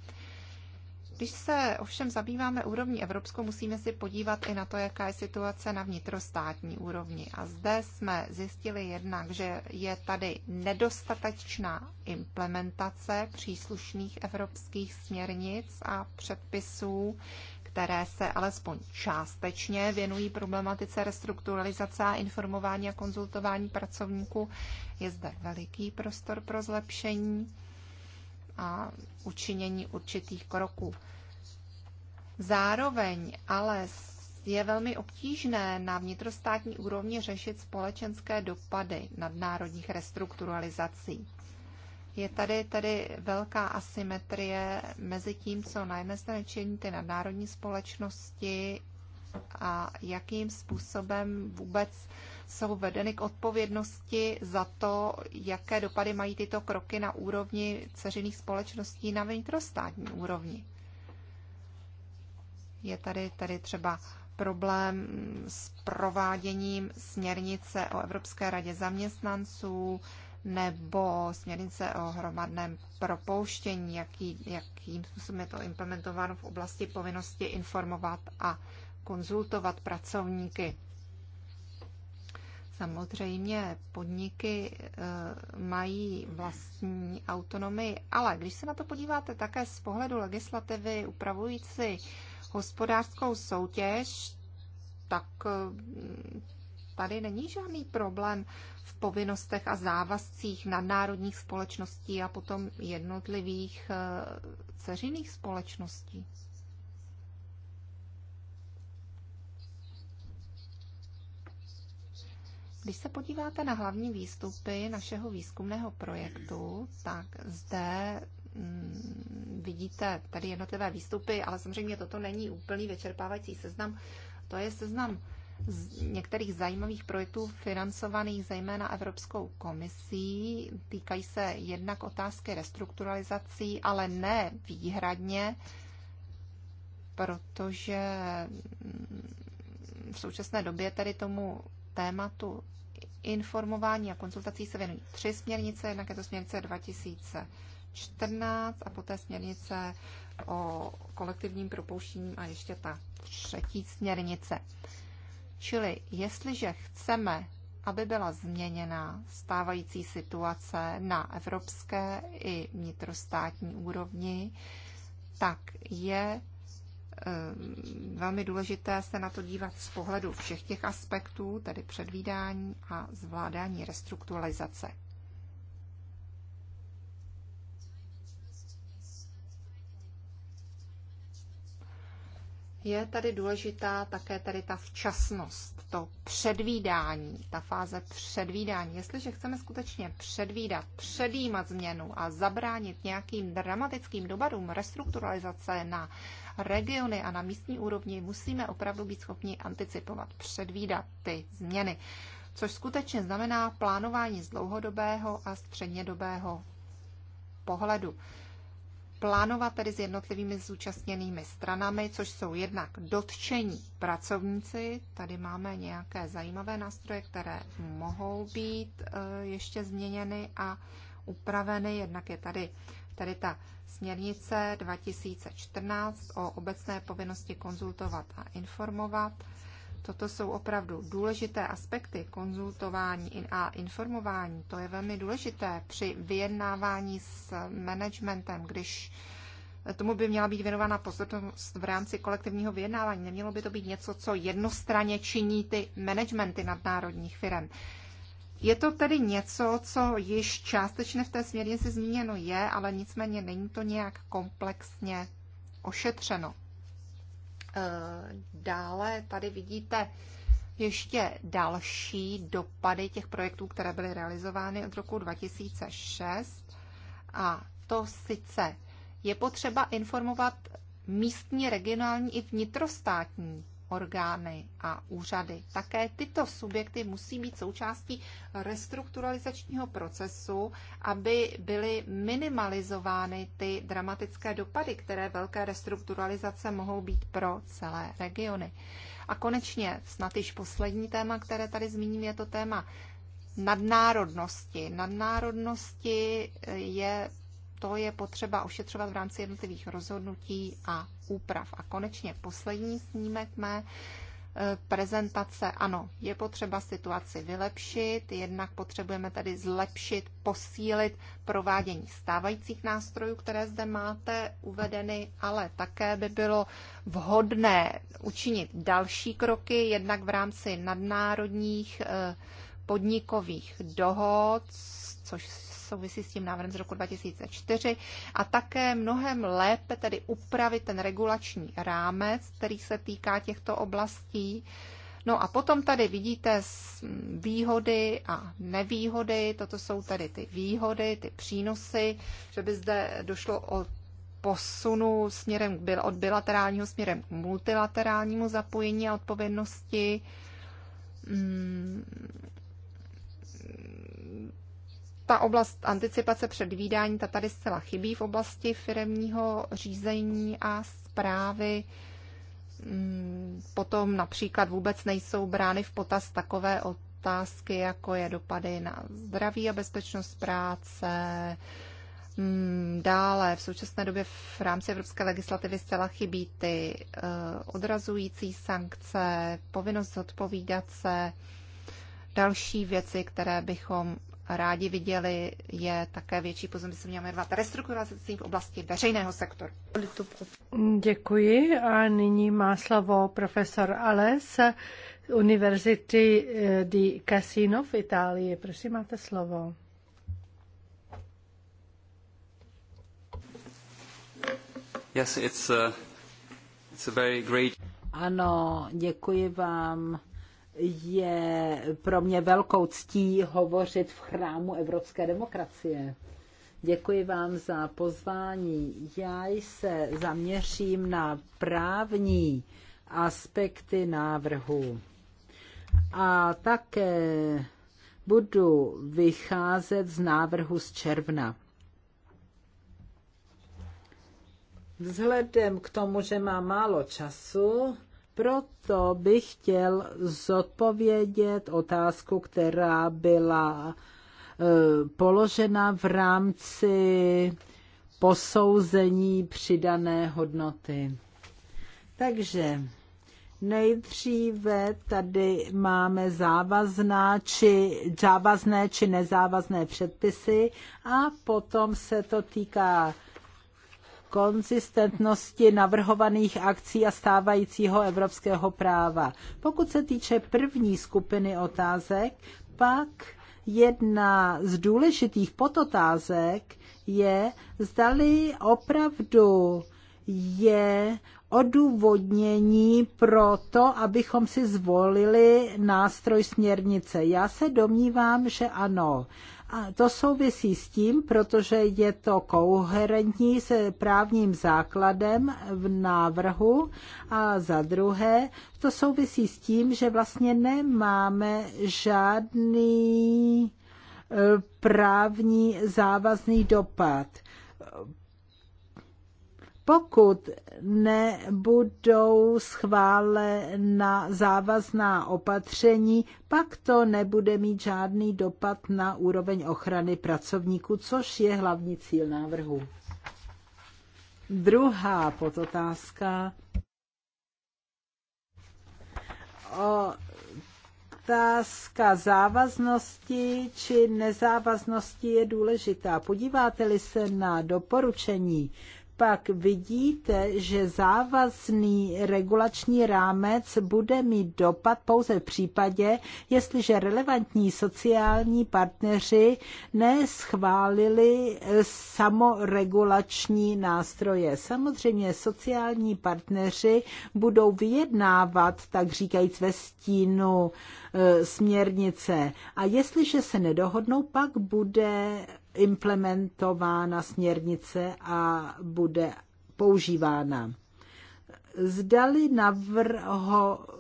Když se ovšem zabýváme úrovní evropskou, musíme si podívat i na to, jaká je situace na vnitrostátní úrovni. A zde jsme zjistili jednak, že je tady nedostatečná implementace příslušných evropských směrnic a předpisů, které se alespoň částečně věnují problematice restrukturalizace a informování a konzultování pracovníků. Je zde veliký prostor pro zlepšení a učinění určitých kroků. Zároveň ale je velmi obtížné na vnitrostátní úrovni řešit společenské dopady nadnárodních restrukturalizací je tady tady velká asymetrie mezi tím, co na jedné straně činí ty nadnárodní společnosti a jakým způsobem vůbec jsou vedeny k odpovědnosti za to, jaké dopady mají tyto kroky na úrovni ceřiných společností na vnitrostátní úrovni. Je tady, tady třeba problém s prováděním směrnice o Evropské radě zaměstnanců, nebo směrnice o hromadném propouštění, jaký, jakým způsobem je to implementováno v oblasti povinnosti informovat a konzultovat pracovníky. Samozřejmě podniky e, mají vlastní autonomii, ale když se na to podíváte také z pohledu legislativy upravující hospodářskou soutěž, tak e, Tady není žádný problém v povinnostech a závazcích nadnárodních společností a potom jednotlivých eh, ceřiných společností. Když se podíváte na hlavní výstupy našeho výzkumného projektu, tak zde mm, vidíte tady jednotlivé výstupy, ale samozřejmě toto není úplný vyčerpávající seznam. To je seznam z některých zajímavých projektů financovaných zejména Evropskou komisí. Týkají se jednak otázky restrukturalizací, ale ne výhradně, protože v současné době tedy tomu tématu informování a konzultací se věnují tři směrnice. Jednak je to směrnice 2014 a poté směrnice o kolektivním propouštění a ještě ta třetí směrnice. Čili jestliže chceme, aby byla změněna stávající situace na evropské i vnitrostátní úrovni, tak je eh, velmi důležité se na to dívat z pohledu všech těch aspektů, tedy předvídání a zvládání restrukturalizace. je tady důležitá také tady ta včasnost, to předvídání, ta fáze předvídání. Jestliže chceme skutečně předvídat, předjímat změnu a zabránit nějakým dramatickým dopadům restrukturalizace na regiony a na místní úrovni, musíme opravdu být schopni anticipovat, předvídat ty změny, což skutečně znamená plánování z dlouhodobého a střednědobého pohledu plánovat tedy s jednotlivými zúčastněnými stranami, což jsou jednak dotčení pracovníci. Tady máme nějaké zajímavé nástroje, které mohou být eh, ještě změněny a upraveny. Jednak je tady, tady ta směrnice 2014 o obecné povinnosti konzultovat a informovat. Toto jsou opravdu důležité aspekty konzultování a informování. To je velmi důležité při vyjednávání s managementem, když tomu by měla být věnována pozornost v rámci kolektivního vyjednávání. Nemělo by to být něco, co jednostranně činí ty managementy nadnárodních firm. Je to tedy něco, co již částečně v té směrnici zmíněno je, ale nicméně není to nějak komplexně ošetřeno. Eh, dále tady vidíte ještě další dopady těch projektů, které byly realizovány od roku 2006. A to sice je potřeba informovat místní, regionální i vnitrostátní orgány a úřady. Také tyto subjekty musí být součástí restrukturalizačního procesu, aby byly minimalizovány ty dramatické dopady, které velké restrukturalizace mohou být pro celé regiony. A konečně, snad již poslední téma, které tady zmíním, je to téma nadnárodnosti. Nadnárodnosti je to je potřeba ošetřovat v rámci jednotlivých rozhodnutí a úprav. A konečně poslední snímek mé e, prezentace. Ano, je potřeba situaci vylepšit, jednak potřebujeme tady zlepšit, posílit provádění stávajících nástrojů, které zde máte uvedeny, ale také by bylo vhodné učinit další kroky, jednak v rámci nadnárodních e, podnikových dohod, což souvisí s tím návrhem z roku 2004 a také mnohem lépe tedy upravit ten regulační rámec, který se týká těchto oblastí. No a potom tady vidíte výhody a nevýhody, toto jsou tady ty výhody, ty přínosy, že by zde došlo o posunu směrem k bil, od bilaterálního směrem k multilaterálnímu zapojení a odpovědnosti. Mm, ta oblast anticipace předvídání, ta tady zcela chybí v oblasti firemního řízení a zprávy. Mm, potom například vůbec nejsou brány v potaz takové otázky, jako je dopady na zdraví a bezpečnost práce. Mm, dále v současné době v rámci evropské legislativy zcela chybí ty eh, odrazující sankce, povinnost odpovídat se, další věci, které bychom rádi viděli, je také větší pozornost, se měla jmenovat restrukturalizací v oblasti veřejného sektoru. Děkuji a nyní má slovo profesor Ales z Univerzity eh, di Cassino v Itálii. Prosím, máte slovo. Yes, it's a, uh, it's a very great... Ano, děkuji vám je pro mě velkou ctí hovořit v chrámu evropské demokracie. Děkuji vám za pozvání. Já se zaměřím na právní aspekty návrhu. A také budu vycházet z návrhu z června. Vzhledem k tomu, že mám málo času, proto bych chtěl zodpovědět otázku, která byla eh, položena v rámci posouzení přidané hodnoty. Takže Nejdříve tady máme závazná či, závazné či nezávazné předpisy a potom se to týká konzistentnosti navrhovaných akcí a stávajícího evropského práva. Pokud se týče první skupiny otázek, pak jedna z důležitých podotázek je, zdali opravdu je odůvodnění pro to, abychom si zvolili nástroj směrnice. Já se domnívám, že ano. A to souvisí s tím, protože je to koherentní s právním základem v návrhu a za druhé to souvisí s tím, že vlastně nemáme žádný eh, právní závazný dopad pokud nebudou schválena závazná opatření, pak to nebude mít žádný dopad na úroveň ochrany pracovníků, což je hlavní cíl návrhu. Druhá podotázka. O otázka závaznosti či nezávaznosti je důležitá. Podíváte-li se na doporučení pak vidíte, že závazný regulační rámec bude mít dopad pouze v případě, jestliže relevantní sociální partneři neschválili samoregulační nástroje. Samozřejmě sociální partneři budou vyjednávat, tak říkajíc ve stínu e, směrnice. A jestliže se nedohodnou, pak bude implementována směrnice a bude používána. Zdali navrhované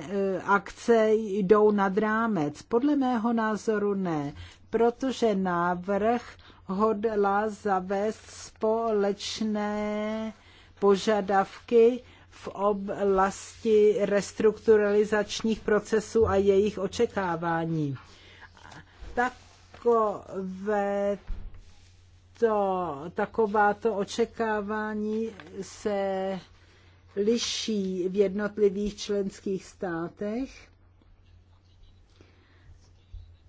e, akce jdou nad rámec? Podle mého názoru ne, protože návrh hodla zavést společné požadavky v oblasti restrukturalizačních procesů a jejich očekávání takové to, to očekávání se liší v jednotlivých členských státech.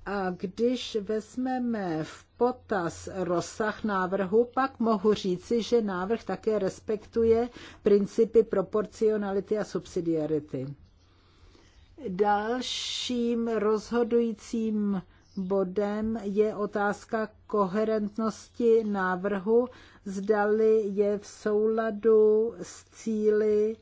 A když vezmeme v potaz rozsah návrhu, pak mohu říci, že návrh také respektuje principy proporcionality a subsidiarity. Dalším rozhodujícím bodem je otázka koherentnosti návrhu, zdali je v souladu s cíly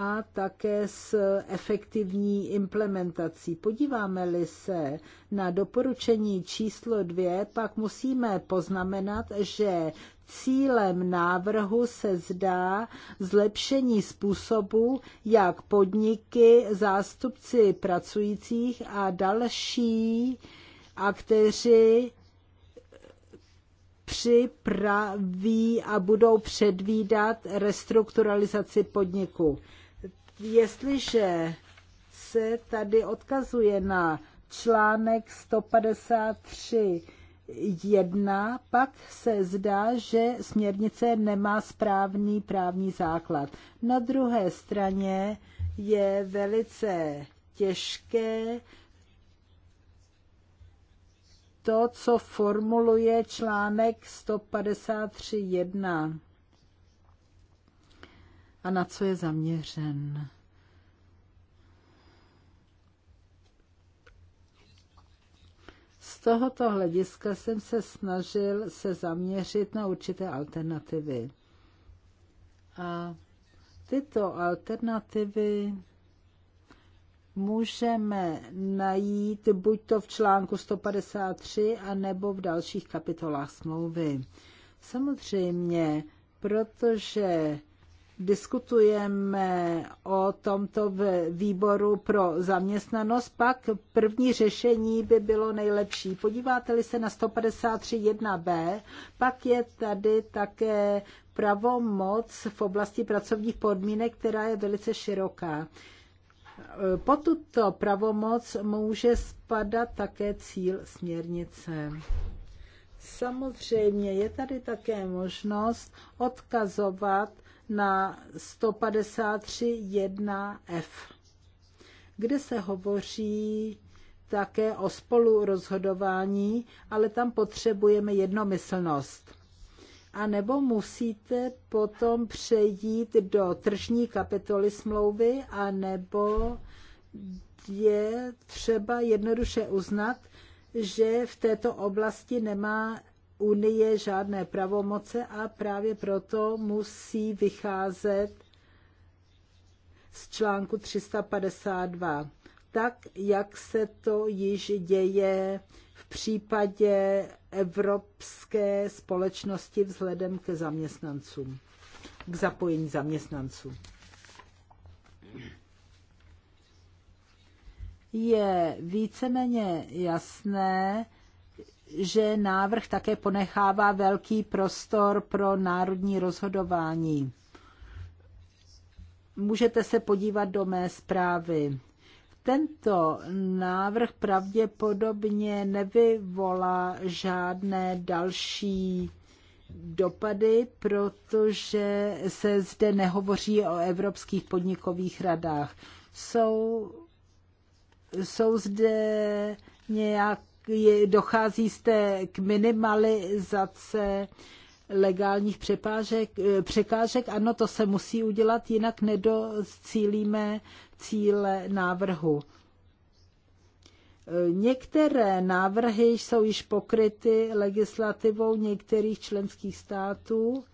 a také s efektivní implementací. Podíváme-li se na doporučení číslo dvě, pak musíme poznamenat, že cílem návrhu se zdá zlepšení způsobu, jak podniky, zástupci pracujících a další aktéři připraví a budou předvídat restrukturalizaci podniku. Jestliže se tady odkazuje na článek 153.1, pak se zdá, že směrnice nemá správný právní základ. Na druhé straně je velice těžké to, co formuluje článek 153.1 a na co je zaměřen. Z tohoto hlediska jsem se snažil se zaměřit na určité alternativy. A tyto alternativy můžeme najít buď to v článku 153, a nebo v dalších kapitolách smlouvy. Samozřejmě, protože diskutujeme o tomto v výboru pro zaměstnanost, pak první řešení by bylo nejlepší. Podíváte-li se na 153.1b, pak je tady také pravomoc v oblasti pracovních podmínek, která je velice široká. Po tuto pravomoc může spadat také cíl směrnice. Samozřejmě je tady také možnost odkazovat na 153.1f, kde se hovoří také o spolurozhodování, ale tam potřebujeme jednomyslnost. A nebo musíte potom přejít do tržní kapitoly smlouvy, a nebo je třeba jednoduše uznat, že v této oblasti nemá unie žádné pravomoce a právě proto musí vycházet z článku 352, tak jak se to již děje v případě Evropské společnosti vzhledem ke zaměstnancům, k zapojení zaměstnanců. Je víceméně jasné, že návrh také ponechává velký prostor pro národní rozhodování. Můžete se podívat do mé zprávy. Tento návrh pravděpodobně nevyvolá žádné další dopady, protože se zde nehovoří o evropských podnikových radách. Jsou, jsou zde nějak dochází zde k minimalizace legálních přepážek, eh, překážek. Ano, to se musí udělat, jinak nedocílíme cíle návrhu. Eh, některé návrhy jsou již pokryty legislativou některých členských států.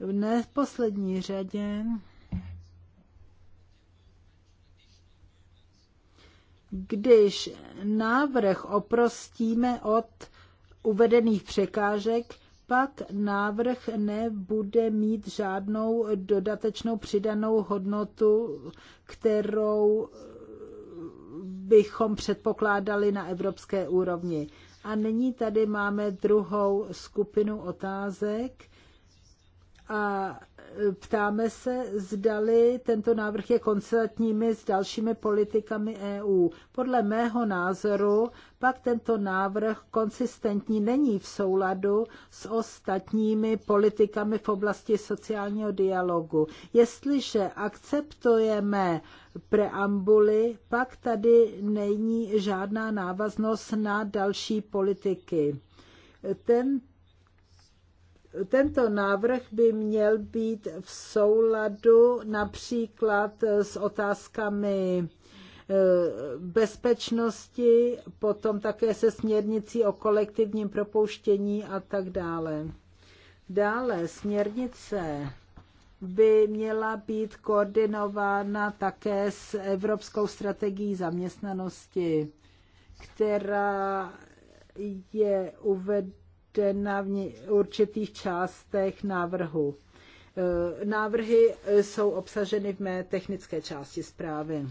V neposlední řadě Když návrh oprostíme od uvedených překážek, pak návrh nebude mít žádnou dodatečnou přidanou hodnotu, kterou bychom předpokládali na evropské úrovni. A nyní tady máme druhou skupinu otázek, a e, ptáme se, zdali tento návrh je koncertními s dalšími politikami EU. Podle mého názoru pak tento návrh konsistentní není v souladu s ostatními politikami v oblasti sociálního dialogu. Jestliže akceptujeme preambuly, pak tady není žádná návaznost na další politiky. Ten tento návrh by měl být v souladu například s otázkami eh, bezpečnosti, potom také se směrnicí o kolektivním propouštění a tak dále. Dále směrnice by měla být koordinována také s Evropskou strategií zaměstnanosti, která je uvedena na určitých částech návrhu. E, návrhy jsou obsaženy v mé technické části zprávy.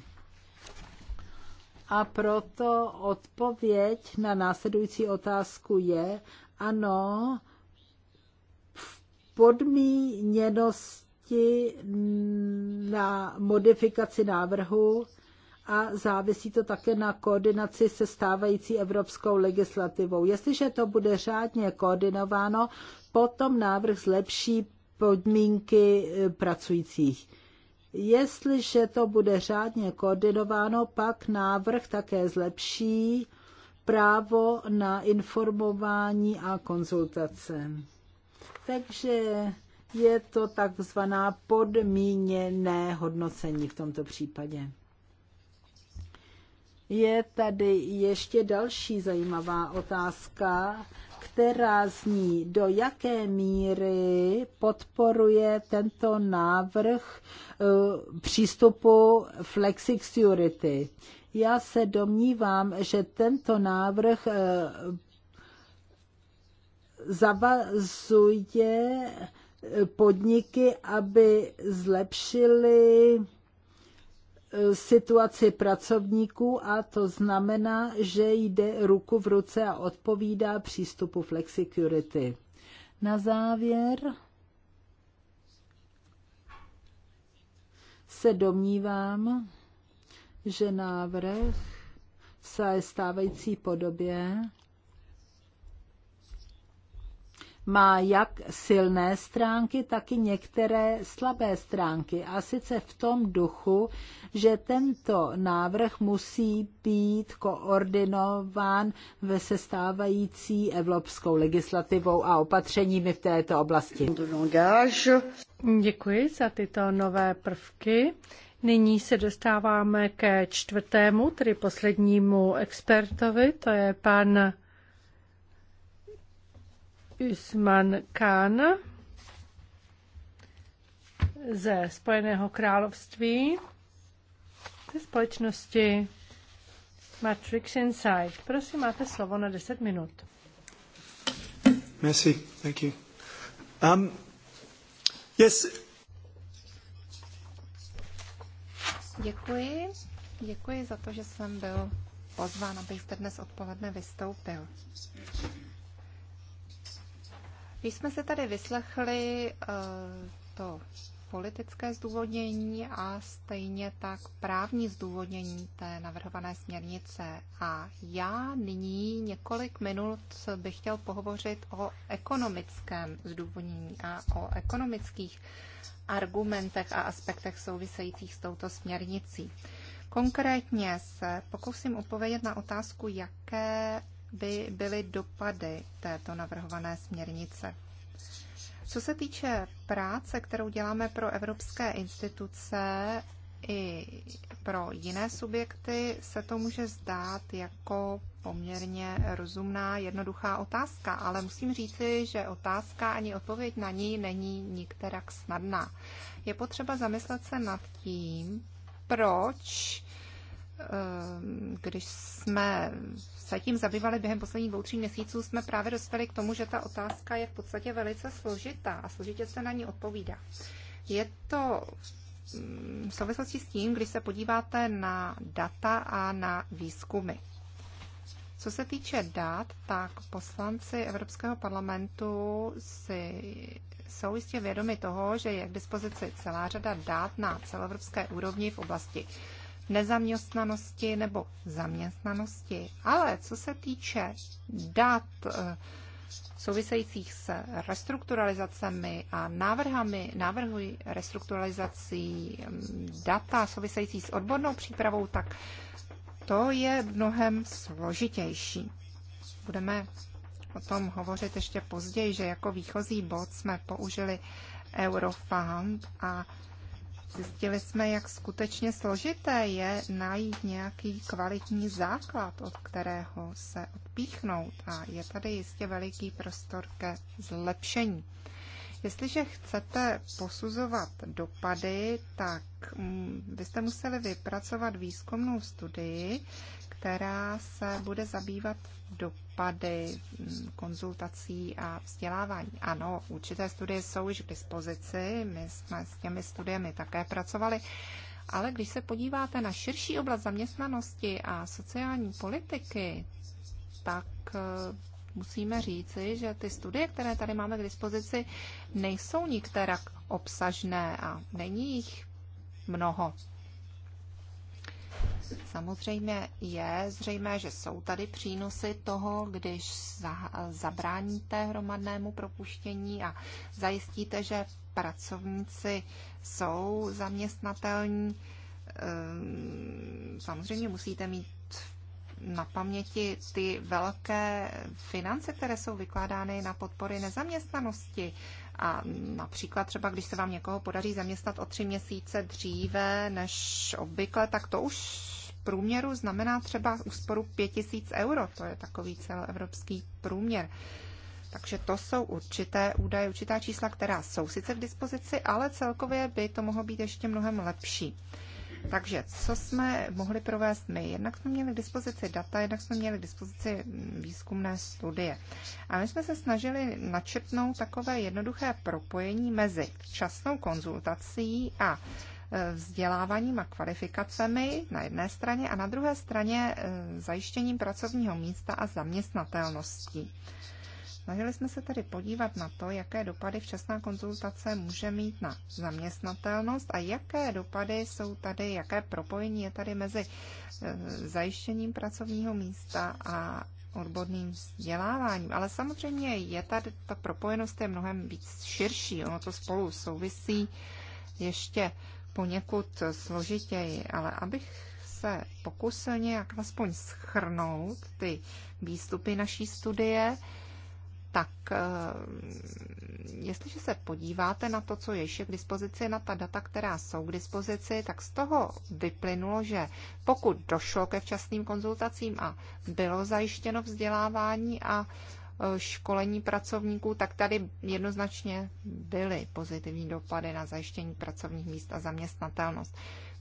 A proto odpověď na následující otázku je, ano, v podmíněnosti na modifikaci návrhu a závisí to také na koordinaci se stávající evropskou legislativou. Jestliže to bude řádně koordinováno, potom návrh zlepší podmínky e, pracujících. Jestliže to bude řádně koordinováno, pak návrh také zlepší právo na informování a konzultace. Takže je to takzvaná podmíněné hodnocení v tomto případě. Je tady ještě další zajímavá otázka, která zní, do jaké míry podporuje tento návrh eh, přístupu Flexicurity. Já se domnívám, že tento návrh eh, zavazuje podniky, aby zlepšili situaci pracovníků a to znamená, že jde ruku v ruce a odpovídá přístupu flexicurity. Na závěr se domnívám, že návrh se stávající podobě má jak silné stránky, tak i některé slabé stránky. A sice v tom duchu, že tento návrh musí být koordinován ve sestávající evropskou legislativou a opatřeními v této oblasti. Děkuji za tyto nové prvky. Nyní se dostáváme ke čtvrtému, tedy poslednímu expertovi, to je pan Usman Khan ze Spojeného království ze společnosti Matrix Insight. Prosím, máte slovo na 10 minut. Merci, thank you. Um, yes. Děkuji. Děkuji za to, že jsem byl pozván, abych zde dnes odpoledne vystoupil. Když jsme se tady vyslechli eh, to politické zdůvodnění a stejně tak právní zdůvodnění té navrhované směrnice. A já nyní několik minut bych chtěl pohovořit o ekonomickém zdůvodnění a o ekonomických argumentech a aspektech souvisejících s touto směrnicí. Konkrétně se pokusím odpovědět na otázku, jaké by byly dopady této navrhované směrnice. Co se týče práce, kterou děláme pro evropské instituce i pro jiné subjekty, se to může zdát jako poměrně rozumná, jednoduchá otázka, ale musím říci, že otázka ani odpověď na ní není nikterak snadná. Je potřeba zamyslet se nad tím, proč Ehm, když jsme se tím zabývali během posledních dvou, tří měsíců, jsme právě dospěli k tomu, že ta otázka je v podstatě velice složitá a složitě se na ní odpovídá. Je to mm, v souvislosti s tím, když se podíváte na data a na výzkumy. Co se týče dat, tak poslanci Evropského parlamentu si jsou jistě vědomi toho, že je k dispozici celá řada dat na celoevropské úrovni v oblasti nezaměstnanosti nebo zaměstnanosti. Ale co se týče dat eh, souvisejících s restrukturalizacemi a návrhami, návrhy restrukturalizací mm, data související s odbornou přípravou, tak to je mnohem složitější. Budeme o tom hovořit ještě později, že jako výchozí bod jsme použili Eurofund a Zjistili jsme, jak skutečně složité je najít nějaký kvalitní základ, od kterého se odpíchnout a je tady jistě veliký prostor ke zlepšení. Jestliže chcete posuzovat dopady, tak byste mm, museli vypracovat výzkumnou studii, která se bude zabývat dopady mm, konzultací a vzdělávání. Ano, určité studie jsou již k dispozici, my jsme s těmi studiemi také pracovali, ale když se podíváte na širší oblast zaměstnanosti a sociální politiky, tak eh, musíme říci, že ty studie, které tady máme k dispozici, nejsou nikterak obsažné a není jich mnoho. Samozřejmě je zřejmé, že jsou tady přínosy toho, když za, zabráníte hromadnému propuštění a zajistíte, že pracovníci jsou zaměstnatelní. Ehm, samozřejmě musíte mít na paměti ty velké finance, které jsou vykládány na podpory nezaměstnanosti. A například třeba, když se vám někoho podaří zaměstnat o tři měsíce dříve než obvykle, tak to už průměru znamená třeba úsporu 5000 euro. To je takový celoevropský průměr. Takže to jsou určité údaje, určitá čísla, která jsou sice k dispozici, ale celkově by to mohlo být ještě mnohem lepší. Takže co jsme mohli provést my? Jednak jsme měli k dispozici data, jednak jsme měli k dispozici výzkumné studie. A my jsme se snažili načetnout takové jednoduché propojení mezi časnou konzultací a e, vzděláváním a kvalifikacemi na jedné straně a na druhé straně e, zajištěním pracovního místa a zaměstnatelností. Snažili jsme se tedy podívat na to, jaké dopady včasná konzultace může mít na zaměstnatelnost a jaké dopady jsou tady, jaké propojení je tady mezi eh, zajištěním pracovního místa a odborným vzděláváním. Ale samozřejmě je tady, ta propojenost je mnohem víc širší, ono to spolu souvisí ještě poněkud složitěji, ale abych se pokusil nějak aspoň schrnout ty výstupy naší studie, tak eh, jestliže se podíváte na to, co ještě k dispozici, na ta data, která jsou k dispozici, tak z toho vyplynulo, že pokud došlo ke včasným konzultacím a bylo zajištěno vzdělávání a eh, školení pracovníků, tak tady jednoznačně byly pozitivní dopady na zajištění pracovních míst a zaměstnatelnost.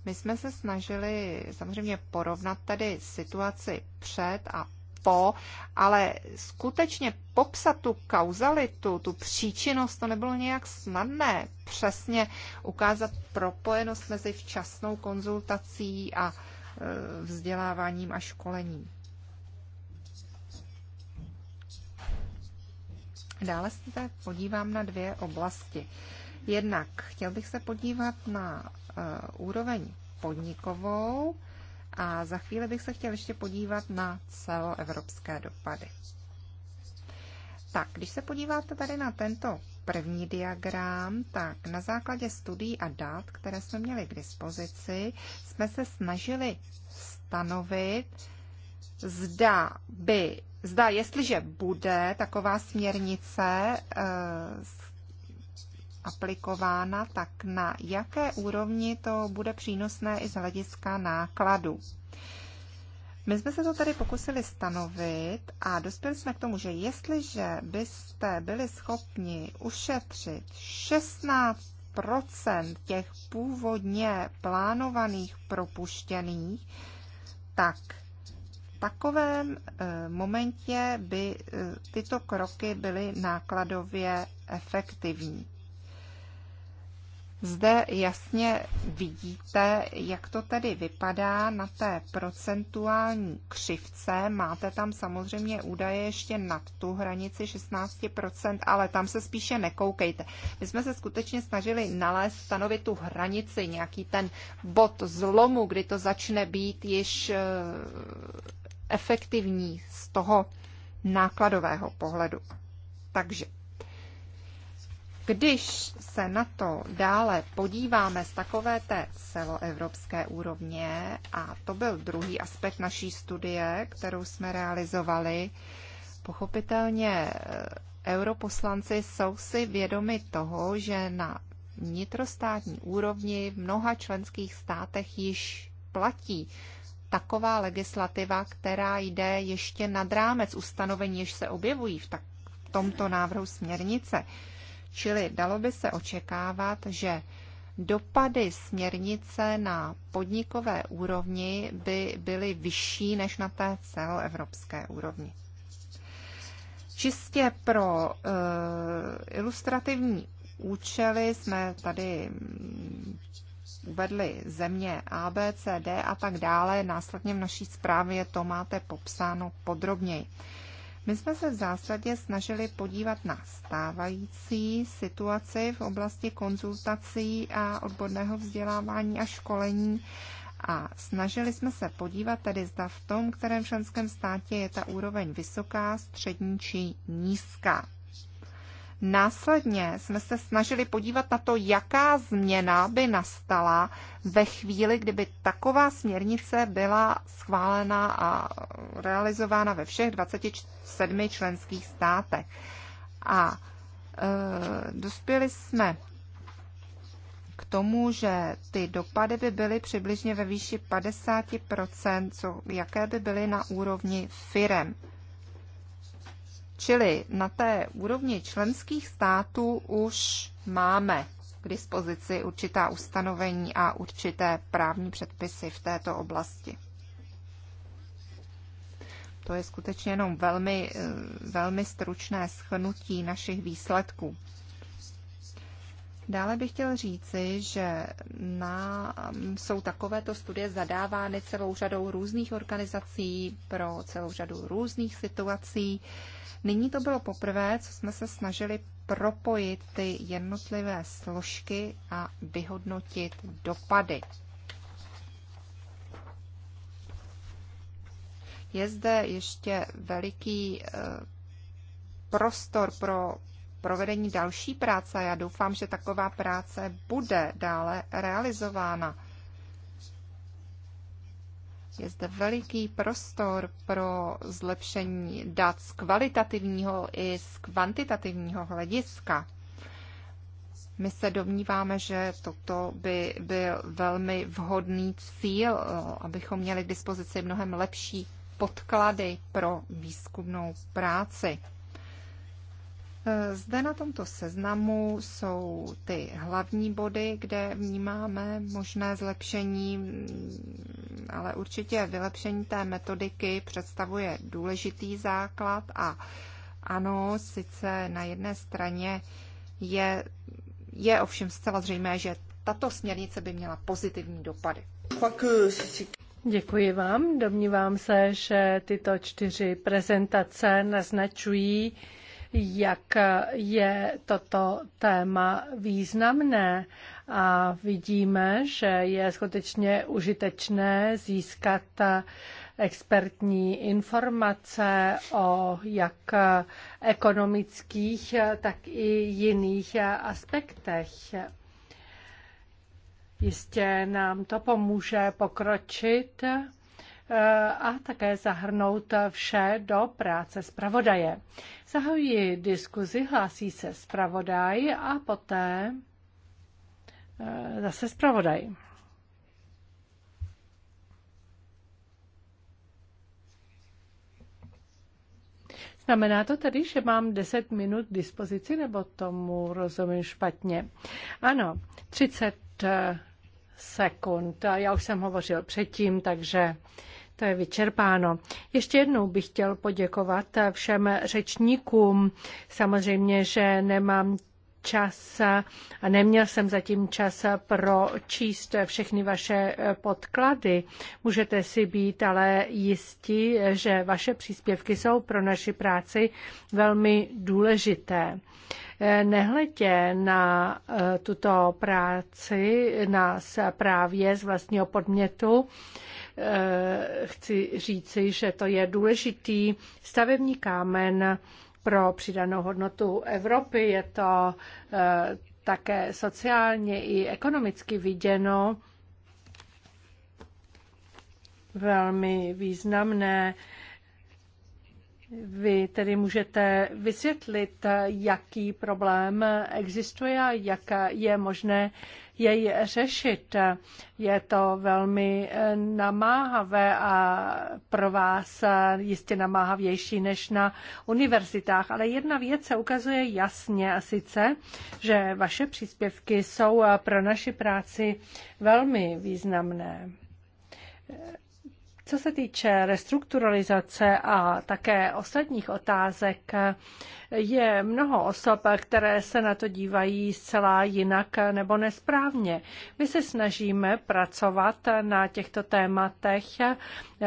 My jsme se snažili samozřejmě porovnat tady situaci před a po, ale skutečně popsat tu kauzalitu, tu příčinnost, to nebylo nějak snadné. Přesně ukázat propojenost mezi včasnou konzultací a e, vzděláváním a školením. Dále se podívám na dvě oblasti. Jednak chtěl bych se podívat na e, úroveň podnikovou a za chvíli bych se chtěl ještě podívat na celoevropské dopady. Tak, když se podíváte tady na tento první diagram, tak na základě studií a dat, které jsme měli k dispozici, jsme se snažili stanovit, zda by, zda jestliže bude taková směrnice, eh, aplikována, tak na jaké úrovni to bude přínosné i z hlediska nákladu. My jsme se to tady pokusili stanovit a dospěli jsme k tomu, že jestliže byste byli schopni ušetřit 16 těch původně plánovaných propuštěných, tak v takovém eh, momentě by eh, tyto kroky byly nákladově efektivní. Zde jasně vidíte, jak to tedy vypadá na té procentuální křivce. Máte tam samozřejmě údaje ještě nad tu hranici 16%, ale tam se spíše nekoukejte. My jsme se skutečně snažili nalézt, stanovit tu hranici, nějaký ten bod zlomu, kdy to začne být již eh, efektivní z toho nákladového pohledu. Takže když se na to dále podíváme z takové té celoevropské úrovně, a to byl druhý aspekt naší studie, kterou jsme realizovali, pochopitelně eh, europoslanci jsou si vědomi toho, že na vnitrostátní úrovni v mnoha členských státech již platí taková legislativa, která jde ještě nad rámec ustanovení, jež se objevují v, tak, v tomto návrhu směrnice. Čili dalo by se očekávat, že dopady směrnice na podnikové úrovni by byly vyšší než na té celoevropské úrovni. Čistě pro e, ilustrativní účely jsme tady mm, uvedli země A, B, C, D a tak dále. Následně v naší zprávě to máte popsáno podrobněji. My jsme se v zásadě snažili podívat na stávající situaci v oblasti konzultací a odborného vzdělávání a školení a snažili jsme se podívat tedy zda v tom, kterém členském státě je ta úroveň vysoká, střední či nízká. Následně jsme se snažili podívat na to, jaká změna by nastala ve chvíli, kdyby taková směrnice byla schválena a realizována ve všech 27 členských státech. A e, dospěli jsme k tomu, že ty dopady by byly přibližně ve výši 50%, co, jaké by byly na úrovni firem. Čili na té úrovni členských států už máme k dispozici určitá ustanovení a určité právní předpisy v této oblasti. To je skutečně jenom velmi, eh, velmi stručné schnutí našich výsledků. Dále bych chtěl říci, že na, jsou takovéto studie zadávány celou řadou různých organizací pro celou řadu různých situací. Nyní to bylo poprvé, co jsme se snažili propojit ty jednotlivé složky a vyhodnotit dopady. Je zde ještě veliký eh, prostor pro provedení další práce. Já doufám, že taková práce bude dále realizována. Je zde veliký prostor pro zlepšení dat z kvalitativního i z kvantitativního hlediska. My se domníváme, že toto by byl velmi vhodný cíl, abychom měli k dispozici mnohem lepší podklady pro výzkumnou práci. Zde na tomto seznamu jsou ty hlavní body, kde vnímáme možné zlepšení, ale určitě vylepšení té metodiky představuje důležitý základ a ano, sice na jedné straně je, je ovšem zcela zřejmé, že tato směrnice by měla pozitivní dopady. Děkuji vám. Domnívám se, že tyto čtyři prezentace naznačují, jak je toto téma významné a vidíme, že je skutečně užitečné získat expertní informace o jak ekonomických, tak i jiných aspektech. Jistě nám to pomůže pokročit a také zahrnout vše do práce zpravodaje. Zahajuji diskuzi, hlásí se zpravodaj a poté eh, zase zpravodaj. Znamená to tedy, že mám 10 minut k dispozici, nebo tomu rozumím špatně? Ano, 30 eh, sekund. Já už jsem hovořil předtím, takže to je vyčerpáno. Ještě jednou bych chtěl poděkovat všem řečníkům. Samozřejmě, že nemám čas a neměl jsem zatím čas pro číst všechny vaše podklady. Můžete si být ale jistí, že vaše příspěvky jsou pro naši práci velmi důležité. Nehledě na eh, tuto práci, na právě z vlastního podmětu, Eh, chci říci, že to je důležitý stavební kámen pro přidanou hodnotu Evropy. Je to eh, také sociálně i ekonomicky viděno velmi významné. Vy tedy můžete vysvětlit, jaký problém existuje a jak je možné jej řešit. Je to velmi eh, namáhavé a pro vás eh, jistě namáhavější než na univerzitách. Ale jedna věc se ukazuje jasně a sice, že vaše příspěvky jsou eh, pro naši práci velmi významné. Co se týče restrukturalizace a také ostatních otázek, je mnoho osob, které se na to dívají zcela jinak nebo nesprávně. My se snažíme pracovat na těchto tématech eh,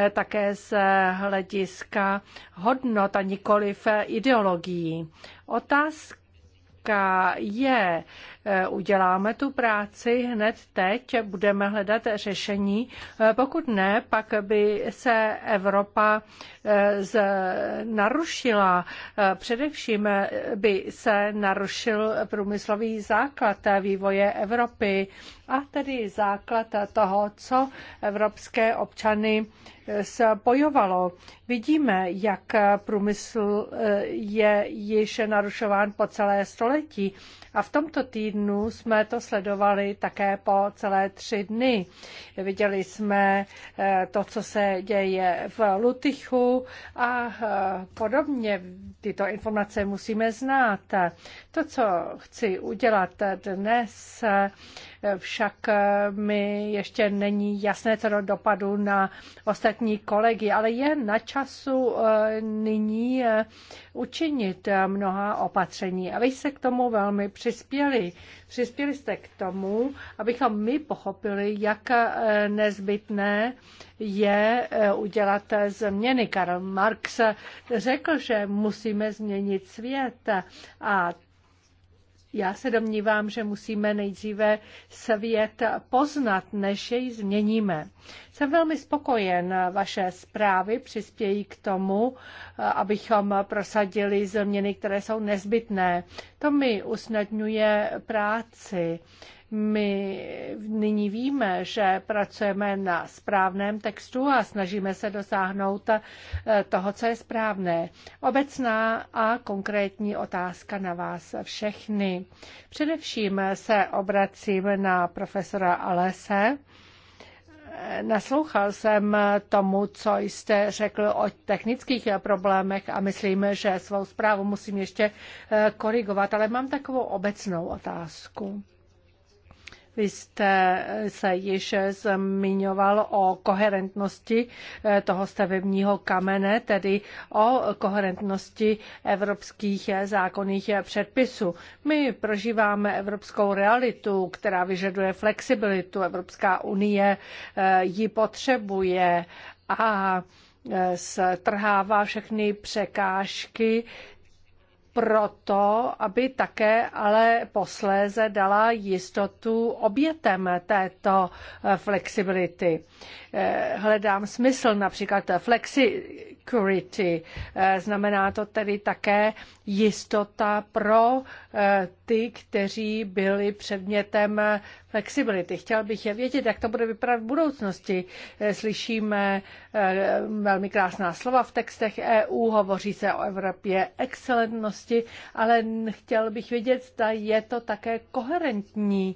také z hlediska hodnot a nikoliv ideologií. Otázka je, Eh, uděláme tu práci hned teď, budeme hledat řešení. Eh, pokud ne, pak by se Evropa eh, z, narušila. Především by se narušil průmyslový základ vývoje Evropy a tedy základ toho, co evropské občany spojovalo. Vidíme, jak průmysl je již narušován po celé století a v tomto týdnu dnů jsme to sledovali také po celé tři dny. Viděli jsme eh, to, co se děje v Lutychu a eh, podobně. Tyto informace musíme znát. To, co chci udělat dnes, však eh, mi ještě není jasné co do dopadu na ostatní kolegy, ale je na času eh, nyní eh, učinit mnoha opatření. A vy jste k tomu velmi přispěli. Přispěli jste k tomu, abychom my pochopili, jak nezbytné je udělat změny. Karl Marx řekl, že musíme změnit svět a já se domnívám, že musíme nejdříve svět poznat, než jej změníme. Jsem velmi spokojen. Vaše zprávy přispějí k tomu, abychom prosadili změny, které jsou nezbytné. To mi usnadňuje práci. My nyní víme, že pracujeme na správném textu a snažíme se dosáhnout eh, toho, co je správné. Obecná a konkrétní otázka na vás všechny. Především se obracím na profesora Alese. Naslouchal jsem tomu, co jste řekl o technických problémech a myslím, že svou zprávu musím ještě eh, korigovat, ale mám takovou obecnou otázku. Vy jste se již zmiňoval o koherentnosti eh, toho stavebního kamene, tedy o koherentnosti evropských zákonných předpisů. My prožíváme evropskou realitu, která vyžaduje flexibilitu. Evropská unie eh, ji potřebuje a eh, strhává všechny překážky, proto, aby také ale posléze dala jistotu obětem této eh, flexibility. Eh, hledám smysl například flexi security. Eh, znamená to tedy také jistota pro eh, ty, kteří byli předmětem eh, flexibility. Chtěl bych je vědět, jak to bude vypadat v budoucnosti. Slyšíme velmi krásná slova v textech EU, hovoří se o Evropě excelentnosti, ale chtěl bych vědět, zda je to také koherentní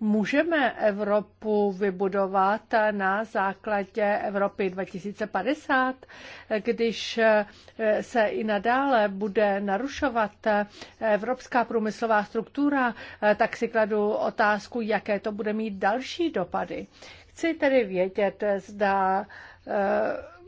můžeme Evropu vybudovat na základě Evropy 2050, když se i nadále bude narušovat evropská průmyslová struktura, tak si kladu otázku, jaké to bude mít další dopady. Chci tedy vědět, zda eh,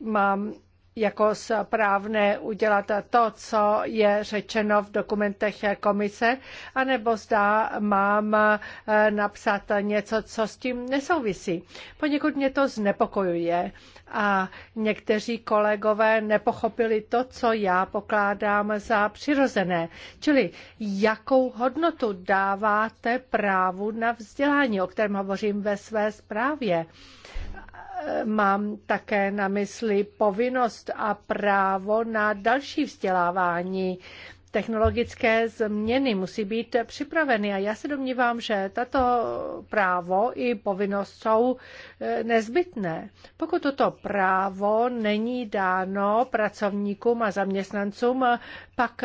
mám jako správné udělat to, co je řečeno v dokumentech komise, anebo zda mám eh, napsat něco, co s tím nesouvisí. Poněkud mě to znepokojuje a někteří kolegové nepochopili to, co já pokládám za přirozené. Čili jakou hodnotu dáváte právu na vzdělání, o kterém hovořím ve své zprávě. Mám také na mysli povinnost a právo na další vzdělávání. Technologické změny musí být připraveny a já se domnívám, že tato právo i povinnost jsou e, nezbytné. Pokud toto právo není dáno pracovníkům a zaměstnancům, pak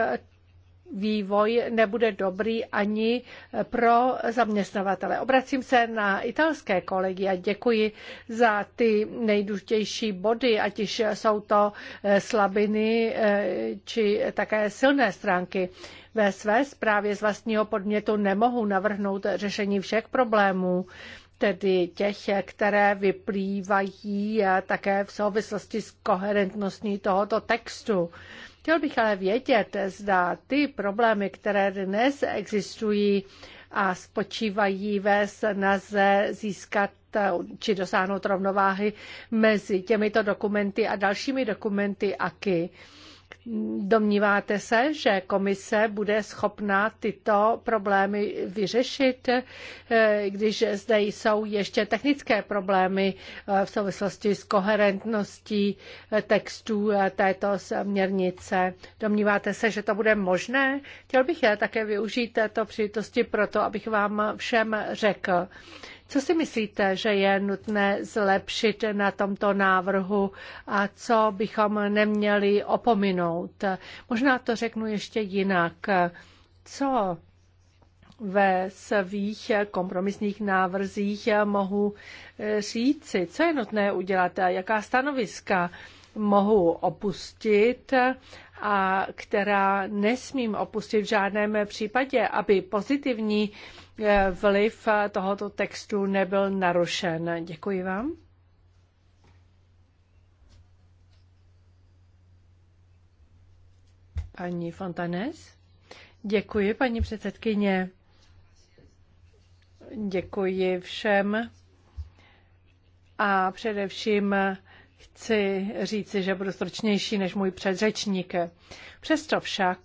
vývoj nebude dobrý ani pro zaměstnavatele. Obracím se na italské kolegy a děkuji za ty nejdůležitější body, ať již jsou to eh, slabiny eh, či také silné stránky. Ve své zprávě z vlastního podmětu nemohu navrhnout řešení všech problémů, tedy těch, které vyplývají eh, také v souvislosti s koherentností tohoto textu Chtěl bych ale vědět, zda ty problémy, které dnes existují a spočívají ve snaze získat či dosáhnout rovnováhy mezi těmito dokumenty a dalšími dokumenty AKY, Domníváte se, že komise bude schopna tyto problémy vyřešit, eh, když zde jsou ještě technické problémy eh, v souvislosti s koherentností eh, textů této směrnice? Domníváte se, že to bude možné? Chtěl bych já také využít této příležitosti proto, abych vám všem řekl, co si myslíte, že je nutné zlepšit na tomto návrhu a co bychom neměli opominout? Možná to řeknu ještě jinak. Co ve svých kompromisních návrzích mohu říci, co je nutné udělat, jaká stanoviska mohu opustit a která nesmím opustit v žádném případě, aby pozitivní eh, vliv tohoto textu nebyl narušen. Děkuji vám. Paní Fontanes. Děkuji, paní předsedkyně. Děkuji všem a především chci říci, že budu stručnější než můj předřečník. Přesto však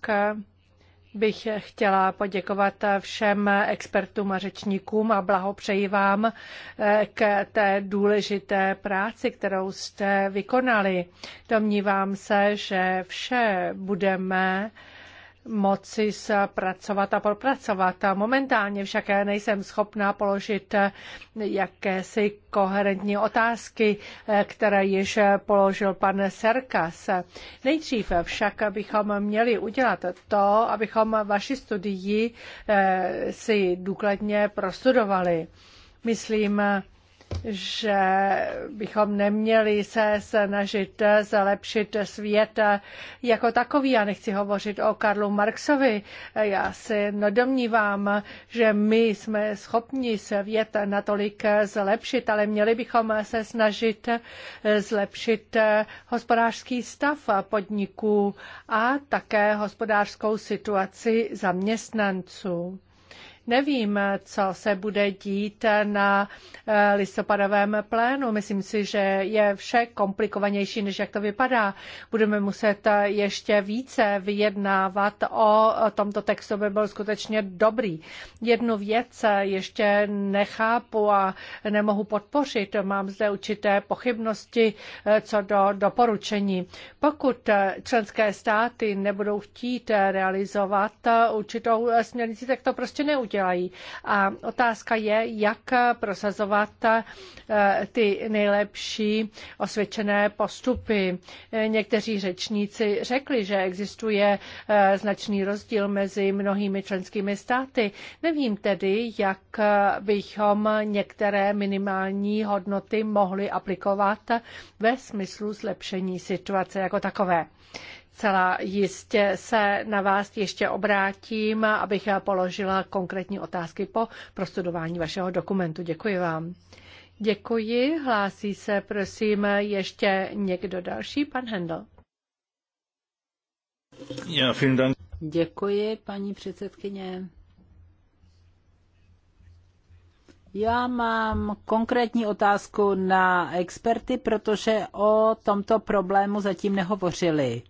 bych chtěla poděkovat všem expertům a řečníkům a blahopřeji vám k té důležité práci, kterou jste vykonali. Domnívám se, že vše budeme moci pracovat a propracovat. Momentálně však nejsem schopná položit jakési koherentní otázky, které již položil pan Serkas. Nejdřív však bychom měli udělat to, abychom vaši studii eh, si důkladně prostudovali. Myslím, že bychom neměli se snažit zlepšit svět jako takový. Já nechci hovořit o Karlu Marxovi. Já si nedomnívám, že my jsme schopni svět natolik zlepšit, ale měli bychom se snažit zlepšit hospodářský stav podniků a také hospodářskou situaci zaměstnanců. Nevím, co se bude dít na eh, listopadovém plénu. Myslím si, že je vše komplikovanější, než jak to vypadá. Budeme muset eh, ještě více vyjednávat o tomto textu, by byl skutečně dobrý. Jednu věc eh, ještě nechápu a nemohu podpořit. Mám zde určité pochybnosti co do doporučení. Pokud členské státy nebudou chtít realizovat určitou směrnici, tak to prostě neudělá udělají. A otázka je, jak prosazovat eh, ty nejlepší osvědčené postupy. Někteří řečníci řekli, že existuje eh, značný rozdíl mezi mnohými členskými státy. Nevím tedy, jak bychom některé minimální hodnoty mohli aplikovat ve smyslu zlepšení situace jako takové. Zcela jistě se na vás ještě obrátím, abych položila konkrétní otázky po prostudování vašeho dokumentu. Děkuji vám. Děkuji. Hlásí se, prosím, ještě někdo další? Pan Hendel. Já, vielen Děkuji, paní předsedkyně. Já mám konkrétní otázku na experty, protože o tomto problému zatím nehovořili.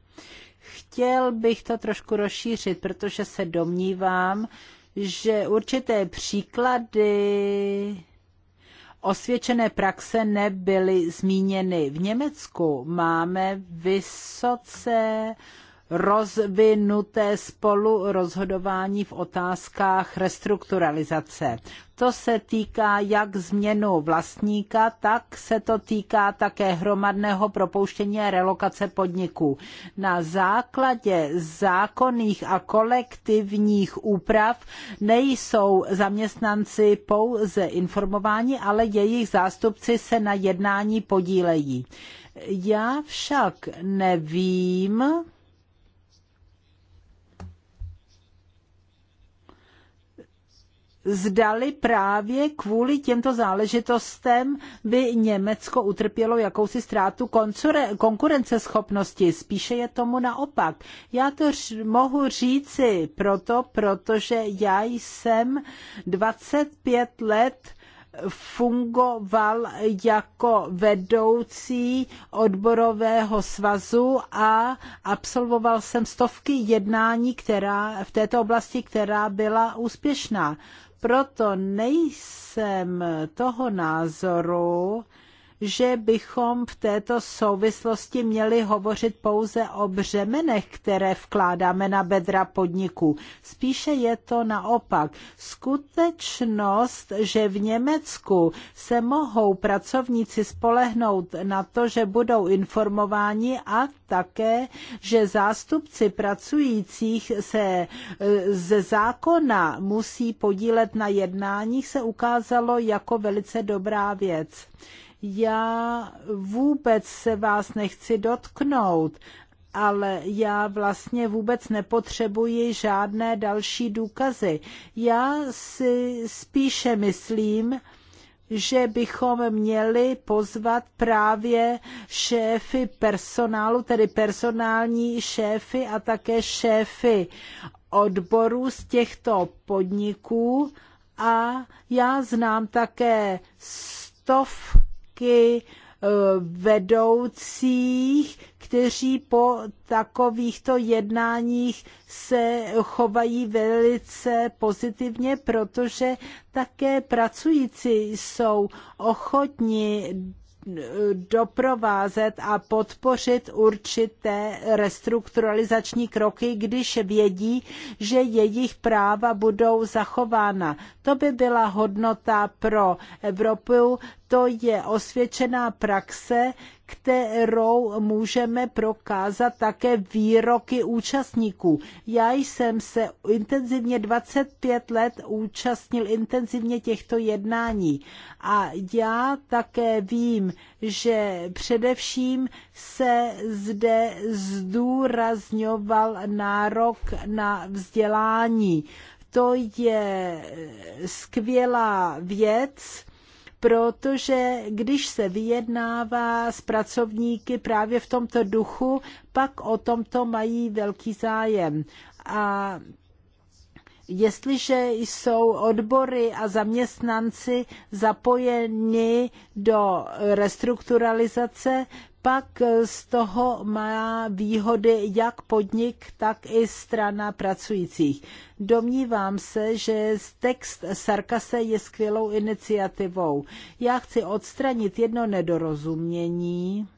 Chtěl bych to trošku rozšířit, protože se domnívám, že určité příklady osvědčené praxe nebyly zmíněny. V Německu máme vysoce rozvinuté spolurozhodování v otázkách restrukturalizace. To se týká jak změnu vlastníka, tak se to týká také hromadného propouštění a relokace podniků. Na základě zákonných a kolektivních úprav nejsou zaměstnanci pouze informováni, ale jejich zástupci se na jednání podílejí. Já však nevím, zdali právě kvůli těmto záležitostem by Německo utrpělo jakousi ztrátu konkurenceschopnosti. Spíše je tomu naopak. Já to mohu říci proto, protože já jsem 25 let fungoval jako vedoucí odborového svazu a absolvoval jsem stovky jednání která, v této oblasti, která byla úspěšná. Proto nejsem toho názoru, že bychom v této souvislosti měli hovořit pouze o břemenech, které vkládáme na bedra podniků. Spíše je to naopak. Skutečnost, že v Německu se mohou pracovníci spolehnout na to, že budou informováni a také, že zástupci pracujících se e, ze zákona musí podílet na jednáních, se ukázalo jako velice dobrá věc já vůbec se vás nechci dotknout, ale já vlastně vůbec nepotřebuji žádné další důkazy. Já si spíše myslím, že bychom měli pozvat právě šéfy personálu, tedy personální šéfy a také šéfy odborů z těchto podniků. A já znám také stov politiky eh, vedoucích, kteří po takovýchto jednáních se chovají velice pozitivně, protože také pracující jsou ochotni doprovázet a podpořit určité restrukturalizační kroky, když vědí, že jejich práva budou zachována. To by byla hodnota pro Evropu, to je osvědčená praxe, kterou můžeme prokázat také výroky účastníků. Já jsem se intenzivně 25 let účastnil intenzivně těchto jednání a já také vím, že především se zde zdůrazňoval nárok na vzdělání. To je skvělá věc, protože když se vyjednává s pracovníky právě v tomto duchu, pak o tomto mají velký zájem. A jestliže jsou odbory a zaměstnanci zapojeni do restrukturalizace, pak z toho má výhody jak podnik, tak i strana pracujících. Domnívám se, že text Sarkase je skvělou iniciativou. Já chci odstranit jedno nedorozumění,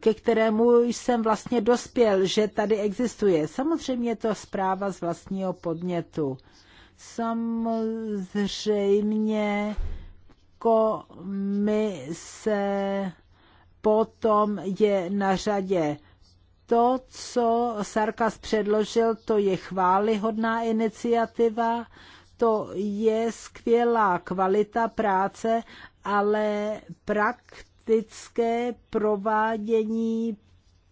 ke kterému jsem vlastně dospěl, že tady existuje. Samozřejmě je to zpráva z vlastního podnětu. Samozřejmě komise potom je na řadě. To, co Sarkas předložil, to je chválihodná iniciativa, to je skvělá kvalita práce, ale praktické provádění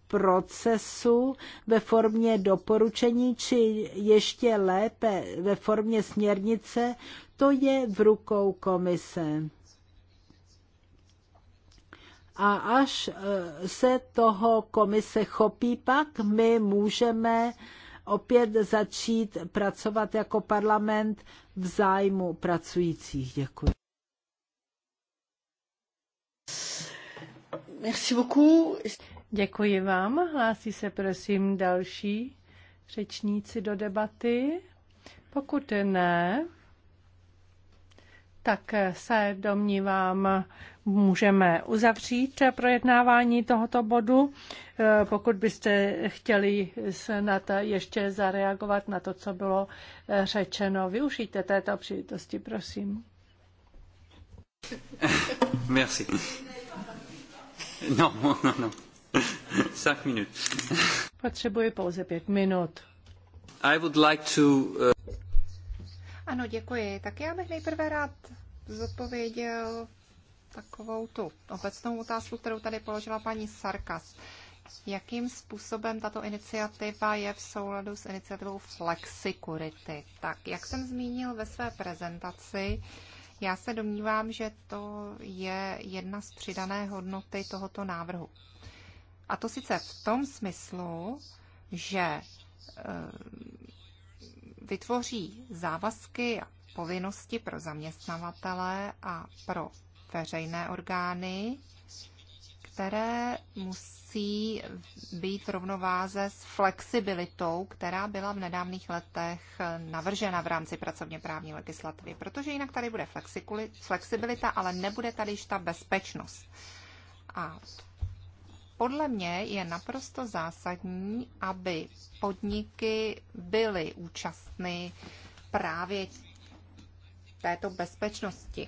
procesu ve formě doporučení, či ještě lépe ve formě směrnice, to je v rukou komise a až e, se toho komise chopí, pak my můžeme opět začít pracovat jako parlament v zájmu pracujících. Děkuji. Merci Děkuji vám. Hlásí se prosím další řečníci do debaty. Pokud ne, tak se domnívám, můžeme uzavřít projednávání tohoto bodu. Pokud byste chtěli snad ještě zareagovat na to, co bylo řečeno, využijte této příležitosti, prosím. Merci. No, no, no. no. Cinq minut. Potřebuji pouze pět minut. I would like to, uh... Ano, děkuji. Tak já bych nejprve rád zodpověděl takovou tu obecnou otázku, kterou tady položila paní Sarkas. Jakým způsobem tato iniciativa je v souladu s iniciativou Flexicurity? Tak, jak jsem zmínil ve své prezentaci, já se domnívám, že to je jedna z přidané hodnoty tohoto návrhu. A to sice v tom smyslu, že eh, vytvoří závazky a povinnosti pro zaměstnavatele a pro veřejné orgány, které musí být rovnováze s flexibilitou, která byla v nedávných letech navržena v rámci pracovně právní legislativy, protože jinak tady bude flexibilita, ale nebude tady již ta bezpečnost. A podle mě je naprosto zásadní, aby podniky byly účastny právě této bezpečnosti.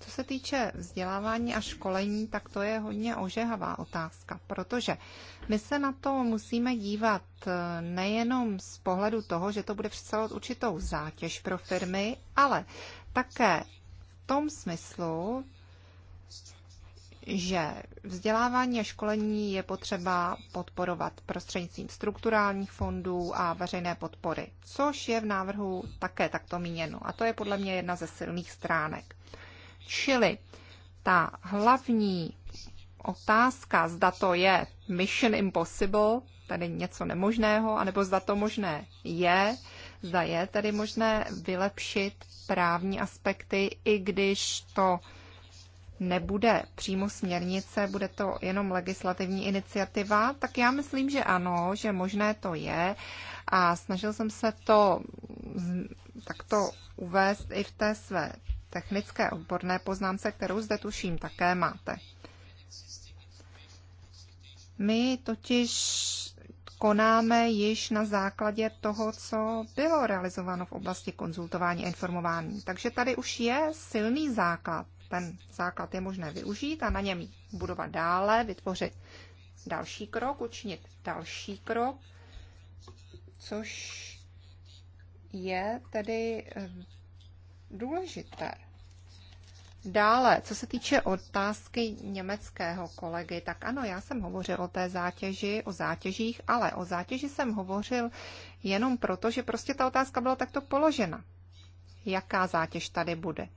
Co se týče vzdělávání a školení, tak to je hodně ožehavá otázka, protože my se na to musíme dívat eh, nejenom z pohledu toho, že to bude představovat určitou zátěž pro firmy, ale také v tom smyslu, že vzdělávání a školení je potřeba podporovat prostřednictvím strukturálních fondů a veřejné podpory, což je v návrhu také takto míněno. A to je podle mě jedna ze silných stránek. Čili ta hlavní otázka, zda to je mission impossible, tedy něco nemožného, anebo zda to možné je, zda je tedy možné vylepšit právní aspekty, i když to nebude přímo směrnice, bude to jenom legislativní iniciativa, tak já myslím, že ano, že možné to je a snažil jsem se to takto uvést i v té své technické odborné poznámce, kterou zde tuším také máte. My totiž konáme již na základě toho, co bylo realizováno v oblasti konzultování a informování. Takže tady už je silný základ ten základ je možné využít a na něm budovat dále, vytvořit další krok, učinit další krok, což je tedy eh, důležité. Dále, co se týče otázky německého kolegy, tak ano, já jsem hovořil o té zátěži, o zátěžích, ale o zátěži jsem hovořil jenom proto, že prostě ta otázka byla takto položena. Jaká zátěž tady bude?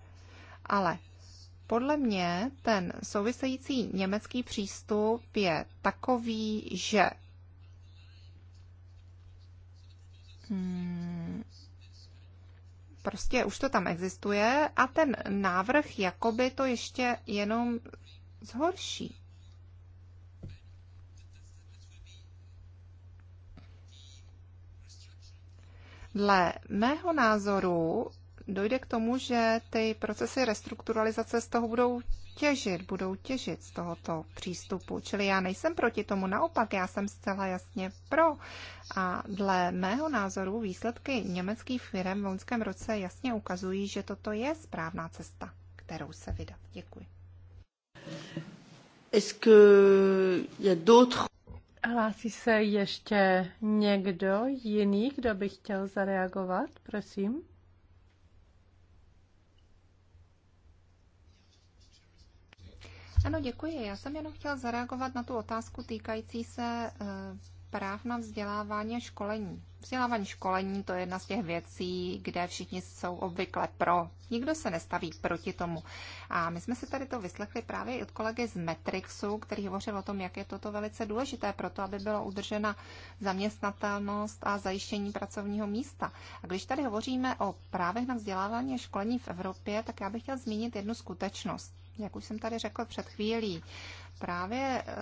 Ale podle mě ten související německý přístup je takový, že hmm, prostě už to tam existuje a ten návrh jakoby to ještě jenom zhorší. Dle mého názoru dojde k tomu, že ty procesy restrukturalizace z toho budou těžit, budou těžit z tohoto přístupu. Čili já nejsem proti tomu, naopak já jsem zcela jasně pro. A dle mého názoru výsledky německých firm v loňském roce jasně ukazují, že toto je správná cesta, kterou se vydat. Děkuji. Hlásí se ještě někdo jiný, kdo by chtěl zareagovat, prosím? Ano, děkuji. Já jsem jenom chtěl zareagovat na tu otázku týkající se eh, práv na vzdělávání a školení. Vzdělávání školení to je jedna z těch věcí, kde všichni jsou obvykle pro. Nikdo se nestaví proti tomu. A my jsme si tady to vyslechli právě i od kolegy z Metrixu, který hovořil o tom, jak je toto velice důležité pro to, aby byla udržena zaměstnatelnost a zajištění pracovního místa. A když tady hovoříme o právech na vzdělávání a školení v Evropě, tak já bych chtěl zmínit jednu skutečnost. Jak už jsem tady řekl před chvílí, právě eh,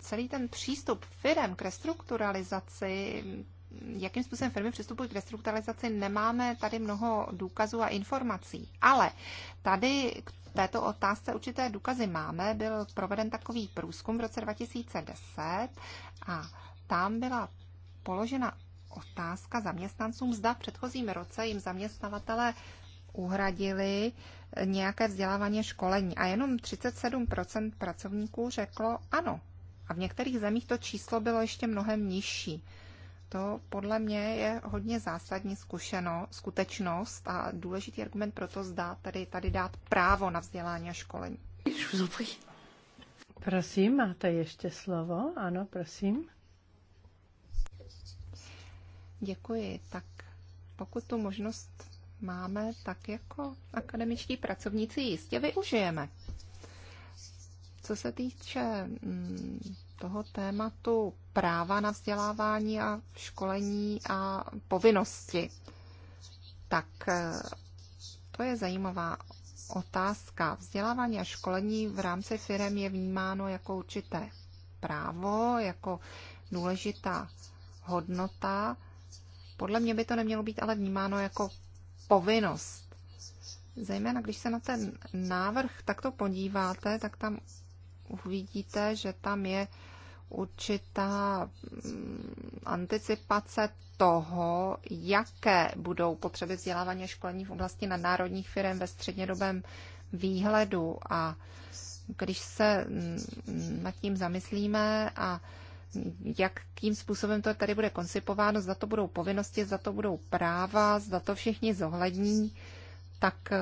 celý ten přístup firm k restrukturalizaci, jakým způsobem firmy přistupují k restrukturalizaci, nemáme tady mnoho důkazů a informací. Ale tady k této otázce určité důkazy máme. Byl proveden takový průzkum v roce 2010 a tam byla položena otázka zaměstnancům, zda v předchozím roce jim zaměstnavatele uhradili uh, nějaké vzdělávání školení a jenom 37% pracovníků řeklo ano. A v některých zemích to číslo bylo ještě mnohem nižší. To podle mě je hodně zásadní zkušeno, skutečnost a důležitý argument pro to zdá tady, tady dát právo na vzdělání a školení. Prosím, máte ještě slovo? Ano, prosím. Děkuji. Tak pokud tu možnost máme, tak jako akademičtí pracovníci jistě využijeme. Co se týče mm, toho tématu práva na vzdělávání a školení a povinnosti, tak e, to je zajímavá otázka. Vzdělávání a školení v rámci firm je vnímáno jako určité právo, jako důležitá hodnota. Podle mě by to nemělo být ale vnímáno jako povinnost. Zejména když se na ten návrh takto podíváte, tak tam uvidíte, že tam je určitá mm, anticipace toho, jaké budou potřeby vzdělávání a školení v oblasti nadnárodních firm ve střednědobém výhledu. A když se mm, nad tím zamyslíme a jakým způsobem to tady bude koncipováno, zda to budou povinnosti, zda to budou práva, zda to všichni zohlední, tak eh,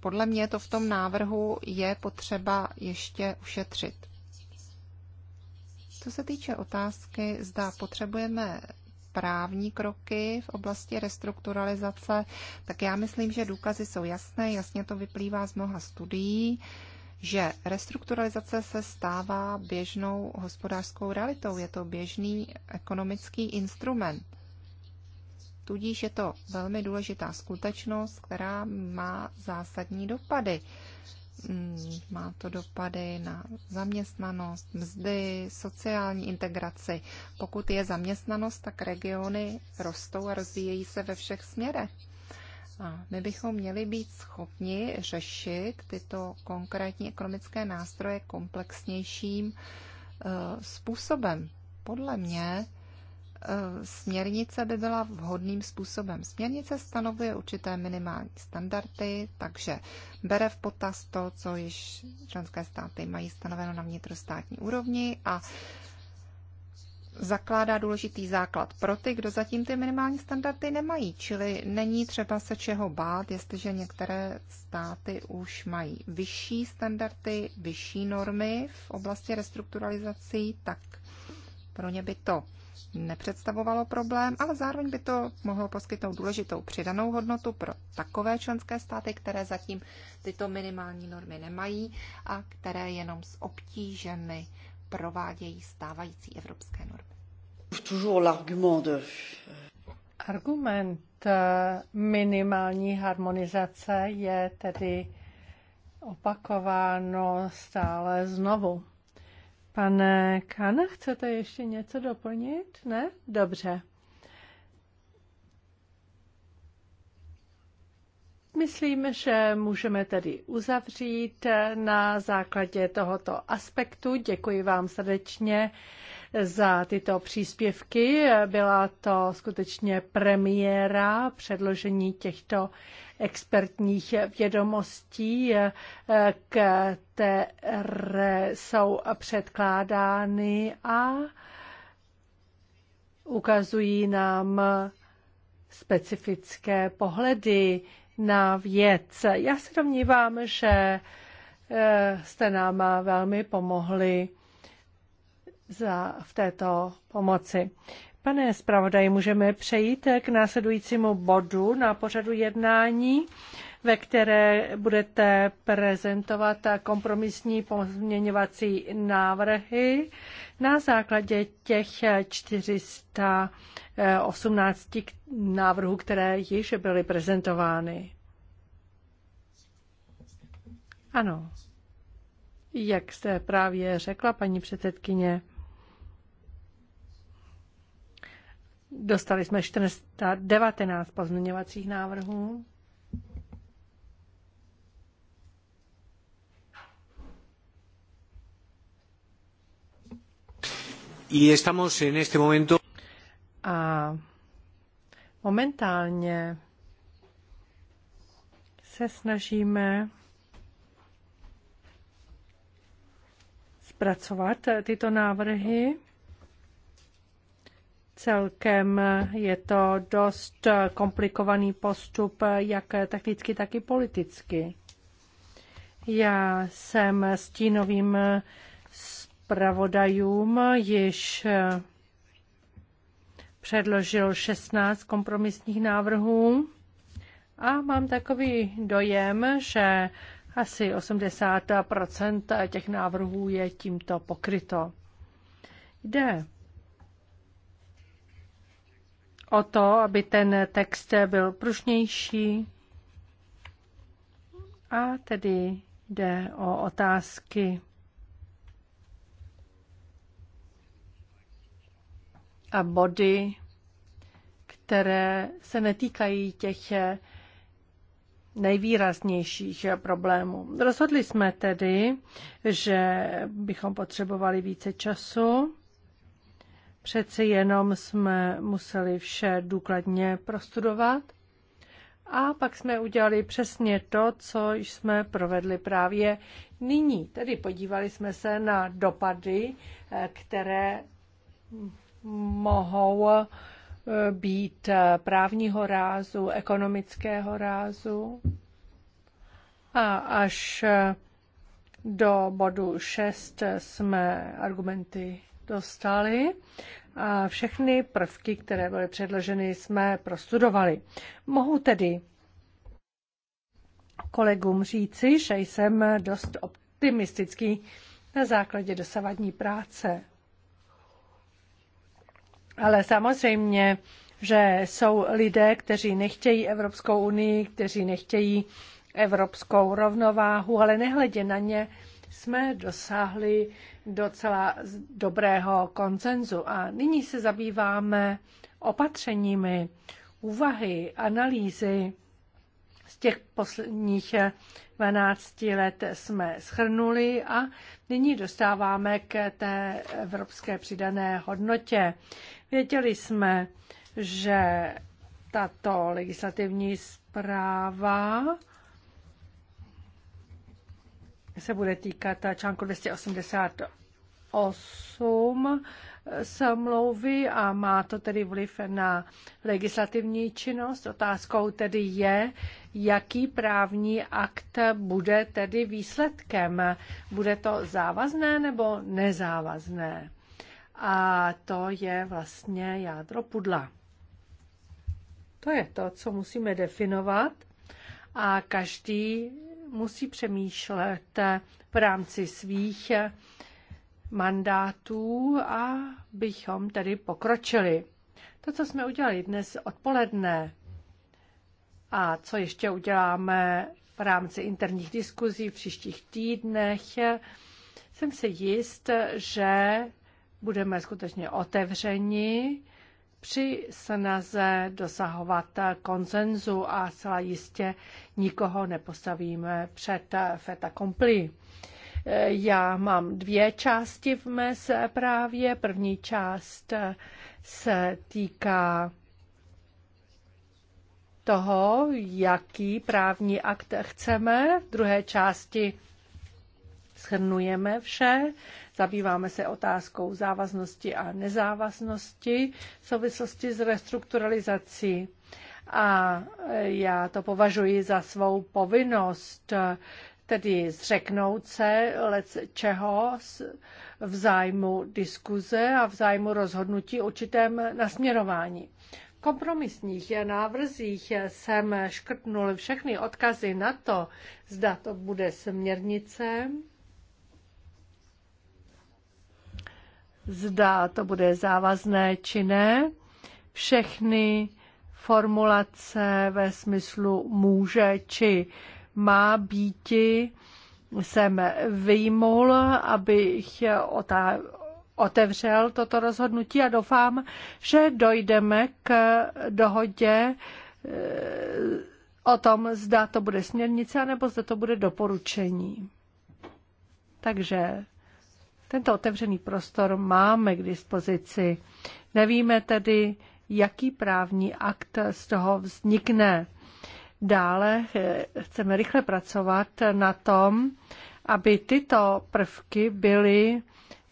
podle mě to v tom návrhu je potřeba ještě ušetřit. Co se týče otázky, zda potřebujeme právní kroky v oblasti restrukturalizace, tak já myslím, že důkazy jsou jasné, jasně to vyplývá z mnoha studií. Uh, že restrukturalizace se stává běžnou hospodářskou realitou. Je to běžný ekonomický instrument. Tudíž je to velmi důležitá skutečnost, která má zásadní dopady. Hmm, má to dopady na zaměstnanost, mzdy, sociální integraci. Pokud je zaměstnanost, tak regiony rostou a rozvíjejí se ve všech směrech. A my bychom měli být schopni řešit tyto konkrétní ekonomické nástroje komplexnějším e, způsobem. Podle mě e, směrnice by byla vhodným způsobem. Směrnice stanovuje určité minimální standardy, takže bere v potaz to, co již členské státy mají stanoveno na vnitrostátní úrovni a zakládá důležitý základ pro ty, kdo zatím ty minimální standardy nemají, čili není třeba se čeho bát, jestliže některé státy už mají vyšší standardy, vyšší normy v oblasti restrukturalizací, tak pro ně by to nepředstavovalo problém, ale zároveň by to mohlo poskytnout důležitou přidanou hodnotu pro takové členské státy, které zatím tyto minimální normy nemají a které jenom s obtížemi provádějí stávající evropské normy. Argument eh, minimální harmonizace je tedy opakováno stále znovu. Pane Kana, chcete ještě něco doplnit? Ne? Dobře. Myslím, že můžeme tedy uzavřít na základě tohoto aspektu. Děkuji vám srdečně za tyto příspěvky. Byla to skutečně premiéra předložení těchto expertních vědomostí, které jsou předkládány a ukazují nám specifické pohledy na věc. Já se domnívám, že eh, jste nám velmi pomohli za, v této pomoci. Pane zpravodaji, můžeme přejít k následujícímu bodu na pořadu jednání ve které budete prezentovat kompromisní pozměňovací návrhy na základě těch 418 návrhů, které již byly prezentovány. Ano. Jak jste právě řekla, paní předsedkyně, dostali jsme 419 pozměňovacích návrhů. Y estamos en este momento... A momentálně se snažíme zpracovat tyto návrhy. Celkem je to dost komplikovaný postup, jak technicky, tak i politicky. Já jsem stínovým zpravodajům již eh, předložil 16 kompromisních návrhů a mám takový dojem, že asi 80 těch návrhů je tímto pokryto. Jde o to, aby ten text byl pružnější a tedy jde o otázky a body, které se netýkají těch nejvýraznějších problémů. Rozhodli jsme tedy, že bychom potřebovali více času. Přeci jenom jsme museli vše důkladně prostudovat. A pak jsme udělali přesně to, co jsme provedli právě nyní. Tedy podívali jsme se na dopady, eh, které mohou eh, být eh, právního rázu, ekonomického rázu. A až eh, do bodu 6 jsme argumenty dostali a všechny prvky, které byly předloženy, jsme prostudovali. Mohu tedy kolegům říci, že jsem dost optimistický na základě dosavadní práce. Ale samozřejmě, že jsou lidé, kteří nechtějí Evropskou unii, kteří nechtějí evropskou rovnováhu, ale nehledě na ně jsme dosáhli docela dobrého koncenzu. A nyní se zabýváme opatřeními, úvahy, analýzy z těch posledních 12 let jsme schrnuli a nyní dostáváme k té evropské přidané hodnotě. Věděli jsme, že tato legislativní zpráva se bude týkat článku 288 smlouvy a má to tedy vliv na legislativní činnost. Otázkou tedy je, jaký právní akt bude tedy výsledkem. Bude to závazné nebo nezávazné? A to je vlastně jádro pudla. To je to, co musíme definovat a každý musí přemýšlet v rámci svých mandátů, a bychom tedy pokročili. To, co jsme udělali dnes odpoledne a co ještě uděláme v rámci interních diskuzí v příštích týdnech, jsem si jist, že budeme skutečně otevřeni při snaze dosahovat konsenzu a zcela jistě nikoho nepostavíme před feta accompli. Já mám dvě části v mé právě. První část se týká toho, jaký právní akt chceme. V druhé části shrnujeme vše. Zabýváme se otázkou závaznosti a nezávaznosti v souvislosti s restrukturalizací. A já to považuji za svou povinnost, tedy zřeknout se lec čeho v zájmu diskuze a v zájmu rozhodnutí určitém nasměrování kompromisních návrzích jsem škrtnul všechny odkazy na to, zda to bude směrnice zda to bude závazné či ne. Všechny formulace ve smyslu může či má býti jsem vyjmul, abych otá otevřel toto rozhodnutí a doufám, že dojdeme k dohodě e, o tom, zda to bude směrnice, nebo zda to bude doporučení. Takže tento otevřený prostor máme k dispozici. Nevíme tedy, jaký právní akt z toho vznikne. Dále eh, chceme rychle pracovat na tom, aby tyto prvky byly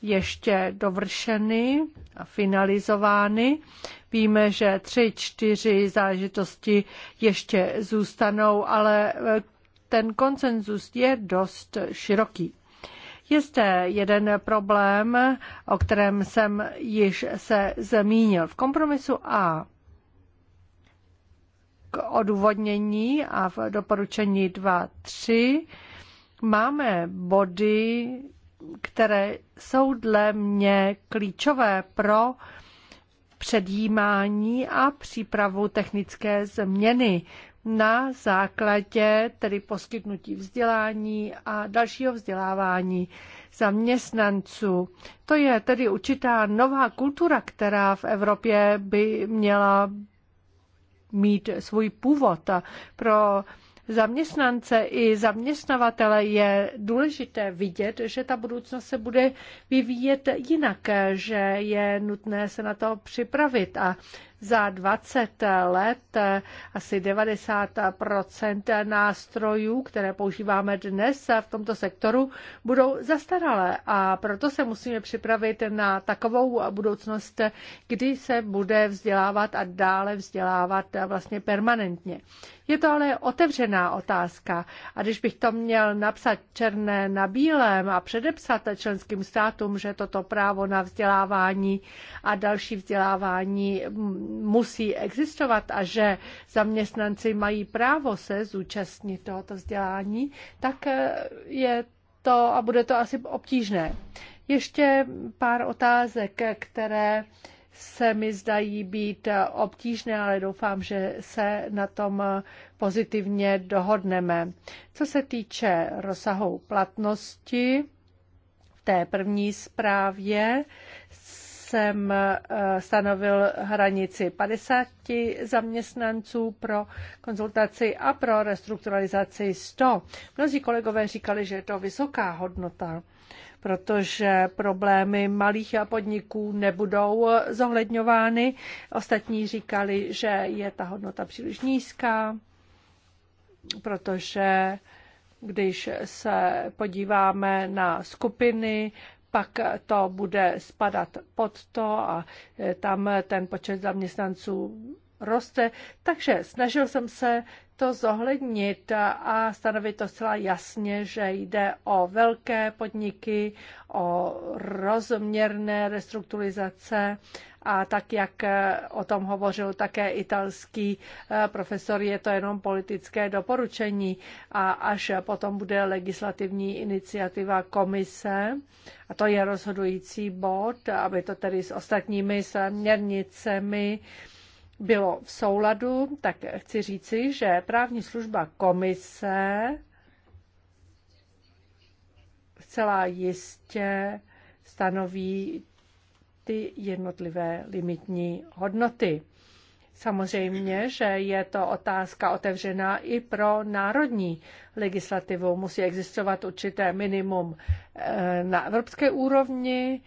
ještě dovršeny a finalizovány. Víme, že tři, čtyři záležitosti ještě zůstanou, ale eh, ten koncenzus je dost široký. Je jeden problém, o kterém jsem již se zmínil. V kompromisu A k odůvodnění a v doporučení 2.3 máme body, které jsou dle mě klíčové pro předjímání a přípravu technické změny na základě tedy poskytnutí vzdělání a dalšího vzdělávání zaměstnanců. To je tedy určitá nová kultura, která v Evropě by měla mít svůj původ. A pro zaměstnance i zaměstnavatele je důležité vidět, že ta budoucnost se bude vyvíjet jinak, že je nutné se na to připravit a za 20 let asi 90 nástrojů, které používáme dnes v tomto sektoru, budou zastaralé a proto se musíme připravit na takovou budoucnost, kdy se bude vzdělávat a dále vzdělávat vlastně permanentně. Je to ale otevřená otázka a když bych to měl napsat černé na bílém a předepsat členským státům, že toto právo na vzdělávání a další vzdělávání mm, musí existovat a že zaměstnanci mají právo se zúčastnit tohoto vzdělání, tak eh, je to a bude to asi obtížné. Ještě pár otázek, které se mi zdají být obtížné, ale doufám, že se na tom pozitivně dohodneme. Co se týče rozsahu platnosti, v té první zprávě jsem eh, stanovil hranici 50 zaměstnanců pro konzultaci a pro restrukturalizaci 100. Mnozí kolegové říkali, že je to vysoká hodnota protože problémy malých podniků nebudou eh, zohledňovány. Ostatní říkali, že je ta hodnota příliš nízká, protože když se podíváme na skupiny pak to bude spadat pod to a e, tam ten počet zaměstnanců roste. Takže snažil jsem se to zohlednit a stanovit to zcela jasně, že jde o velké podniky, o rozměrné restrukturizace a tak, jak eh, o tom hovořil také italský eh, profesor, je to jenom politické doporučení a až potom bude legislativní iniciativa komise, a to je rozhodující bod, aby to tedy s ostatními směrnicemi bylo v souladu, tak chci říci, že právní služba komise celá jistě stanoví ty jednotlivé limitní hodnoty. Samozřejmě, že je to otázka otevřená i pro národní legislativu. Musí existovat určité minimum eh, na evropské úrovni,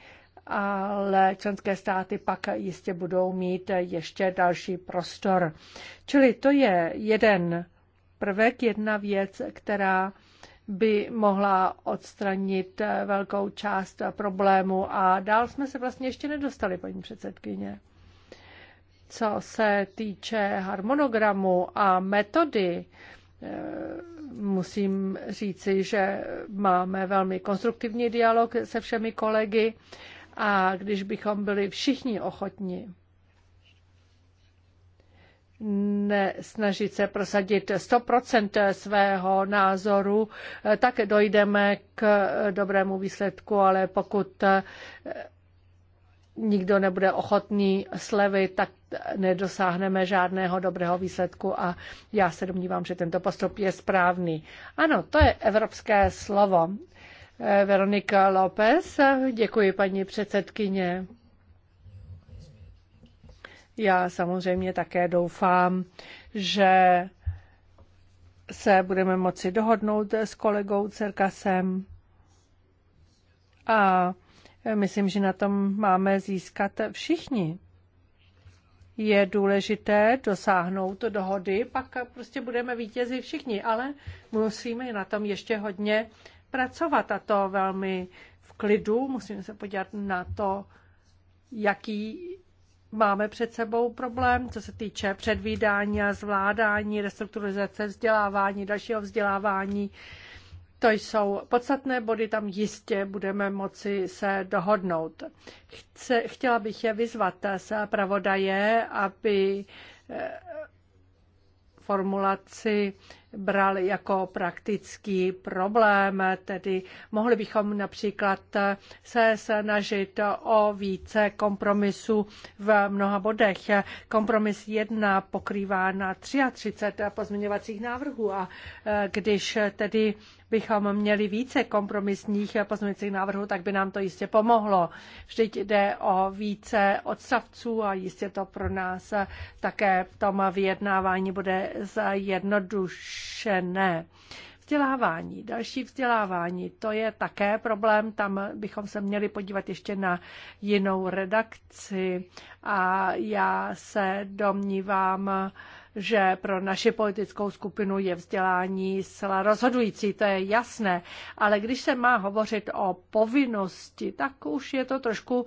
ale členské státy pak jistě budou mít ještě další prostor. Čili to je jeden prvek, jedna věc, která by mohla odstranit eh, velkou část eh, problému a dál jsme se vlastně ještě nedostali, paní předsedkyně. Co se týče harmonogramu a metody, eh, musím říci, že máme velmi konstruktivní dialog se všemi kolegy a když bychom byli všichni ochotni snažit se prosadit 100% svého názoru, tak dojdeme k dobrému výsledku, ale pokud nikdo nebude ochotný slevy, tak nedosáhneme žádného dobrého výsledku a já se domnívám, že tento postup je správný. Ano, to je evropské slovo. Veronika López, děkuji paní předsedkyně. Já samozřejmě také doufám, že se budeme moci dohodnout s kolegou Cerkasem a myslím, že na tom máme získat všichni. Je důležité dosáhnout dohody, pak prostě budeme vítězi všichni, ale musíme na tom ještě hodně pracovat a to velmi v klidu. Musíme se podívat na to, jaký Máme před sebou problém, co se týče předvídání a zvládání, restrukturalizace vzdělávání, dalšího vzdělávání. To jsou podstatné body, tam jistě budeme moci se dohodnout. Chce, chtěla bych je vyzvat eh, se pravodaje, aby eh, formulaci bral jako praktický problém, tedy mohli bychom například se snažit o více kompromisu v mnoha bodech. Kompromis 1 pokrývá na 33 pozměňovacích návrhů a e, když tedy bychom měli více kompromisních pozměňovacích návrhů, tak by nám to jistě pomohlo. Vždyť jde o více odstavců a jistě to pro nás také v tom vyjednávání bude jednodušší vše ne. Vzdělávání, další vzdělávání, to je také problém, tam bychom se měli podívat ještě na jinou redakci a já se domnívám, že pro naši politickou skupinu je vzdělání zcela rozhodující, to je jasné, ale když se má hovořit o povinnosti, tak už je to trošku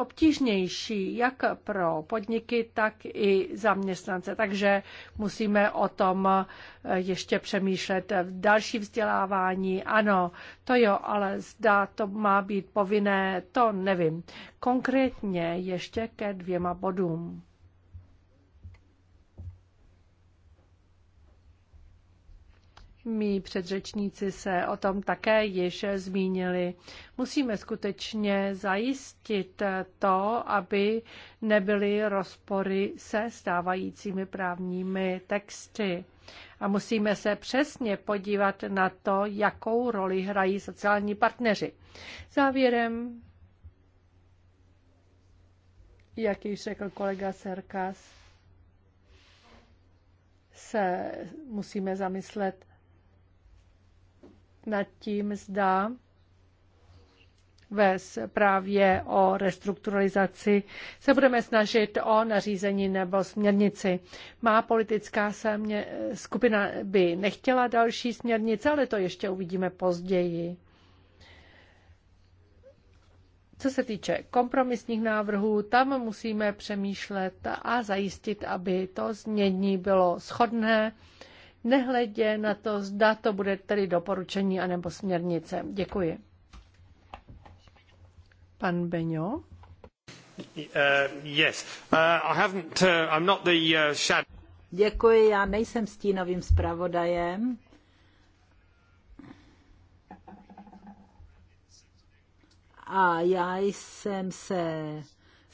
obtížnější, jak pro podniky, tak i zaměstnance. Takže musíme o tom eh, ještě přemýšlet. Další vzdělávání, ano, to jo, ale zda to má být povinné, to nevím. Konkrétně ještě ke dvěma bodům. Mí předřečníci se o tom také již zmínili. Musíme skutečně zajistit to, aby nebyly rozpory se stávajícími právními texty. A musíme se přesně podívat na to, jakou roli hrají sociální partneři. Závěrem, jak již řekl kolega Serkas, se musíme zamyslet nad tím, zda ve zprávě o restrukturalizaci se budeme snažit o nařízení nebo směrnici. Má politická směr, skupina by nechtěla další směrnice, ale to ještě uvidíme později. Co se týče kompromisních návrhů, tam musíme přemýšlet a zajistit, aby to znění bylo shodné nehledě na to, zda to bude tedy doporučení anebo směrnice. Děkuji. Pan Beňo. Děkuji, já nejsem stínovým zpravodajem. A já jsem se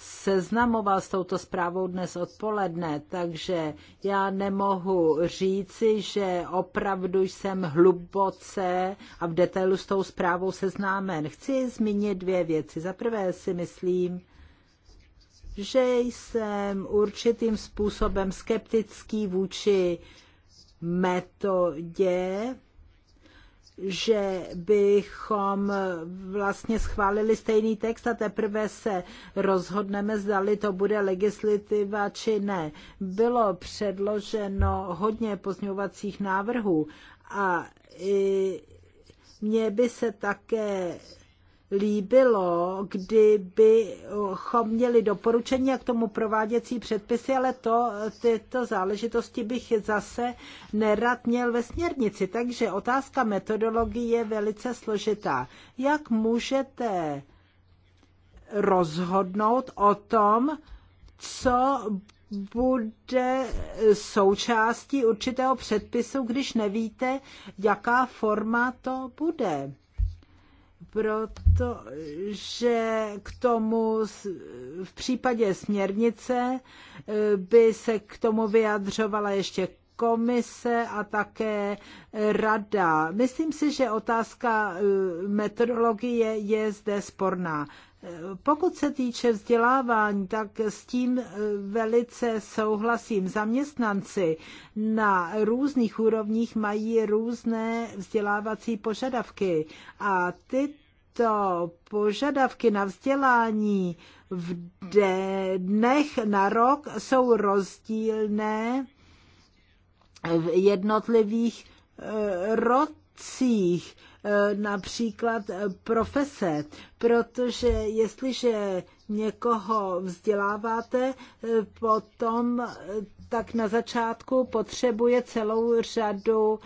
seznamoval s touto zprávou dnes odpoledne, takže já nemohu říci, že opravdu jsem hluboce a v detailu s tou zprávou seznámen. Chci zmínit dvě věci. Za prvé si myslím, že jsem určitým způsobem skeptický vůči metodě, že bychom vlastně schválili stejný text a teprve se rozhodneme, zdali to bude legislativa či ne. Bylo předloženo hodně pozňovacích návrhů a i mně by se také líbilo, kdybychom měli doporučení a k tomu prováděcí předpisy, ale to, tyto záležitosti bych zase nerad měl ve směrnici. Takže otázka metodologie je velice složitá. Jak můžete rozhodnout o tom, co bude součástí určitého předpisu, když nevíte, jaká forma to bude protože k tomu v případě směrnice eh, by se k tomu vyjadřovala ještě komise a také rada. Myslím si, že otázka eh, metodologie je zde sporná. Pokud se týče vzdělávání, tak s tím eh, velice souhlasím. Zaměstnanci na různých úrovních mají různé vzdělávací požadavky a tyto požadavky na vzdělání v dnech na rok jsou rozdílné v jednotlivých eh, rocích Eh, například eh, profese, protože jestliže někoho vzděláváte, eh, potom tak na začátku potřebuje celou řadu,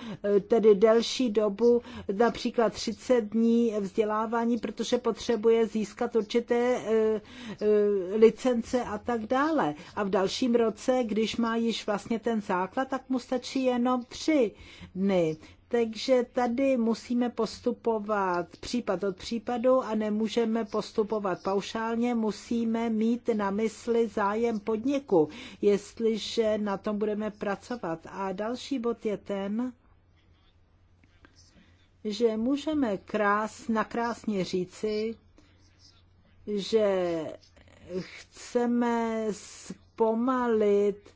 tedy delší dobu, například 30 dní vzdělávání, protože potřebuje získat určité licence a tak dále. A v dalším roce, když má již vlastně ten základ, tak mu stačí jenom tři dny. Takže tady musíme postupovat případ od případu a nemůžeme postupovat paušálně, musíme mít na mysli zájem podniku, jestliže na tom budeme pracovat. A další bod je ten, že můžeme krás, nakrásně říci, že chceme zpomalit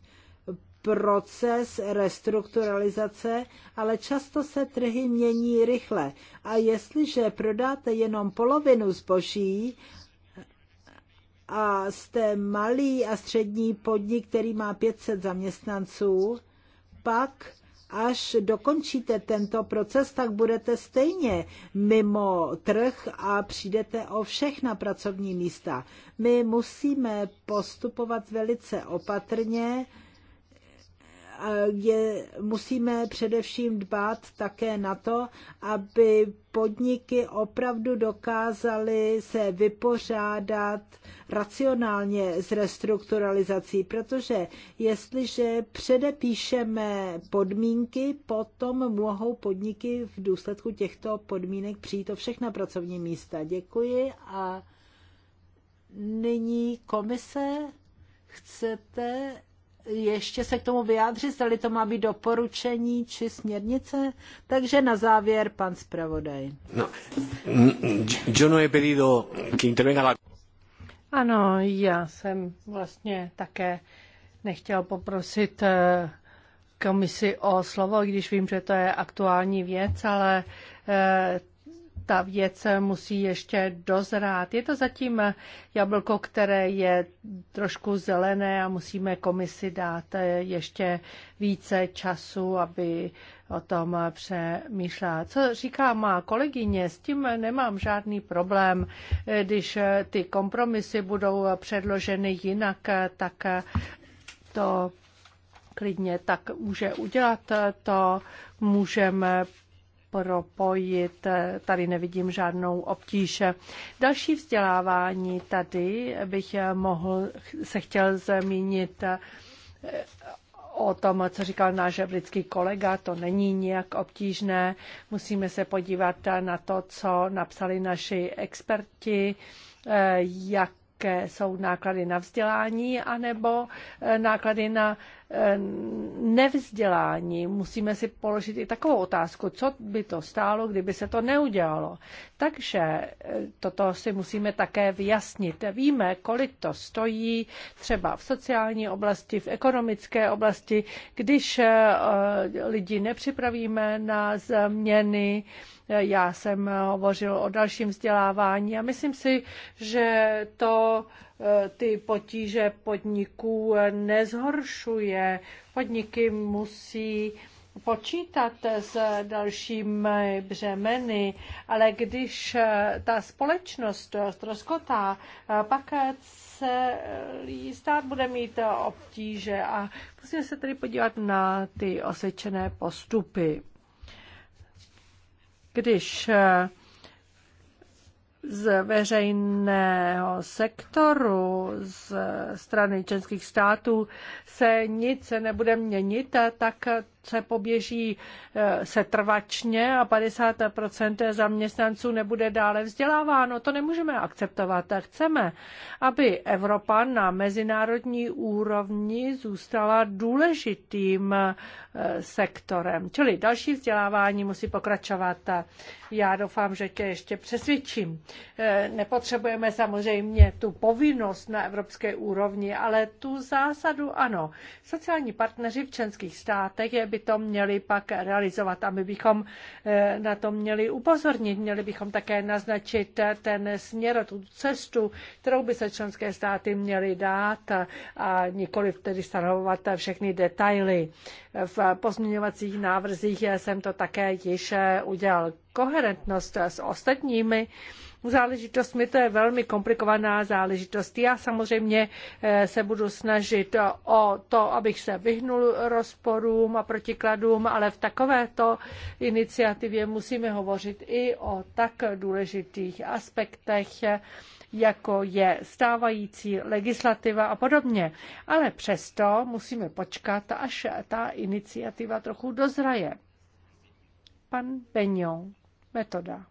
proces restrukturalizace, ale často se trhy mění rychle. A jestliže prodáte jenom polovinu zboží a jste malý a střední podnik, který má 500 zaměstnanců, pak až dokončíte tento proces, tak budete stejně mimo trh a přijdete o všechna pracovní místa. My musíme postupovat velice opatrně, je, musíme především dbát také na to, aby podniky opravdu dokázaly se vypořádat racionálně s restrukturalizací, protože jestliže předepíšeme podmínky, potom mohou podniky v důsledku těchto podmínek přijít o všechna pracovní místa. Děkuji a nyní komise chcete ještě se k tomu vyjádřit, zda to má být doporučení či směrnice. Takže na závěr pan zpravodaj. No, yo no he pedido que intervenga la... Ano, já jsem vlastně také nechtěl poprosit eh, komisi o slovo, když vím, že to je aktuální věc, ale eh, ta věc musí ještě dozrát. Je to zatím jablko, které je trošku zelené a musíme komisi dát ještě více času, aby o tom přemýšlela. Co říká má kolegyně, s tím nemám žádný problém. Když ty kompromisy budou předloženy jinak, tak to klidně tak může udělat. To můžeme propojit. Tady nevidím žádnou obtíž. Další vzdělávání tady bych mohl, se chtěl zmínit o tom, co říkal náš britský kolega, to není nijak obtížné. Musíme se podívat na to, co napsali naši experti, eh, jak jaké jsou náklady na vzdělání anebo eh, náklady na Eh, nevzdělání. Musíme si položit i takovou otázku, co by to stálo, kdyby se to neudělalo. Takže eh, toto si musíme také vyjasnit. Víme, kolik to stojí třeba v sociální oblasti, v ekonomické oblasti, když eh, lidi nepřipravíme na změny, já jsem hovořil o dalším vzdělávání a myslím si, že to Eh, ty potíže podniků nezhoršuje. Podniky musí počítat s dalšími břemeny, ale když eh, ta společnost ztroskotá, eh, pak se stát bude mít obtíže a musíme se tedy podívat na ty osvědčené postupy. Když z veřejného sektoru, z strany členských států se nic nebude měnit, tak se poběží eh, setrvačně a 50 zaměstnanců nebude dále vzděláváno. To nemůžeme akceptovat. Chceme, aby Evropa na mezinárodní úrovni zůstala důležitým eh, sektorem. Čili další vzdělávání musí pokračovat. Já doufám, že tě ještě přesvědčím. Eh, nepotřebujeme samozřejmě tu povinnost na evropské úrovni, ale tu zásadu ano. Sociální partneři v členských státech by by to měli pak realizovat a my bychom eh, na to měli upozornit. Měli bychom také naznačit eh, ten směr, tu cestu, kterou by se členské státy měly dát a nikoli tedy stanovovat všechny detaily. V pozměňovacích návrzích jsem to také již eh, udělal. Koherentnost s ostatními záležitostmi. To je velmi komplikovaná záležitost. Já samozřejmě eh, se budu snažit o to, abych se vyhnul rozporům a protikladům, ale v takovéto iniciativě musíme hovořit i o tak důležitých aspektech, jako je stávající legislativa a podobně. Ale přesto musíme počkat, až ta iniciativa trochu dozraje. Pan Benjon, metoda.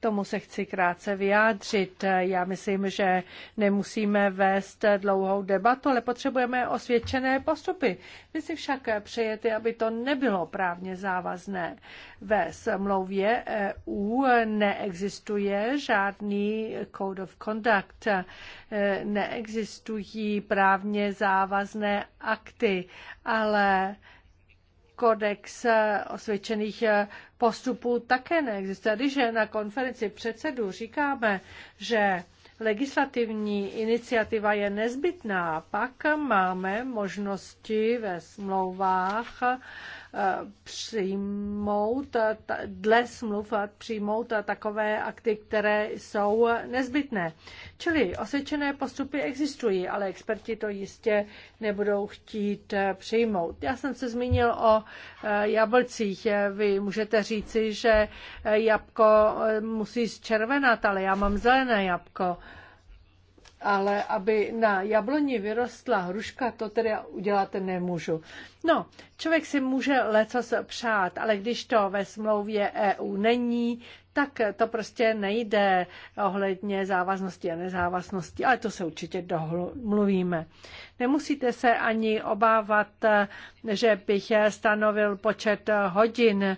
tomu se chci krátce vyjádřit. Já myslím, že nemusíme vést dlouhou debatu, ale potřebujeme osvědčené postupy. My si však přejete, aby to nebylo právně závazné. Ve smlouvě EU neexistuje žádný code of conduct, neexistují právně závazné akty, ale kodex eh, osvědčených eh, postupů také neexistuje. Když na konferenci předsedů říkáme, že legislativní iniciativa je nezbytná, pak máme možnosti ve smlouvách Eh, přijmout, eh, dle smluv eh, přijmout takové akty, které jsou nezbytné. Čili osvědčené postupy existují, ale experti to jistě nebudou chtít přijmout. Já jsem se zmínil o jablcích. Vy můžete říci, že jabko musí zčervenat, ale já mám zelené jabko ale aby na jabloni vyrostla hruška, to tedy udělat nemůžu. No, člověk si může leco přát, ale když to ve smlouvě EU není, tak to prostě nejde ohledně závaznosti a nezávaznosti, ale to se určitě domluvíme. Nemusíte se ani obávat, že bych stanovil počet hodin.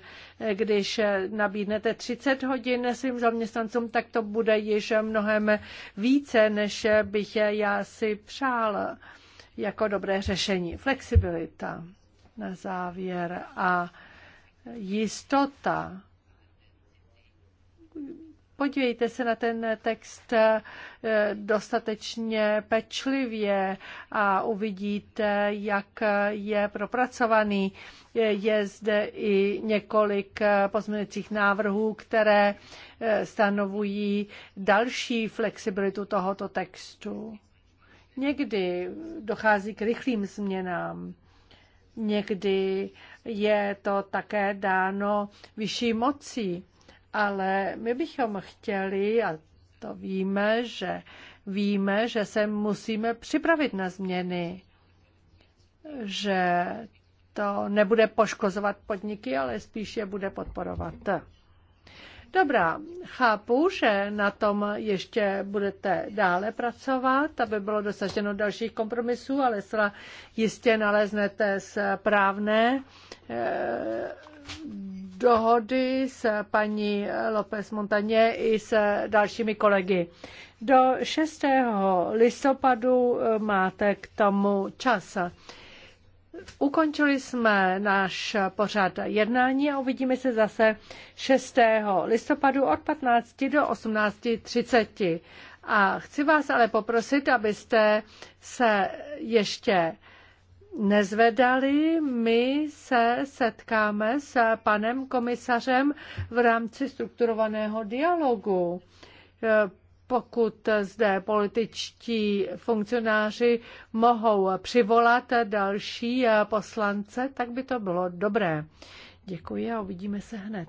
Když nabídnete 30 hodin svým zaměstnancům, tak to bude již mnohem více, než bych já si přál jako dobré řešení. Flexibilita na závěr a jistota Podívejte se na ten text eh, dostatečně pečlivě a uvidíte, jak je propracovaný. Je zde i několik eh, pozměňujících návrhů, které eh, stanovují další flexibilitu tohoto textu. Někdy dochází k rychlým změnám. Někdy je to také dáno vyšší mocí ale my bychom chtěli, a to víme, že víme, že se musíme připravit na změny, že to nebude poškozovat podniky, ale spíš je bude podporovat. Dobrá, chápu, že na tom ještě budete dále pracovat, aby bylo dosaženo dalších kompromisů, ale jistě naleznete správné eh, dohody s paní López Montaně i s dalšími kolegy. Do 6. listopadu eh, máte k tomu čas. Ukončili jsme náš pořad jednání a uvidíme se zase 6. listopadu od 15 do 18.30. A chci vás ale poprosit, abyste se ještě nezvedali. My se setkáme s panem komisařem v rámci strukturovaného dialogu pokud zde političtí funkcionáři mohou přivolat další poslance, tak by to bylo dobré. Děkuji a uvidíme se hned.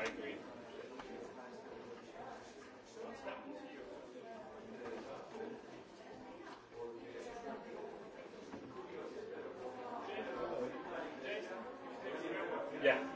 I agree. Yeah.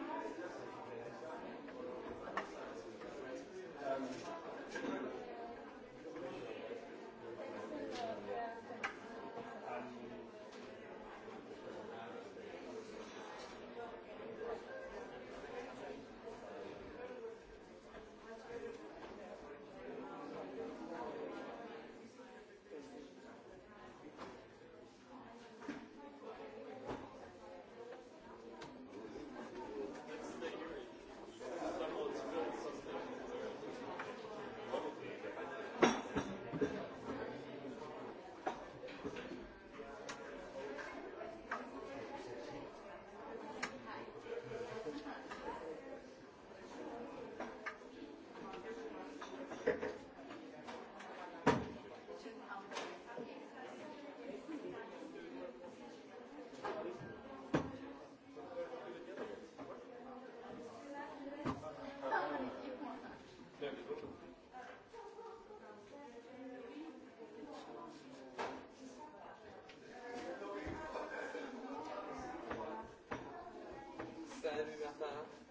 Sven, Nathan.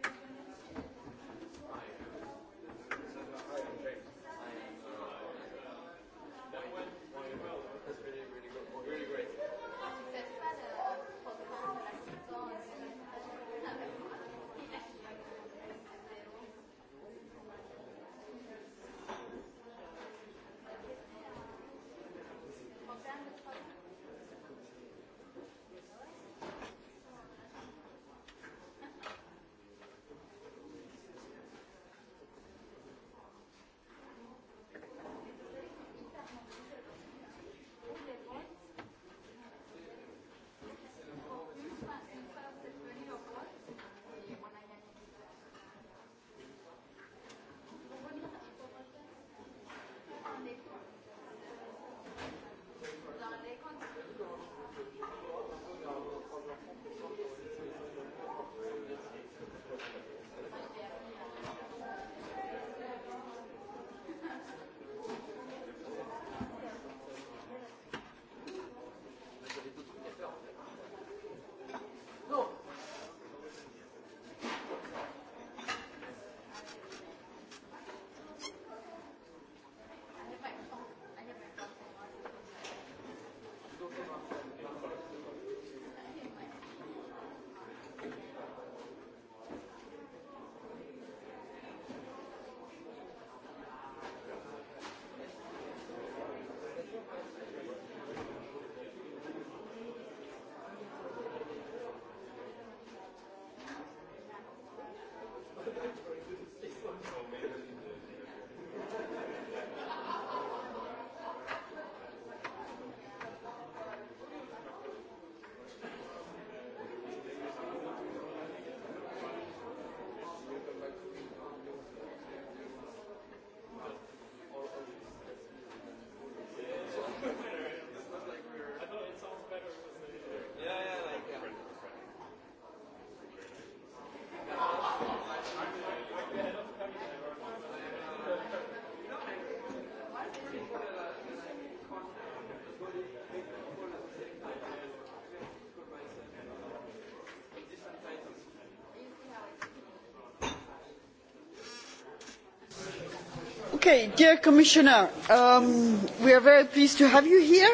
dear Commissioner, um, we are very pleased to have you here.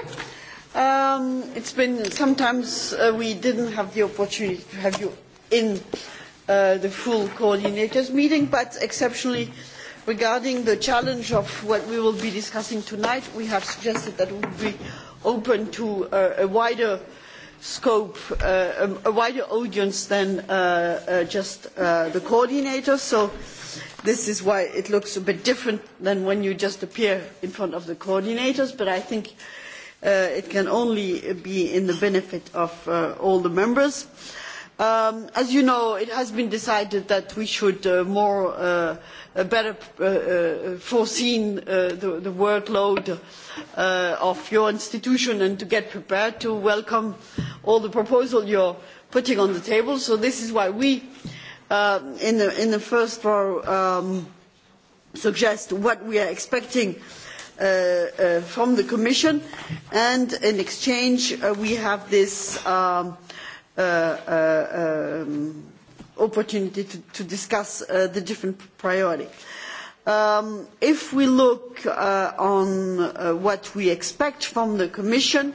Um, it's been sometimes uh, we didn't have the opportunity to have you in uh, the full coordinators meeting, but exceptionally regarding the challenge of what we will be discussing tonight, we have suggested that we be open to uh, a wider scope, uh, um, a wider audience than uh, uh, just uh, the coordinators. So this is why it looks a bit different than when you just appear in front of the coordinators, but I think uh, it can only be in the benefit of uh, all the members. Um, as you know, it has been decided that we should uh, more, uh, better uh, uh foreseen uh, the, the, workload uh, of your institution and to get prepared to welcome all the proposals you're putting on the table. So this is why we uh, Uh, in, the, in the first row um, suggest what we are expecting uh, uh, from the Commission, and in exchange uh, we have this um, uh, uh, um, opportunity to, to discuss the different priorities. Um, if we look on what we expect from the Commission,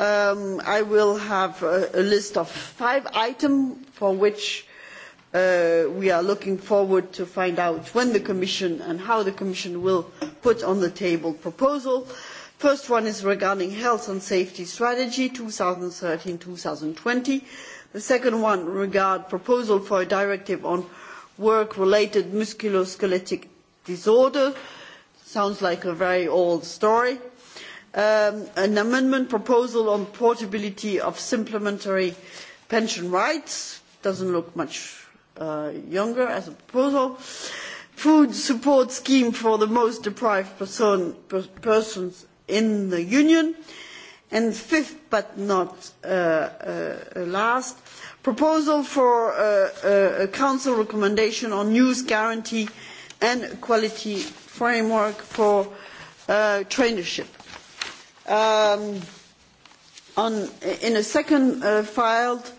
um, I will have a, a list of five items for which Uh, we are looking forward to find out when the commission and how the commission will put on the table proposal. first one is regarding health and safety strategy two thousand and thirteen two thousand and twenty the second one regards proposal for a directive on work related musculoskeletal disorder sounds like a very old story um, an amendment proposal on portability of supplementary pension rights doesn't look much uh, Younger as a proposal. Food support scheme for the most deprived person, per, persons in the Union. And fifth but not uh, uh, last, proposal for uh, uh, a council recommendation on youth guarantee and quality framework for uh, traineeship. Um, on, in a second filed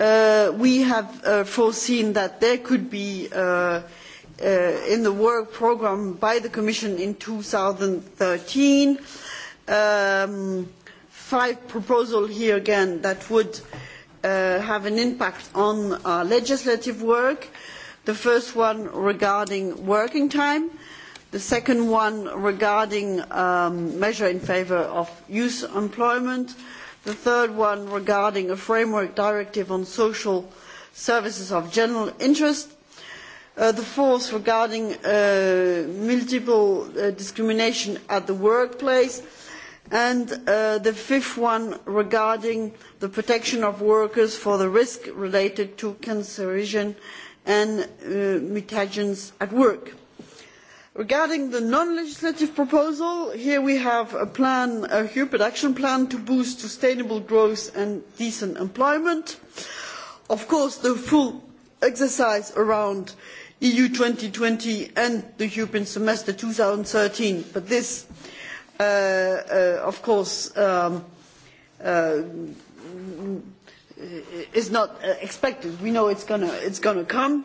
Uh, we have uh, foreseen that there could be uh, in the work programme by the commission in two thousand and thirteen um, five proposals here again that would have an impact on our legislative work the first one regarding working time the second one regarding measures um, measure in favour of youth employment and the third one regarding a framework directive on social services of general interest uh, the fourth regarding uh, multiple uh, discrimination at the workplace and uh, the fifth one regarding the protection of workers for the risk related to cancerogen and uh, mutagens at work regarding the non legislative proposal here we have a, plan, a european action plan to boost sustainable growth and decent employment. of course the full exercise around eu two thousand and twenty and the european semester two thousand and thirteen but this uh, uh, of course um, uh, is not expected. we know it is going to come.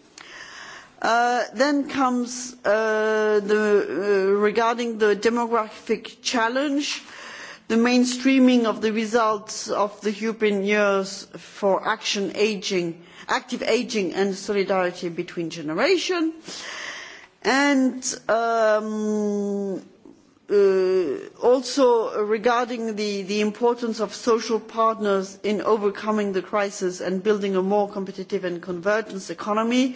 Uh, then comes uh, the, uh, regarding the demographic challenge the mainstreaming of the results of the european years for action, aging, active ageing and solidarity between generations and um, uh, also regarding the, the importance of social partners in overcoming the crisis and building a more competitive and convergent economy and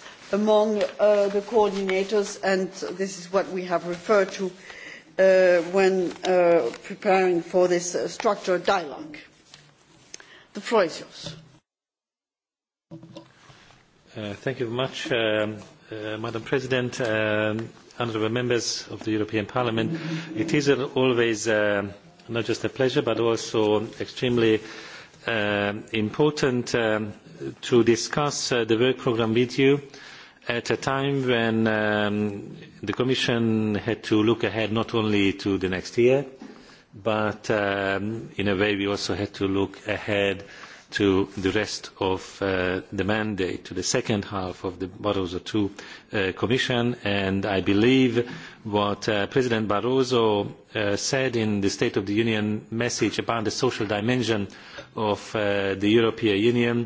among uh, the coordinators, and this is what we have referred to uh, when uh, preparing for this structured dialogue. The floor is yours. thank you very much, um, Madam President, um, honourable members of the European Parliament. It is always not just a pleasure, but also extremely um, important um, to discuss the work programme with you. Uh, at a time when um, the Commission had to look ahead not only to the next year, but um, in a way we also had to look ahead to the rest of uh, the mandate, to the second half of the Barroso II uh, Commission. And I believe what uh, President Barroso said in the State of the Union message about the social dimension of the European Union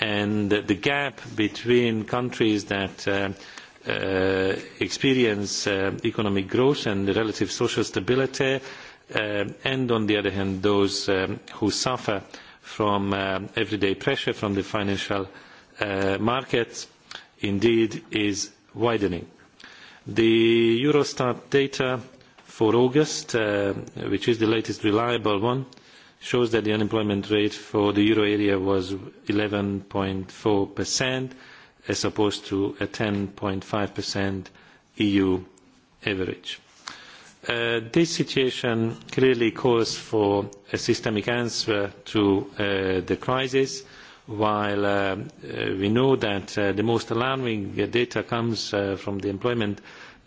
and the gap between countries that uh, uh, experience uh, economic growth and relative social stability uh, and on the other hand those um, who suffer from uh, everyday pressure from the financial markets indeed is widening. The Eurostat data for August, which is the latest reliable one, shows that the unemployment rate for the euro area was 11.4% as opposed to a 10.5% EU average. Uh, this situation clearly calls for a systemic answer to uh, the crisis while uh, uh we know that uh, the most alarming data comes from the employment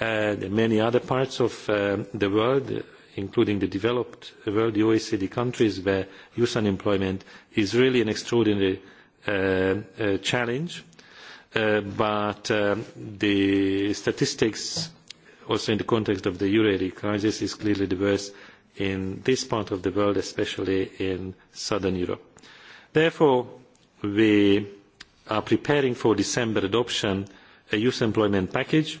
and many other parts of uh, the world, including the developed world, the OECD countries, where youth unemployment is really an extraordinary uh, uh, challenge. but the statistics, also in the context of the euro area crisis, is clearly the worst in this part of the world, especially in southern Europe. Therefore, we are preparing for December adoption a youth employment package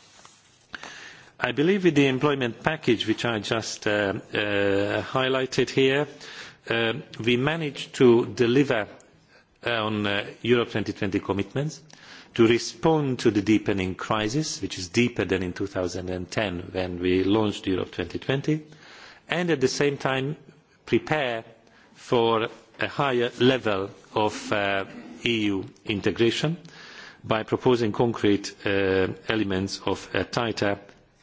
I believe with the employment package, which I just uh, uh, highlighted here, uh, we managed to deliver on Europe 2020 commitments to respond to the deepening crisis, which is deeper than in 2010 when we launched Europe 2020, and at the same time prepare for a higher level of eu integration by proposing concrete elements of a tighter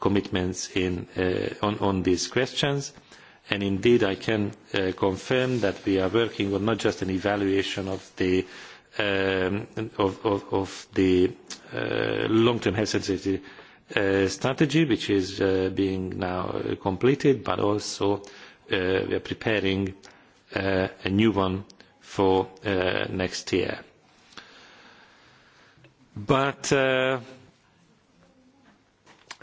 commitments uh, on, these questions. And indeed, I can uh, confirm that we are working on not just an evaluation of the, um, uh, long-term health and safety strategy, which is being now completed, but also we are preparing a new one for next year. But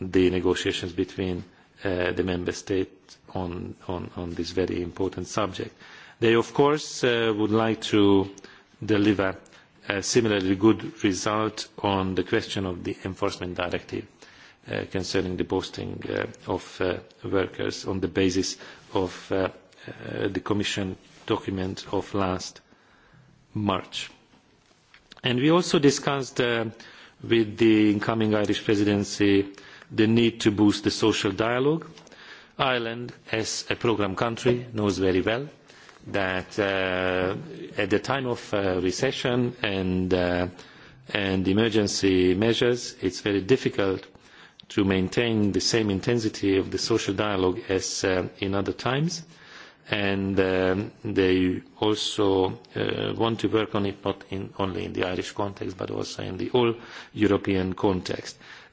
the negotiations between uh, the member states on, on, on this very important subject. They, of course, uh, would like to deliver a similarly good result on the question of the enforcement directive uh, concerning the posting uh, of uh, workers on the basis of uh, the Commission document of last March. And we also discussed with the incoming Irish presidency the need to boost the social dialogue. Ireland, as a programme country, knows very well that uh, at the time of uh, recession and, uh, and emergency measures, it's very difficult to maintain the same intensity of the social dialogue as in other times. And um, they also want to work on it not only in the Irish context, but also in the whole European context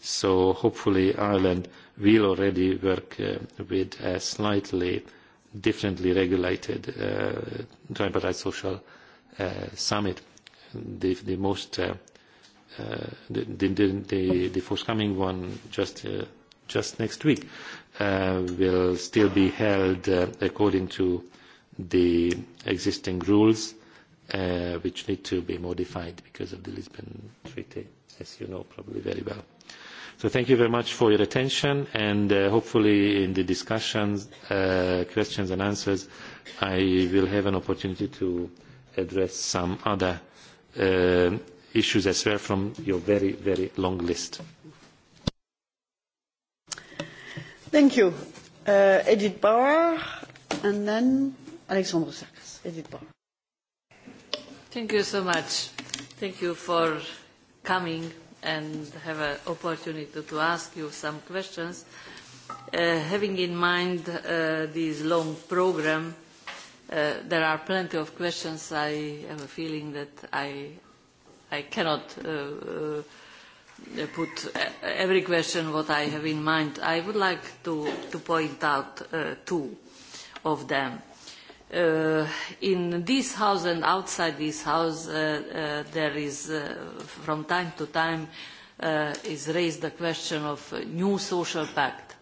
so hopefully Ireland will already work uh, with a slightly differently regulated uh, tripartite social uh, summit. The, most the, forthcoming one just just next week will still be held according to the existing rules, which need to be modified because of the Lisbon Treaty, as you know probably very well. So thank you very much for your attention, and uh, hopefully in the discussions, uh, questions and answers, I will have an opportunity to address some other uh, issues as well from your very, very long list. Thank you. Uh, Edith Bauer, and then Alexandre Sarkas. Edith Bauer. Thank you so much. Thank you for coming and have an opportunity to ask you some questions. Uh, having in mind uh, this long program, uh, there are plenty of questions. I have a feeling that I, I cannot uh, uh, put every question what I have in mind. I would like to, to point out uh, two of them. Uh, in this house and outside this house, uh, uh, there is uh, from time to time uh, is raised the question of a new social pact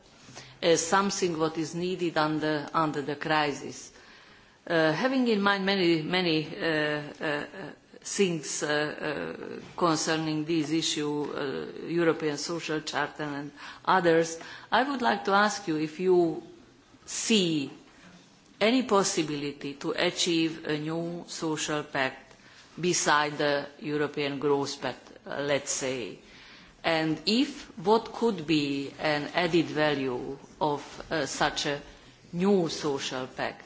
as something what is needed under, under the crisis. having in mind many, many things concerning this issue, European Social Charter and others, I would like to ask you if you see any possibility to achieve a new social pact beside the European growth pact, uh, let's say? And if what could be an added value of uh, such a new social pact?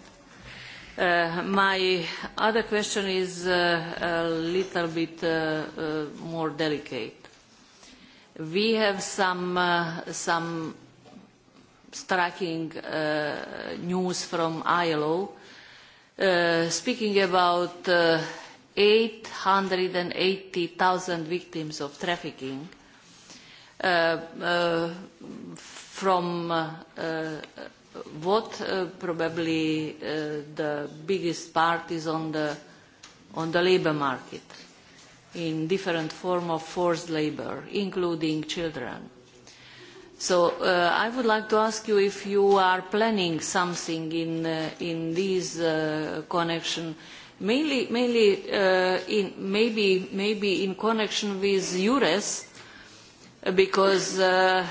Uh, my other question is uh, a little bit uh, uh more delicate. We have some, uh, some striking uh, news from ILO, uh, speaking about uh, 880,000 victims of trafficking uh, uh, from uh, uh what uh, probably uh, the biggest part is on the, on the labor market in different form of forced labor, including children. So uh, I would like to ask you if you are planning something in, uh, in this uh, connection, mainly, mainly uh, in, maybe, maybe in connection with EURES, because, uh,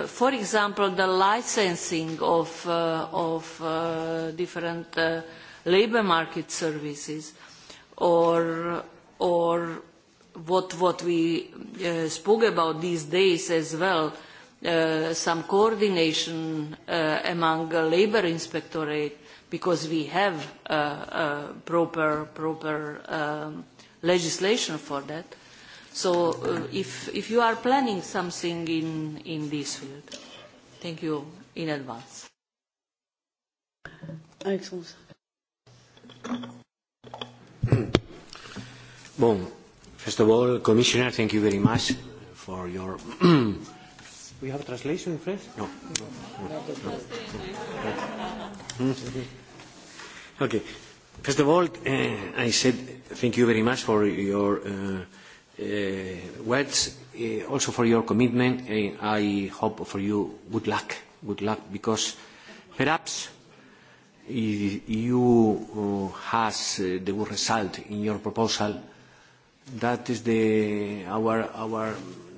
uh, for example, the licensing of, uh, of uh, different uh, labor market services or, or what, what we uh, spoke about these days as well, uh, some coordination uh, among the labor inspectorate because we have uh, uh, proper proper um, legislation for that. So uh, if, if you are planning something in, in this field, thank you in advance. Alexandre. Bon, first of all, Commissioner, thank you very much for your We have a translation in French? No. no. no. okay. First of all, uh, I said thank you very much for your uh, uh, words, uh, also for your commitment. Uh, I hope for you good luck, good luck, because perhaps you uh, has uh, the good result in your proposal. That is the, our, our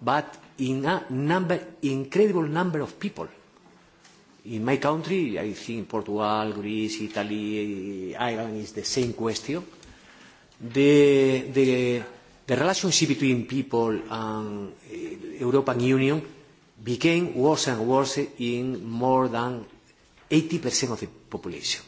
but in a number, incredible number of people. In my country, I think Portugal, Greece, Italy, Ireland is the same question. The, the, the relationship between people and eh, European Union became worse and worse in more than 80% of the population.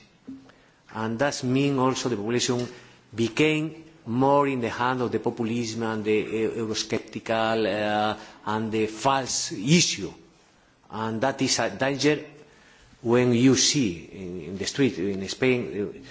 And that means also the population became more in the hand of the populism and the uh, eurosceptical uh, and the false issue. And that is a danger when you see in, in the street in Spain.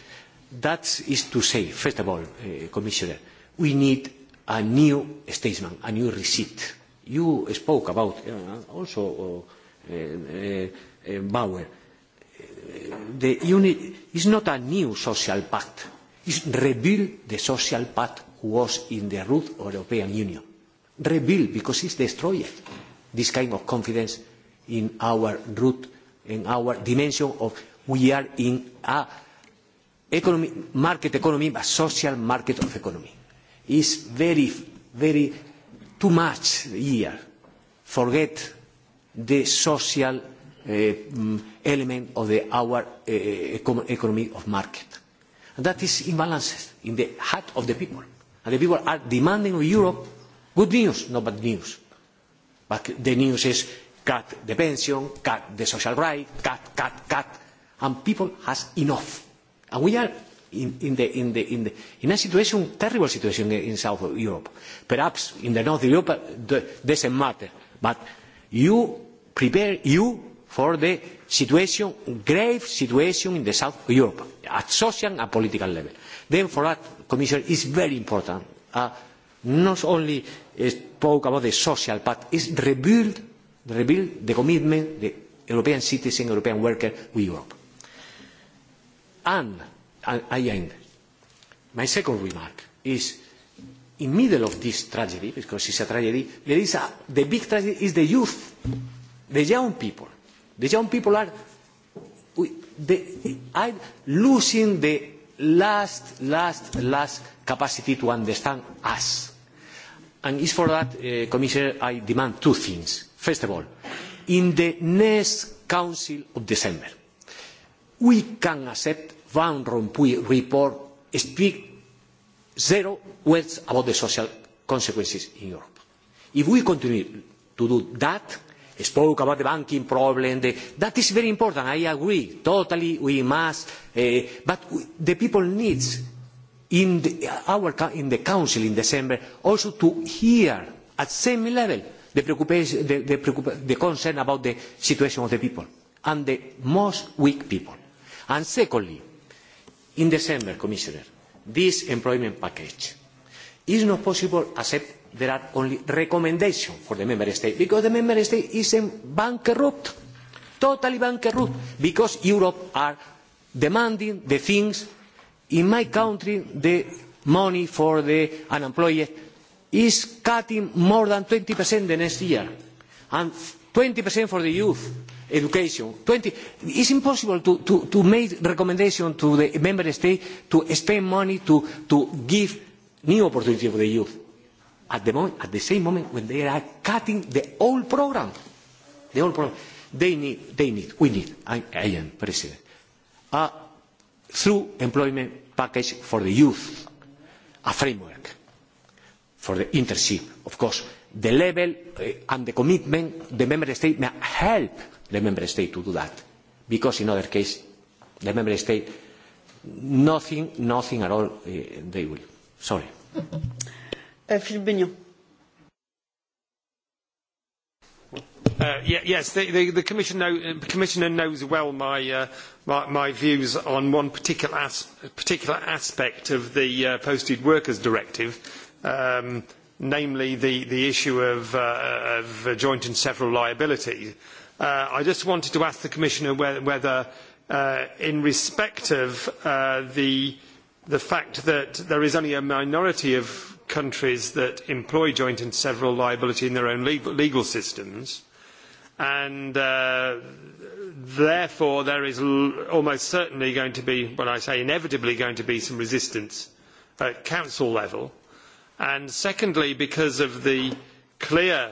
That is to say, first of all, uh, Commissioner, we need a new statement, a new receipt. You spoke about uh, also uh, uh, uh Bauer. Uh, the unit is not a new social pact is rebuild the social path was in the root of European Union. Rebuild because it's destroyed. This kind of confidence in our root, in our dimension of we are in a economy, market economy, but social market of economy. It's very, very too much here. Forget the social uh, element of the, our uh, economy of market that is imbalances in the heart of the people. And the people are demanding of Europe good news, not bad news. But the news is cut the pension, cut the social right, cut, cut, cut. And people has enough. And we are in, in, the, in, the, in, the, in a situation, terrible situation in, in South Europe. Perhaps in the North of Europe, it doesn't matter. But you prepare you for the situation, grave situation in the south of Europe at social and political level. Then for that, Commissioner, it's very important uh, not only uh, spoke about the social, but it's rebuild, rebuild the commitment the European citizen, European worker with Europe. And I, uh, I end. My second remark is in the middle of this tragedy, because it's a tragedy, there is a, the big tragedy is the youth, the young people The young people are they are losing the last, last, last capacity to understand us. And it's for that, uh, Commissioner, I demand two things. First of all, in the next Council of December, we can accept Van Rompuy report speak zero words about the social consequences in Europe. If we continue to do that, spoke about the banking problem. The, that is very important. I agree totally. Eh, we must, uh, but the people needs in the, our in the council in December also to hear at same level the preoccupation, the, the, the concern about the situation of the people and the most weak people. And secondly, in December, Commissioner, this employment package is not possible except there are only recommendations for the member state because the member state is bankrupt, totally bankrupt, because Europe are demanding the things. In my country, the money for the unemployed is cutting more than 20% the next year, and 20% for the youth education. 20. It's impossible to, to, to make recommendations to the member state to spend money to, to give new opportunities for the youth at the, moment, at the same moment when they are cutting the whole program. The whole program. They need, they need, we need, I, I am president, a through employment package for the youth, a framework for the internship. Of course, the level uh, and the commitment, the member state may help the member state to do that. Because in other case, the member state, nothing, nothing at all uh, they will. Sorry. Eh, Philippe Bennion. Uh, yes, the, the, the commissioner, commissioner knows well my, uh, my, my views on one particular, as, particular aspect of the uh, Posted Workers Directive, um, namely the, the issue of, uh, of joint and several liability. Uh, I just wanted to ask the Commissioner whether, whether uh, in respect of the, the fact that there is only a minority of countries that employ joint and several liability in their own legal systems. And uh, therefore, there is almost certainly going to be, when I say inevitably, going to be some resistance at council level. And secondly, because of the clear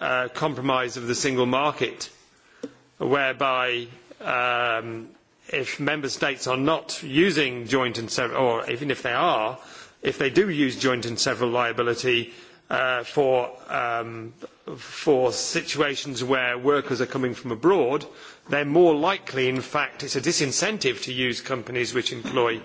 uh, compromise of the single market, whereby um, if member states are not using joint and several, or even if they are, if they do use joint and several liability uh, for, um, for situations where workers are coming from abroad, they're more likely, in fact, it's a disincentive to use companies which employ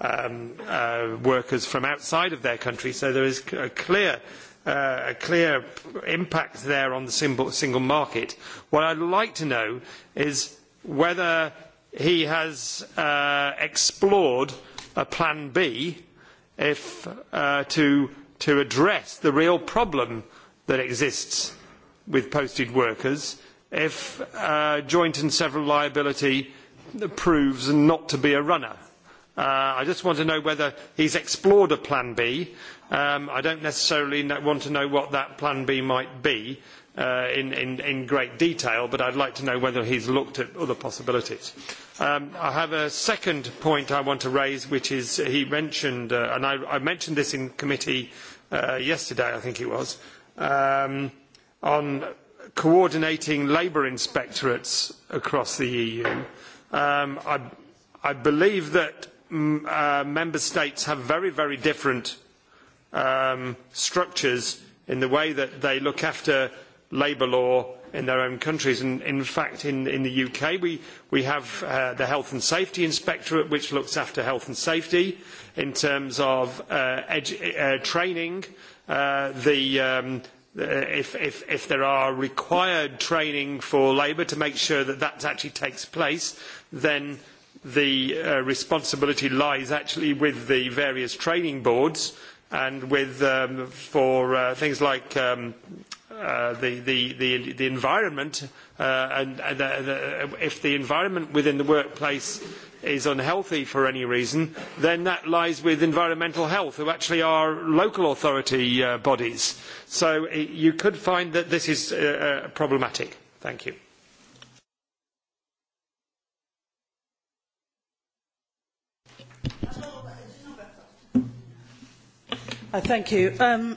um, uh, workers from outside of their country. So there is a clear Uh, a clear impact there on the single market. What I'd like to know is whether he has uh, explored a plan B if, uh, to, to address the real problem that exists with posted workers if uh, joint and several liability proves not to be a runner. Uh, I just want to know whether he's explored a plan B. Um, I don't necessarily want to know what that plan B might be uh, in, in, in great detail, but I'd like to know whether he's looked at other possibilities. Um, I have a second point I want to raise, which is he mentioned, uh, and I, I mentioned this in committee uh, yesterday, I think it was, um, on coordinating labour inspectorates across the EU. Um, I, I believe that mm, uh, member states have very, very different um, structures in the way that they look after labour law in their own countries. And in fact, in, in the UK, we, we have uh, the Health and Safety Inspectorate, which looks after health and safety in terms of uh, edu- uh, training. Uh, the um, if, if, if there are required training for labour to make sure that that actually takes place, then the uh, responsibility lies actually with the various training boards and with um, for uh, things like um, uh, the, the, the, the environment uh, and, and uh, the, if the environment within the workplace is unhealthy for any reason, then that lies with environmental health, who actually are local authority uh, bodies. So it, you could find that this is uh, uh, problematic. Thank you. Uh, thank you. Um,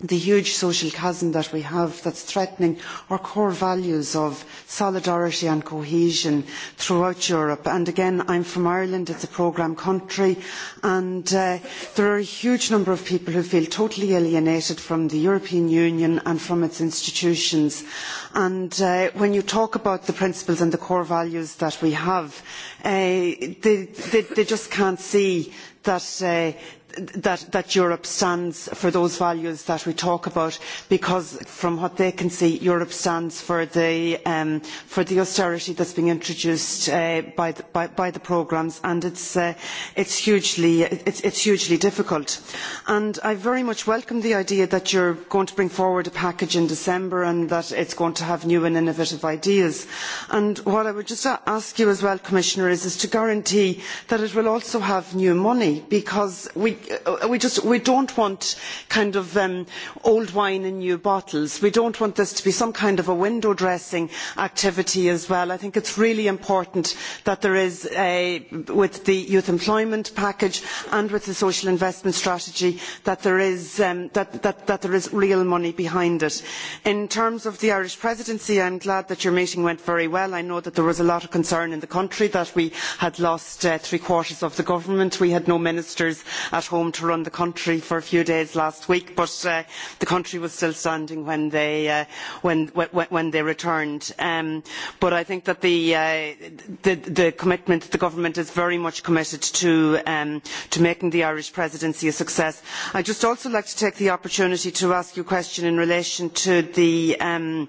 the huge social chasm that we have that's threatening our core values of solidarity and cohesion throughout Europe. And again, I'm from Ireland, it's a programme country, and uh, there are a huge number of people who feel totally alienated from the European Union and from its institutions. And uh, when you talk about the principles and the core values that we have, uh, they, they, they just can't see that uh, that, Europe stands for those values that we talk about because from what they can see Europe stands for the, um, for the austerity that's being introduced uh, by, the, by, by the programmes and it's, uh, it's, hugely, it's, it's hugely difficult. And I very much welcome the idea that you're going to bring forward a package in December and that it's going to have new and innovative ideas. And what I would just ask you as well, Commissioner, is, is to guarantee that it will also have new money because we, Uh, we just we don't want kind of um, old wine in new bottles. We don't want this to be some kind of a window dressing activity as well. I think it's really important that there is a, with the youth employment package and with the social investment strategy that there is um, that, that, there is real money behind it. In terms of the Irish presidency, I'm glad that your meeting went very well. I know that there was a lot of concern in the country that we had lost uh, three quarters of the government. We had no ministers at home home to run the country for a few days last week, but uh, the country was still standing when they uh, when, when, when they returned. Um, but I think that the, uh, the the commitment the government is very much committed to um, to making the Irish presidency a success. I just also like to take the opportunity to ask you a question in relation to the. Um,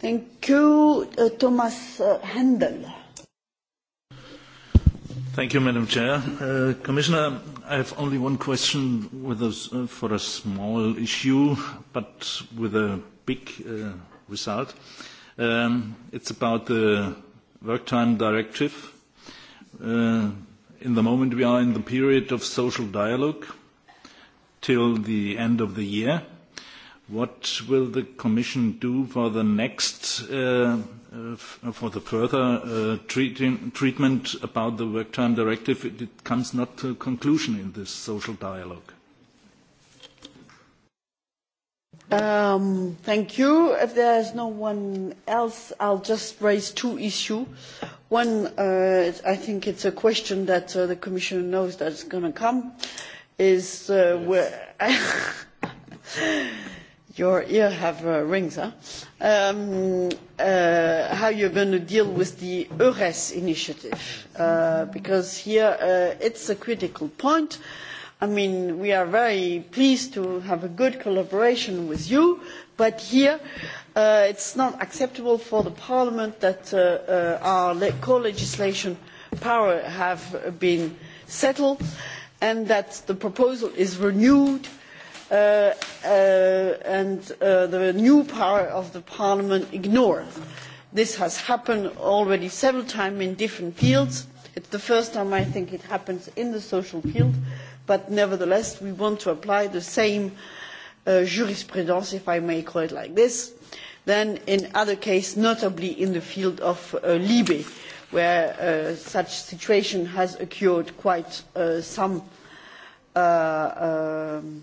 Thank you, uh, Thomas uh, Handel. Thank you, Madam Chair. Uh, Commissioner, I have only one question with uh, for a small issue, but with a big uh, result. Um, it's about the work time directive. Uh, in the moment, we are in the period of social dialogue till the end of the year. What will the Commission do for the next, uh, uh for the further uh, treating, treatment about the work time directive if it comes not to a conclusion in this social dialogue? Um, thank you. If there is no one else, I'll just raise two issues. One, uh, I think it's a question that uh, the Commission knows that's going to come, is yes. where your ear have uh, rings, huh? Um, uh, how you're going to deal with the EURES initiative, uh, because here uh, it's a critical point. I mean, we are very pleased to have a good collaboration with you, but here uh, it's not acceptable for the Parliament that uh, uh, our le co-legislation power have been settled and that the proposal is renewed Uh, uh, and uh, the new power of the parliament ignored. This has happened already several times in different fields. It's the first time I think it happens in the social field, but nevertheless we want to apply the same jurisprudence, if I may call it like this, as in other cases, notably in the field of LIBE, where such such situation has occurred quite some um,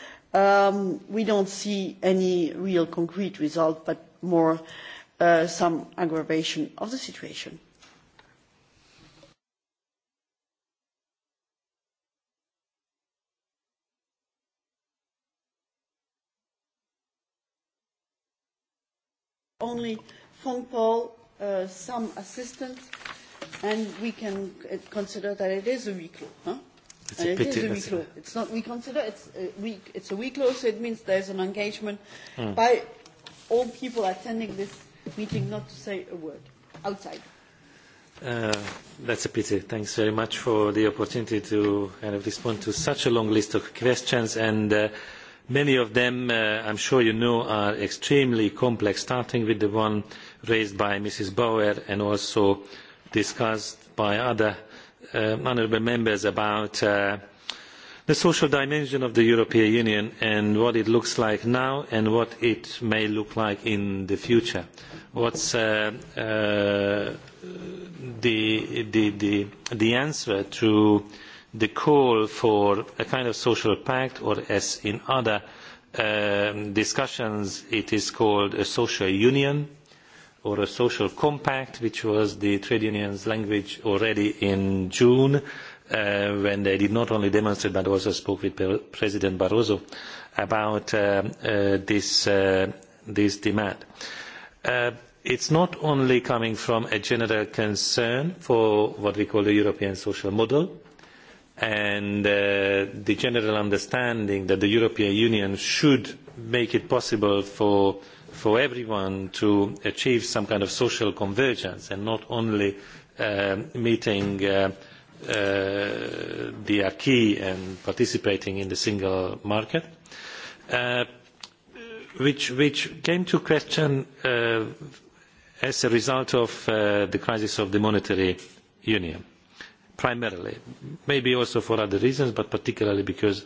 we um, we don't see any real concrete result, but more uh, some aggravation of the situation. Only phone call, uh, some assistance, and we can uh, consider that it is a recall. It's a pity. It is a week law. It's not, we consider it's a week, it's a week law, so it means there's an engagement mm. by all people attending this meeting not to say a word outside. Uh, that's a pity. Thanks very much for the opportunity to kind of respond to such a long list of questions and uh, many of them uh, i'm sure you know are extremely complex starting with the one raised by mrs bauer and also discussed by other Uh, honourable members about uh, the social dimension of the european union and what it looks like now and what it may look like in the future what uh, the, answer is to the call for a kind of social pact or as in other um, discussions it is called a social union? or a social compact, which was the trade union's language already in June, uh, when they did not only demonstrate but also spoke with President Barroso about uh, uh, this, uh, this demand. Uh, it's not only coming from a general concern for what we call the European social model and uh, the general understanding that the European Union should make it possible for for everyone to achieve some kind of social convergence and not only um, meeting uh, uh, the acquis and participating in the single market, uh, which, which came to question as a result of the crisis of the monetary union primarily, maybe also for other reasons, but particularly because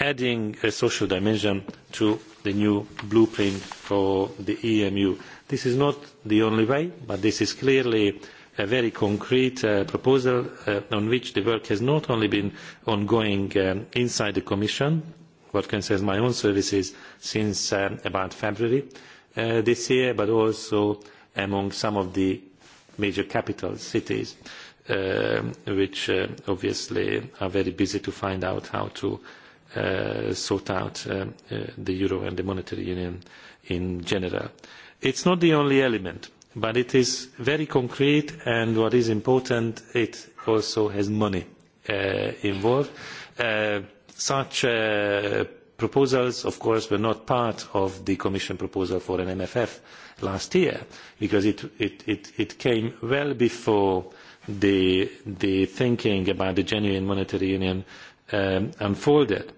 adding a social dimension to the new blueprint for the emu. this is not the only way but this is clearly a very concrete uh, proposal uh, on which the work has not only been ongoing um, inside the commission what concerns my own services since um, about february uh, this year but also among some of the major capital cities um, which uh, obviously are very busy to find out how to Uh, sort out uh, uh, the euro and the monetary union in general. It's not the only element, but it is very concrete and what is important, it also has money uh, involved. Uh, such uh, proposals, of course, were not part of the Commission proposal for an MFF last year because it, it, it, it came well before the, the thinking about the genuine monetary union um, unfolded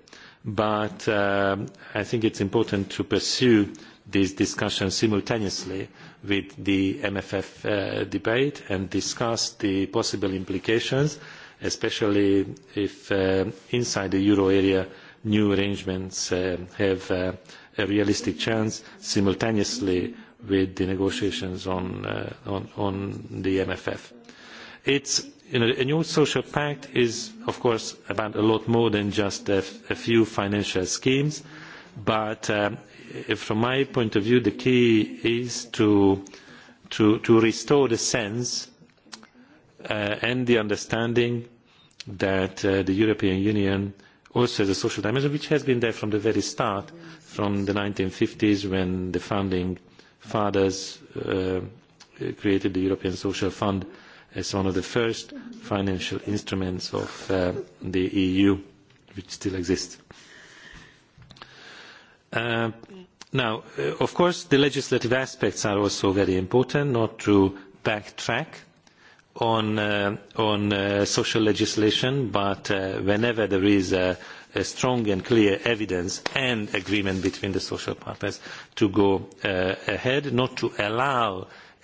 but uh, I think it is important to pursue these discussions simultaneously with the MFF uh, debate and discuss the possible implications, especially if uh, inside the euro area new arrangements have a realistic chance simultaneously with the negotiations on, the MFF. It's a new social pact is, of course, about a lot more than just a, few financial schemes. But um, from my point of view, the key is to, restore the sense uh, and the understanding that uh, the European Union also has a social dimension, which has been there from the very start, from the one thousand nine hundred and fifty s when the founding fathers uh, created the European Social Fund as one of the first financial instruments of uh, the EU, which still exists. Uh, now, uh, of course, the legislative aspects are also very important, not to backtrack on, uh, on uh, social legislation, but uh, whenever there is a, a strong and clear evidence and agreement between the social partners to go ahead, not to allow uh,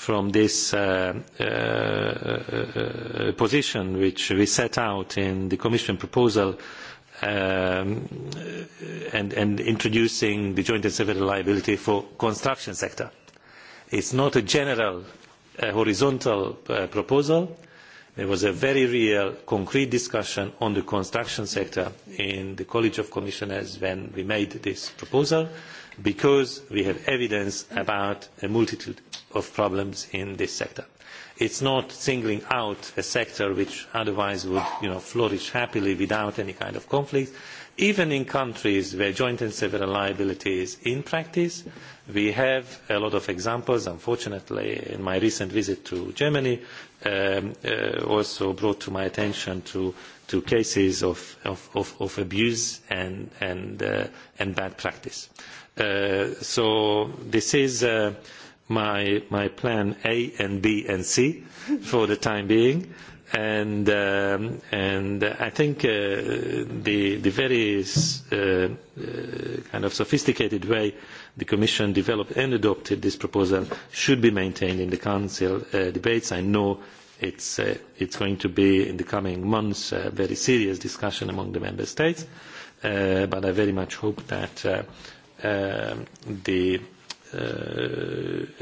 from this uh, uh, uh, position which we set out in the Commission proposal um, and, introducing the joint and several liability for construction sector. It's not a general horizontal proposal. There was a very real concrete discussion on the construction sector in the College of Commissioners when we made this proposal because we have evidence about a multitude of problems in this sector. it is not singling out a sector which otherwise would flourish happily without any kind of conflict. even in countries where joint and several liability is in practice we have a lot of examples. unfortunately in my recent visit to germany um, uh, also brought to my attention to, cases of, abuse and uh, bad practice. Uh, so this is uh, my, plan A and B and C for the time being. And, um, I think uh, the, very kind of sophisticated way the Commission developed and adopted this proposal should be maintained in the Council debates. I know it is going to be, in the coming months, a very serious discussion among the Member States, but I very much hope that the, uh,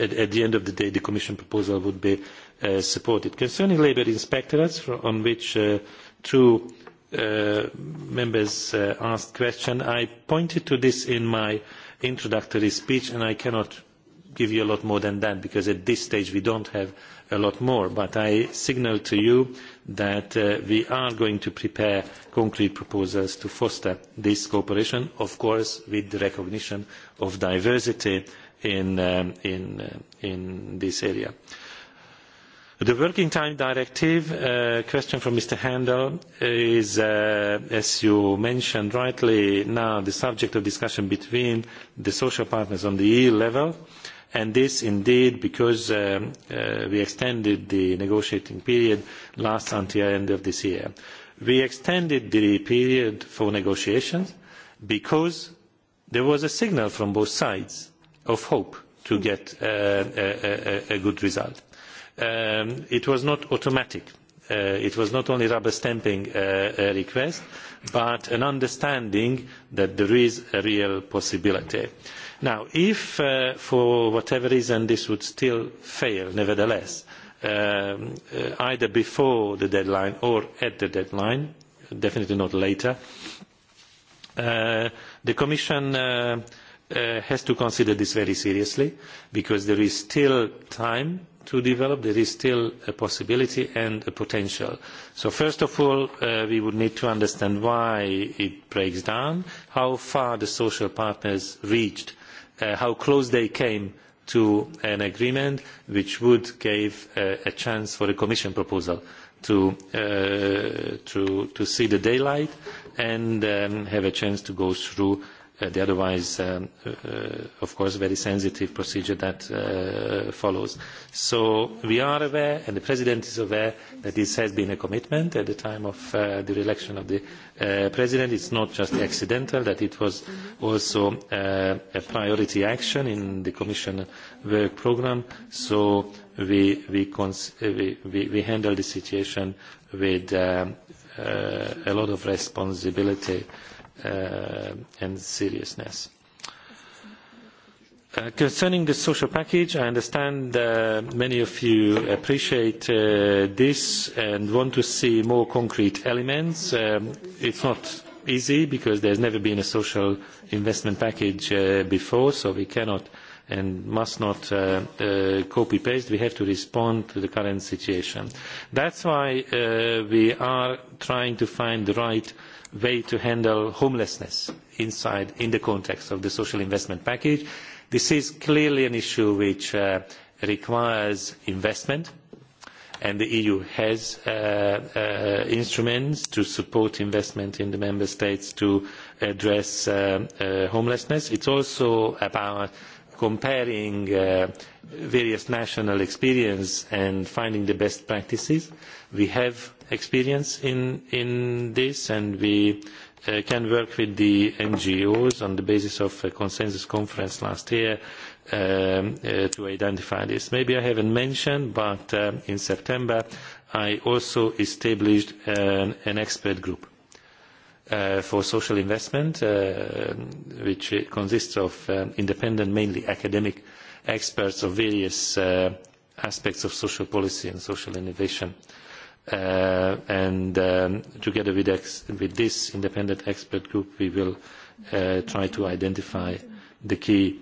at, at the end of the day, the Commission proposal would be uh, supported. Concerning labour inspectorates, on which uh, two Uh, members uh, asked question i pointed to this in my introductory speech and i cannot give you a lot more than that because at this stage we don't have a lot more but i signal to you that uh, we are going to prepare concrete proposals to foster this cooperation, of course with the recognition of diversity in, um, in, uh, in this area. The Working Time Directive, uh, question from Mr. Handel, is, uh, as you mentioned rightly, now the subject of discussion between the social partners on the EU level. Uh, and this indeed because uh, uh, we extended the negotiating period last until the end of this year. We extended the period for negotiations because there was a signal from both sides of hope to hmm. get uh, a, good result. Um, it was not automatic. it was not only rubber stamping a request, but an understanding that there is a real possibility. Now, if uh, for whatever reason this would still fail, nevertheless, um, uh, either before the deadline or at the deadline, definitely not later, uh, the Commission has to consider this very seriously because there is still time to develop, there is still a possibility and a potential. So first of all, we would need to understand why it breaks down, how far the social partners reached Uh, how close they came to an agreement which would give uh, a chance for the commission proposal uh, to, see the daylight and um, have a chance to go through uh, the otherwise, um, uh, of course, very sensitive procedure that uh, follows. So we are aware, and the President is aware, that this has been a commitment at the time of uh, the election of the uh, President. It's not just accidental, that it was also uh, a priority action in the Commission work programme. So we, we, we, we, we handle the situation with um, uh, a lot of responsibility. Uh, Uh, and seriousness. Uh, concerning the social package, I understand uh, many of you appreciate uh, this and want to see more concrete elements. Um, it's not easy because there's never been a social investment package uh, before, so we cannot and must not uh, uh, copy paste we have to respond to the current situation. that is why uh, we are trying to find the right way to handle homelessness in the context of the social investment package. This is clearly an issue which uh, requires investment and the EU has uh, uh, instruments to support investment in the member states to address homelessness. it is also about comparing various national experiences and finding the best practices. We have experience in, in this and we uh, can work with the ngos on the basis of a consensus conference last year um, uh, to identify this. maybe i haven't mentioned but uh, in september i also established an, expert group for social investment which consists of um, independent mainly academic experts of various aspects of social policy and social innovation. Uh, and um, together with, with this independent expert group we will uh, try to identify the key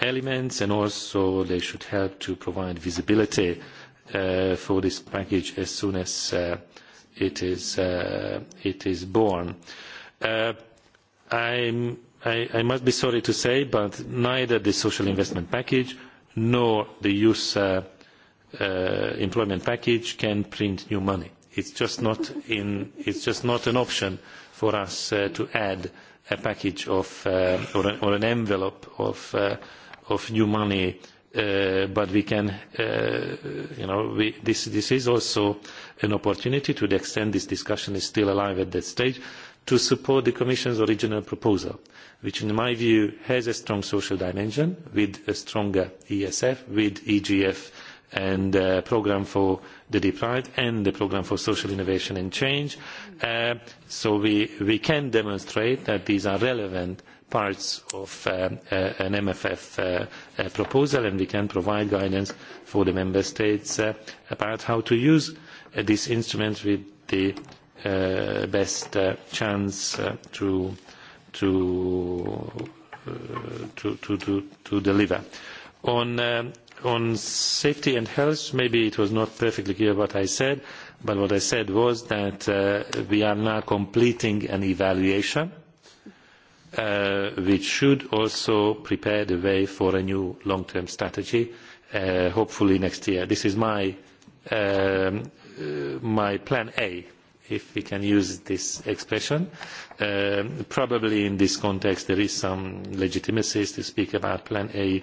elements and also they should help to provide visibility uh, for this package as soon as uh, it is, uh, it is born. I, i must be sorry to say but neither the social investment package nor the youth Uh, employment package can print new money. It's just not, just not an option for us uh, to add a package of, uh, or, an, envelope of, new money, but we can, you know, this is also an opportunity, to the extent this discussion is still alive at that stage, to support the Commission's original proposal, which in my view has a strong social dimension with a stronger ESF, with EGF Uh, and the programme for the deprived and the programme for social innovation and change. Uh, so we, can demonstrate that these are relevant parts of uh, an MFF proposal and we can provide guidance for the member states about how to use this instrument with the best chance to, deliver. On um, on safety and health maybe it was not perfectly clear what i said but what i said was that uh, we are now completing an evaluation uh, which should also prepare the way for a new long term strategy uh, hopefully next year. this is my, um, my plan a if we can use this expression. Um, probably in this context there is some legitimacy to speak about plan a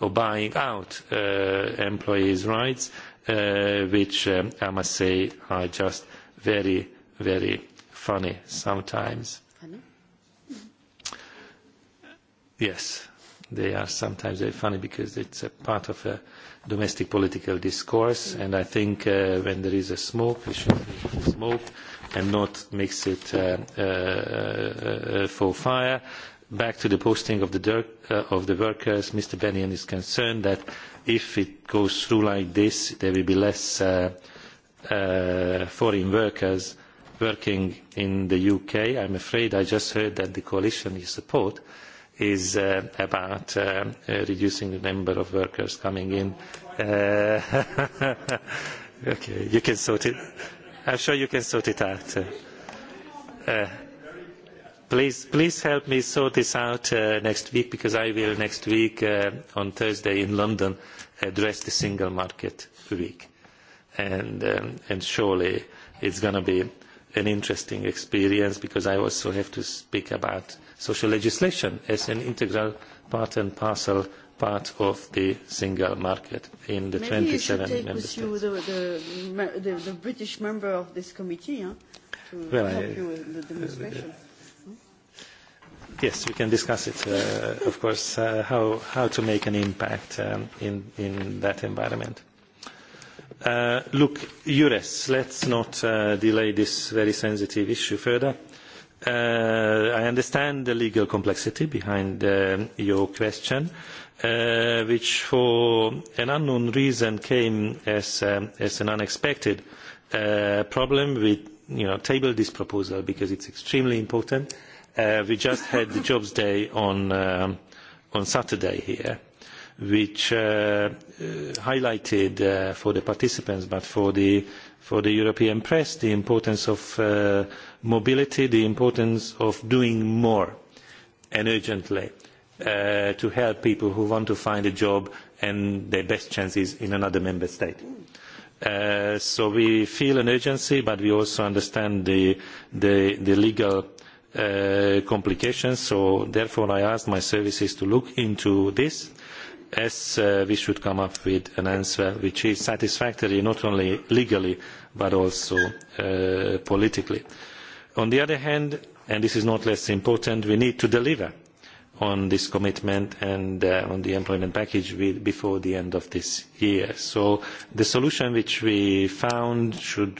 or buying out uh, employees' rights, uh, which um, I must say are just very, very funny sometimes. Funny? Mm-hmm. Yes, they are sometimes very funny because it's a part of a domestic political discourse, and I think uh, when there is a smoke, we should smoke and not mix it uh, uh, uh, uh for fire back to the posting of the, uh, workers, Mr. Bennion is concerned that if it goes through like this, there will be less uh, uh, foreign workers working in the UK. I'm afraid I just heard that the coalition you support is about reducing the number of workers coming in. okay, you can sort it. I'm sure you can sort it out. Please, please help me sort this out uh, next week because I will next week uh, on Thursday in London address the single market week, and surely um, and surely it's going to be an interesting experience because I also have to speak about social legislation as an integral part and parcel part of the single market in the Maybe 27 you take member states. With you the, the, the, the British member of this committee huh, to well, help I, you with the demonstration. Uh, Yes, we can discuss it, uh, of course, uh, how, how to make an impact um, in, in that environment. Uh, look, EURES, let's not uh, delay this very sensitive issue further. Uh, I understand the legal complexity behind uh, your question, uh, which for an unknown reason came as, um, as an unexpected uh, problem. with, you know, table this proposal because it's extremely important Uh, we just had the jobs day on, uh, Saturday here, which uh, highlighted for the participants, but for the, for the European press, the importance of mobility, the importance of doing more and urgently to help people who want to find a job and their best chances in another member state. so we feel an urgency, but we also understand the legal Uh, complications. So therefore, I asked my services to look into this, as uh, we should come up with an answer which is satisfactory not only legally but also uh, politically. On the other hand, and this is not less important, we need to deliver on this commitment and on the employment package before the end of this year. So the solution which we found should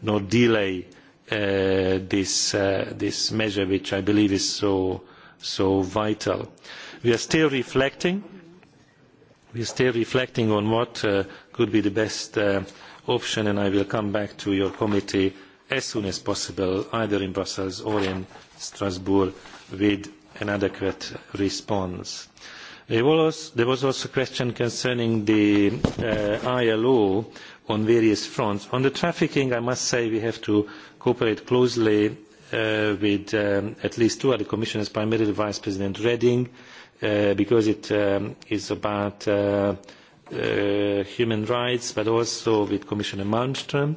not delay Uh, this, uh, this measure, which I believe is so, so vital. We are still reflecting. We are still reflecting on what uh, could be the best option, and I will come back to your committee as soon as possible, either in Brussels or in Strasbourg, with an adequate response. There was, there was also a question concerning the uh, ILO on various fronts. on the trafficking i must say we have to cooperate closely uh, with um, at least two other commissioners primarily vice president reding uh, because it um, is about uh, human rights but also with commissioner malmstrm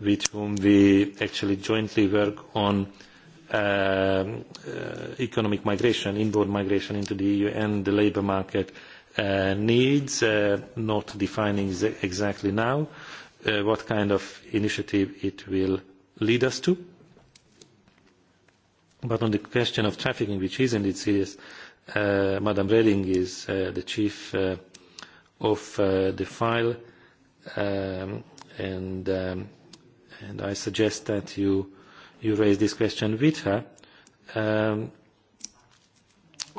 with whom we actually jointly work on um, economic migration inward migration into the eu and the labour market Uh, needs, uh, not defining exactly now uh, what kind of initiative it will lead us to. But on the question of trafficking, which is indeed serious, Madam Reding is the chief of the file, um, um, and, I suggest that you, raise this question with her. Um,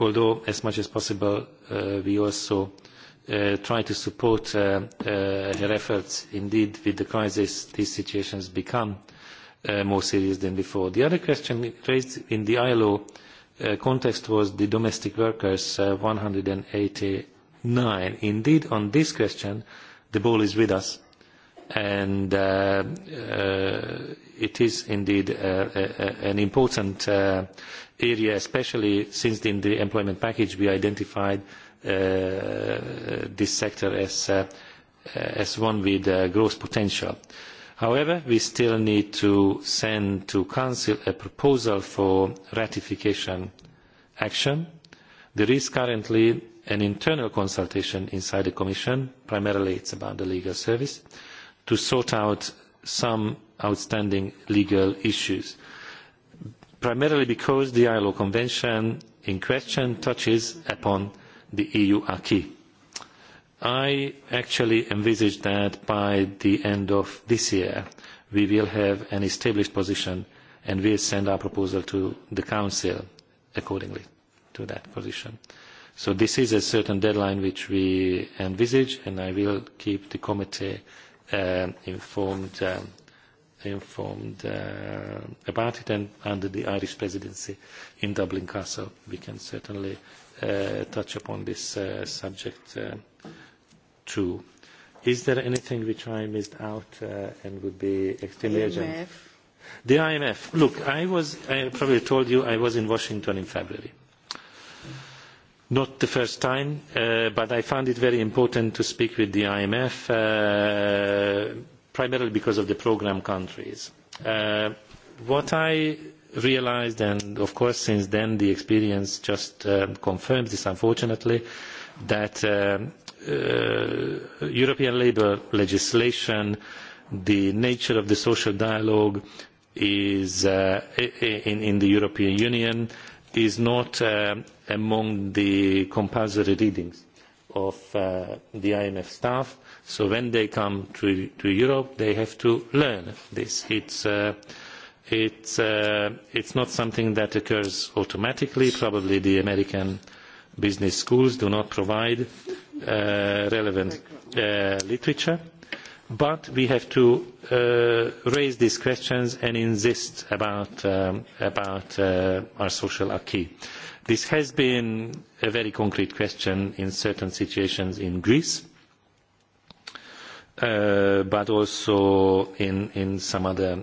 although as much as possible uh, we also uh, try to support uh, uh her efforts. Indeed, with the crisis, these situations become uh, more serious than before. The other question raised in the ILO uh, context was the domestic workers, 189. Indeed, on this question, the ball is with us and uh, uh, it is indeed uh, an important area, especially since in the employment package we identified this sector as, as one with growth potential however we still need to send to council a proposal for ratification action. there is currently an internal consultation inside the commission primarily about the legal service to sort out some outstanding legal issues primarily because the ilo convention in question touches upon the eu acquis. i actually envisage that by the end of this year we will have an established position and will send our proposal to the council accordingly to that position. so this is a certain deadline which we envisage and i will keep the committee Uh, informed, uh, informed uh, about it. And under the Irish presidency in Dublin Castle, we can certainly uh, touch upon this uh, subject uh, too. Is there anything which I missed out uh, and would be extremely urgent? IMF. The IMF. Look, I was, I probably told you I was in Washington in February not the first time uh, but i found it very important to speak with the imf uh, primarily because of the programme countries. Uh, what i realised and of course since then the experience just um, confirms this unfortunately that um, european labour legislation the nature of the social dialogue is, in, in the european union is not uh, among the compulsory readings of uh, the IMF staff. So when they come to, to Europe, they have to learn this. It's, uh, it's, uh, it's not something that occurs automatically. Probably the American business schools do not provide uh, relevant uh, literature but we have to uh, raise these questions and insist about, um, about uh, our social acquis. This has been a very concrete question in certain situations in Greece, uh, but also in, in some other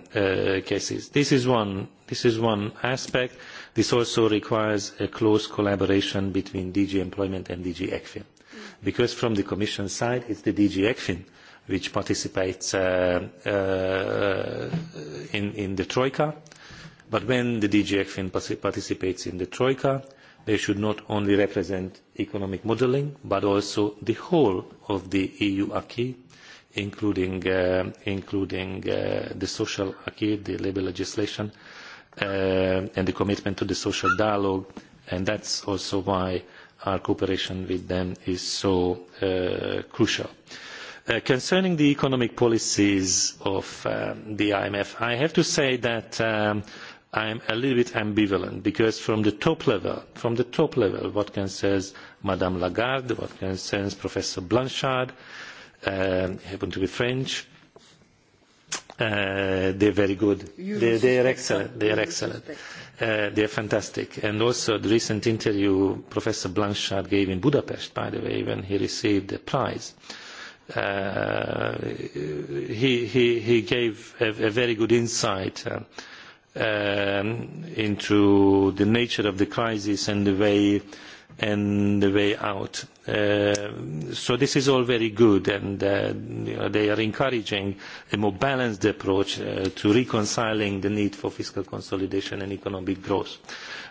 cases. This is, one, this is one aspect. This also requires a close collaboration between DG Employment and DG ECFIN, mm. because from the Commission side, it's the DG ECFIN which participates uh, uh, in, in the Troika. But when the DG ECFIN participates in the Troika, they should not only represent economic modelling, but also the whole of the EU acquis, including, uh, including uh, the social acquis, the labour legislation, uh, and the commitment to the social dialogue. And that's also why our cooperation with them is so uh, crucial. Uh, Uh, concerning the economic policies of um, the imf i have to say that i am um, a little bit ambivalent because from the top level from the top level what concerns ms lagarde what concerns professor blanchard um, happen to be french uh, they are very good they, are excellent they are excellent uh, they are fantastic and also the recent interview professor blanchard gave in budapest by the way when he received the prize Uh, he, he, he gave a, a very good insight uh, um, into the nature of the crisis and the way and the way out. Uh, so this is all very good, and uh, you know, they are encouraging a more balanced approach uh, to reconciling the need for fiscal consolidation and economic growth.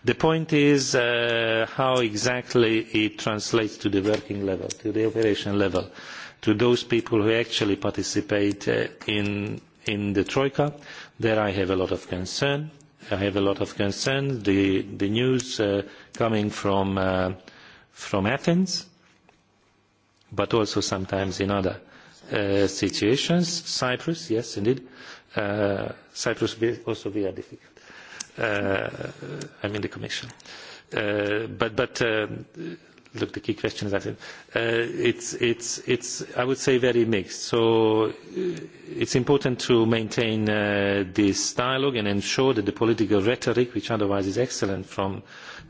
The point is uh, how exactly it translates to the working level, to the operation level to those people who actually participate uh, in, in the troika there i have a lot of concern. i have a lot of concern. the, the news uh, coming from, uh, from athens but also sometimes in other situations cyprus yes indeed cyprus also very difficult i mean the commission but, but um, look the key question is that uh, it's it's I would say very mixed. So uh, it's important to maintain uh, this dialogue and ensure that the political rhetoric, which otherwise is excellent from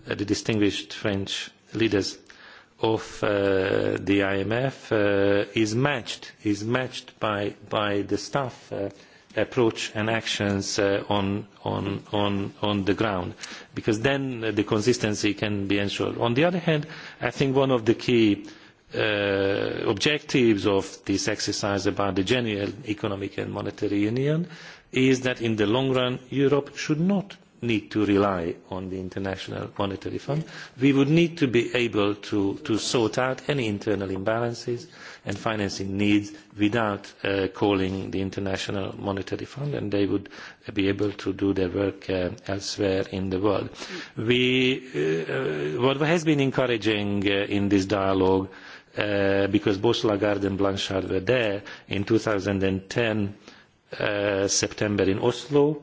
uh, the distinguished French leaders of the IMF, is matched is matched by by the staff approach and actions uh, on, on, on, on the ground, because then the consistency can be ensured. On the other hand, I think one of the key uh, objectives of this exercise about the genuine economic and monetary union is that in the long run, Europe should not need to rely on the International Monetary Fund. We would need to be able to, to sort out any internal imbalances and financing needs without calling uh, calling the International Monetary Fund, and they would be able to do their work uh, elsewhere in the world. We, uh, what has been encouraging in this dialogue, because both Lagarde and Blanchard were there in 2010 September in Oslo,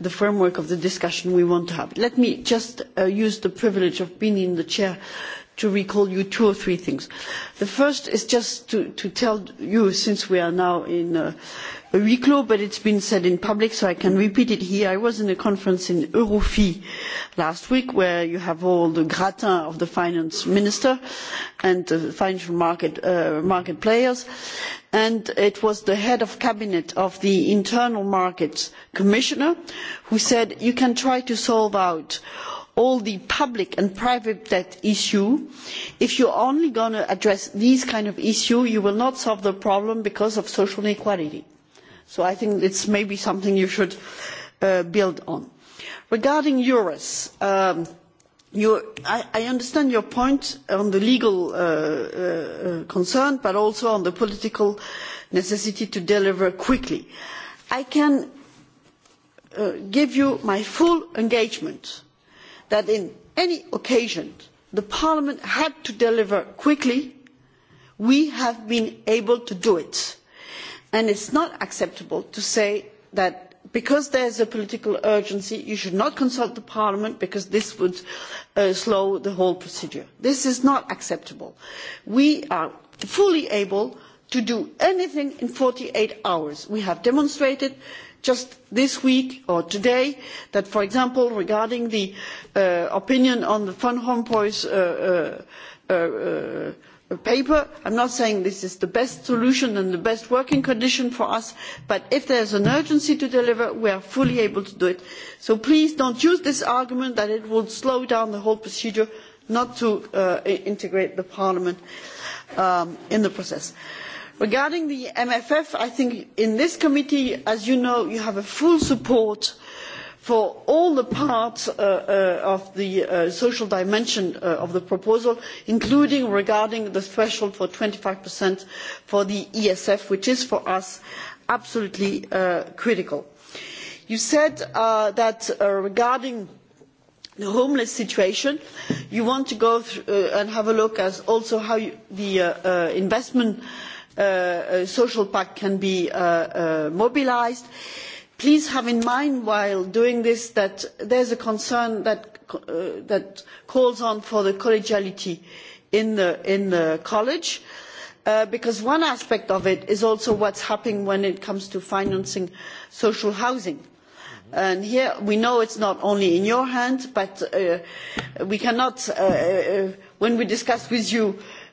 the framework of the discussion we want to have. Let me just uh, use the privilege of being in the chair uh, to recall you two or three things. The first is just to, to tell you, since we are now in uh, a huis clos, but it's been said in public, so I can repeat it here. I was in a conference in Eurofi last week, where you have all the gratin of the finance minister and the financial market, uh, market players, and it was the head of cabinet of the internal markets commissioner who said, you can try to solve out all the public and private debt issue if you are only going to address these kinds of issues you will not solve the problem because of social inequality. so i think it is maybe something you should uh, build on. regarding eures um, I, understand your point on the legal uh, uh, concern but also on the political necessity to deliver quickly. i can give you my full engagement that in any occasion the parliament had to deliver quickly we have been able to do it and it is not acceptable to say that because there is a political urgency you should not consult parliament because this would uh, slow the whole procedure. this is not acceptable. we are fully able to do anything in forty eight hours. we have demonstrated that just this week or today that for example regarding the uh, opinion on the van rompuy's uh uh, uh, uh, paper I'm not saying this is the best solution and the best working condition for us but if there is an urgency to deliver we are fully able to do it so please do not use this argument that it will slow down the whole procedure not to uh, integrate the parliament um, in the process regarding the mff i think in this committee as you know you have full support for all the parts uh, uh, of the uh, social dimension of the proposal including regarding the threshold for twenty five for the esf which is for us absolutely critical. you said that regarding the homeless situation you want to go and have a look at also how the investment Uh, uh, social pact can be uh, mobilised. please have in mind while doing this that there is a concern that, calls for collegiality in the, college because one aspect of it is also what is happening when it comes to financing social housing. here we know it is not only in your hands but we cannot when we discuss with you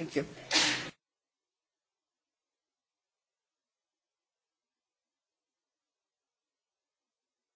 Thank you.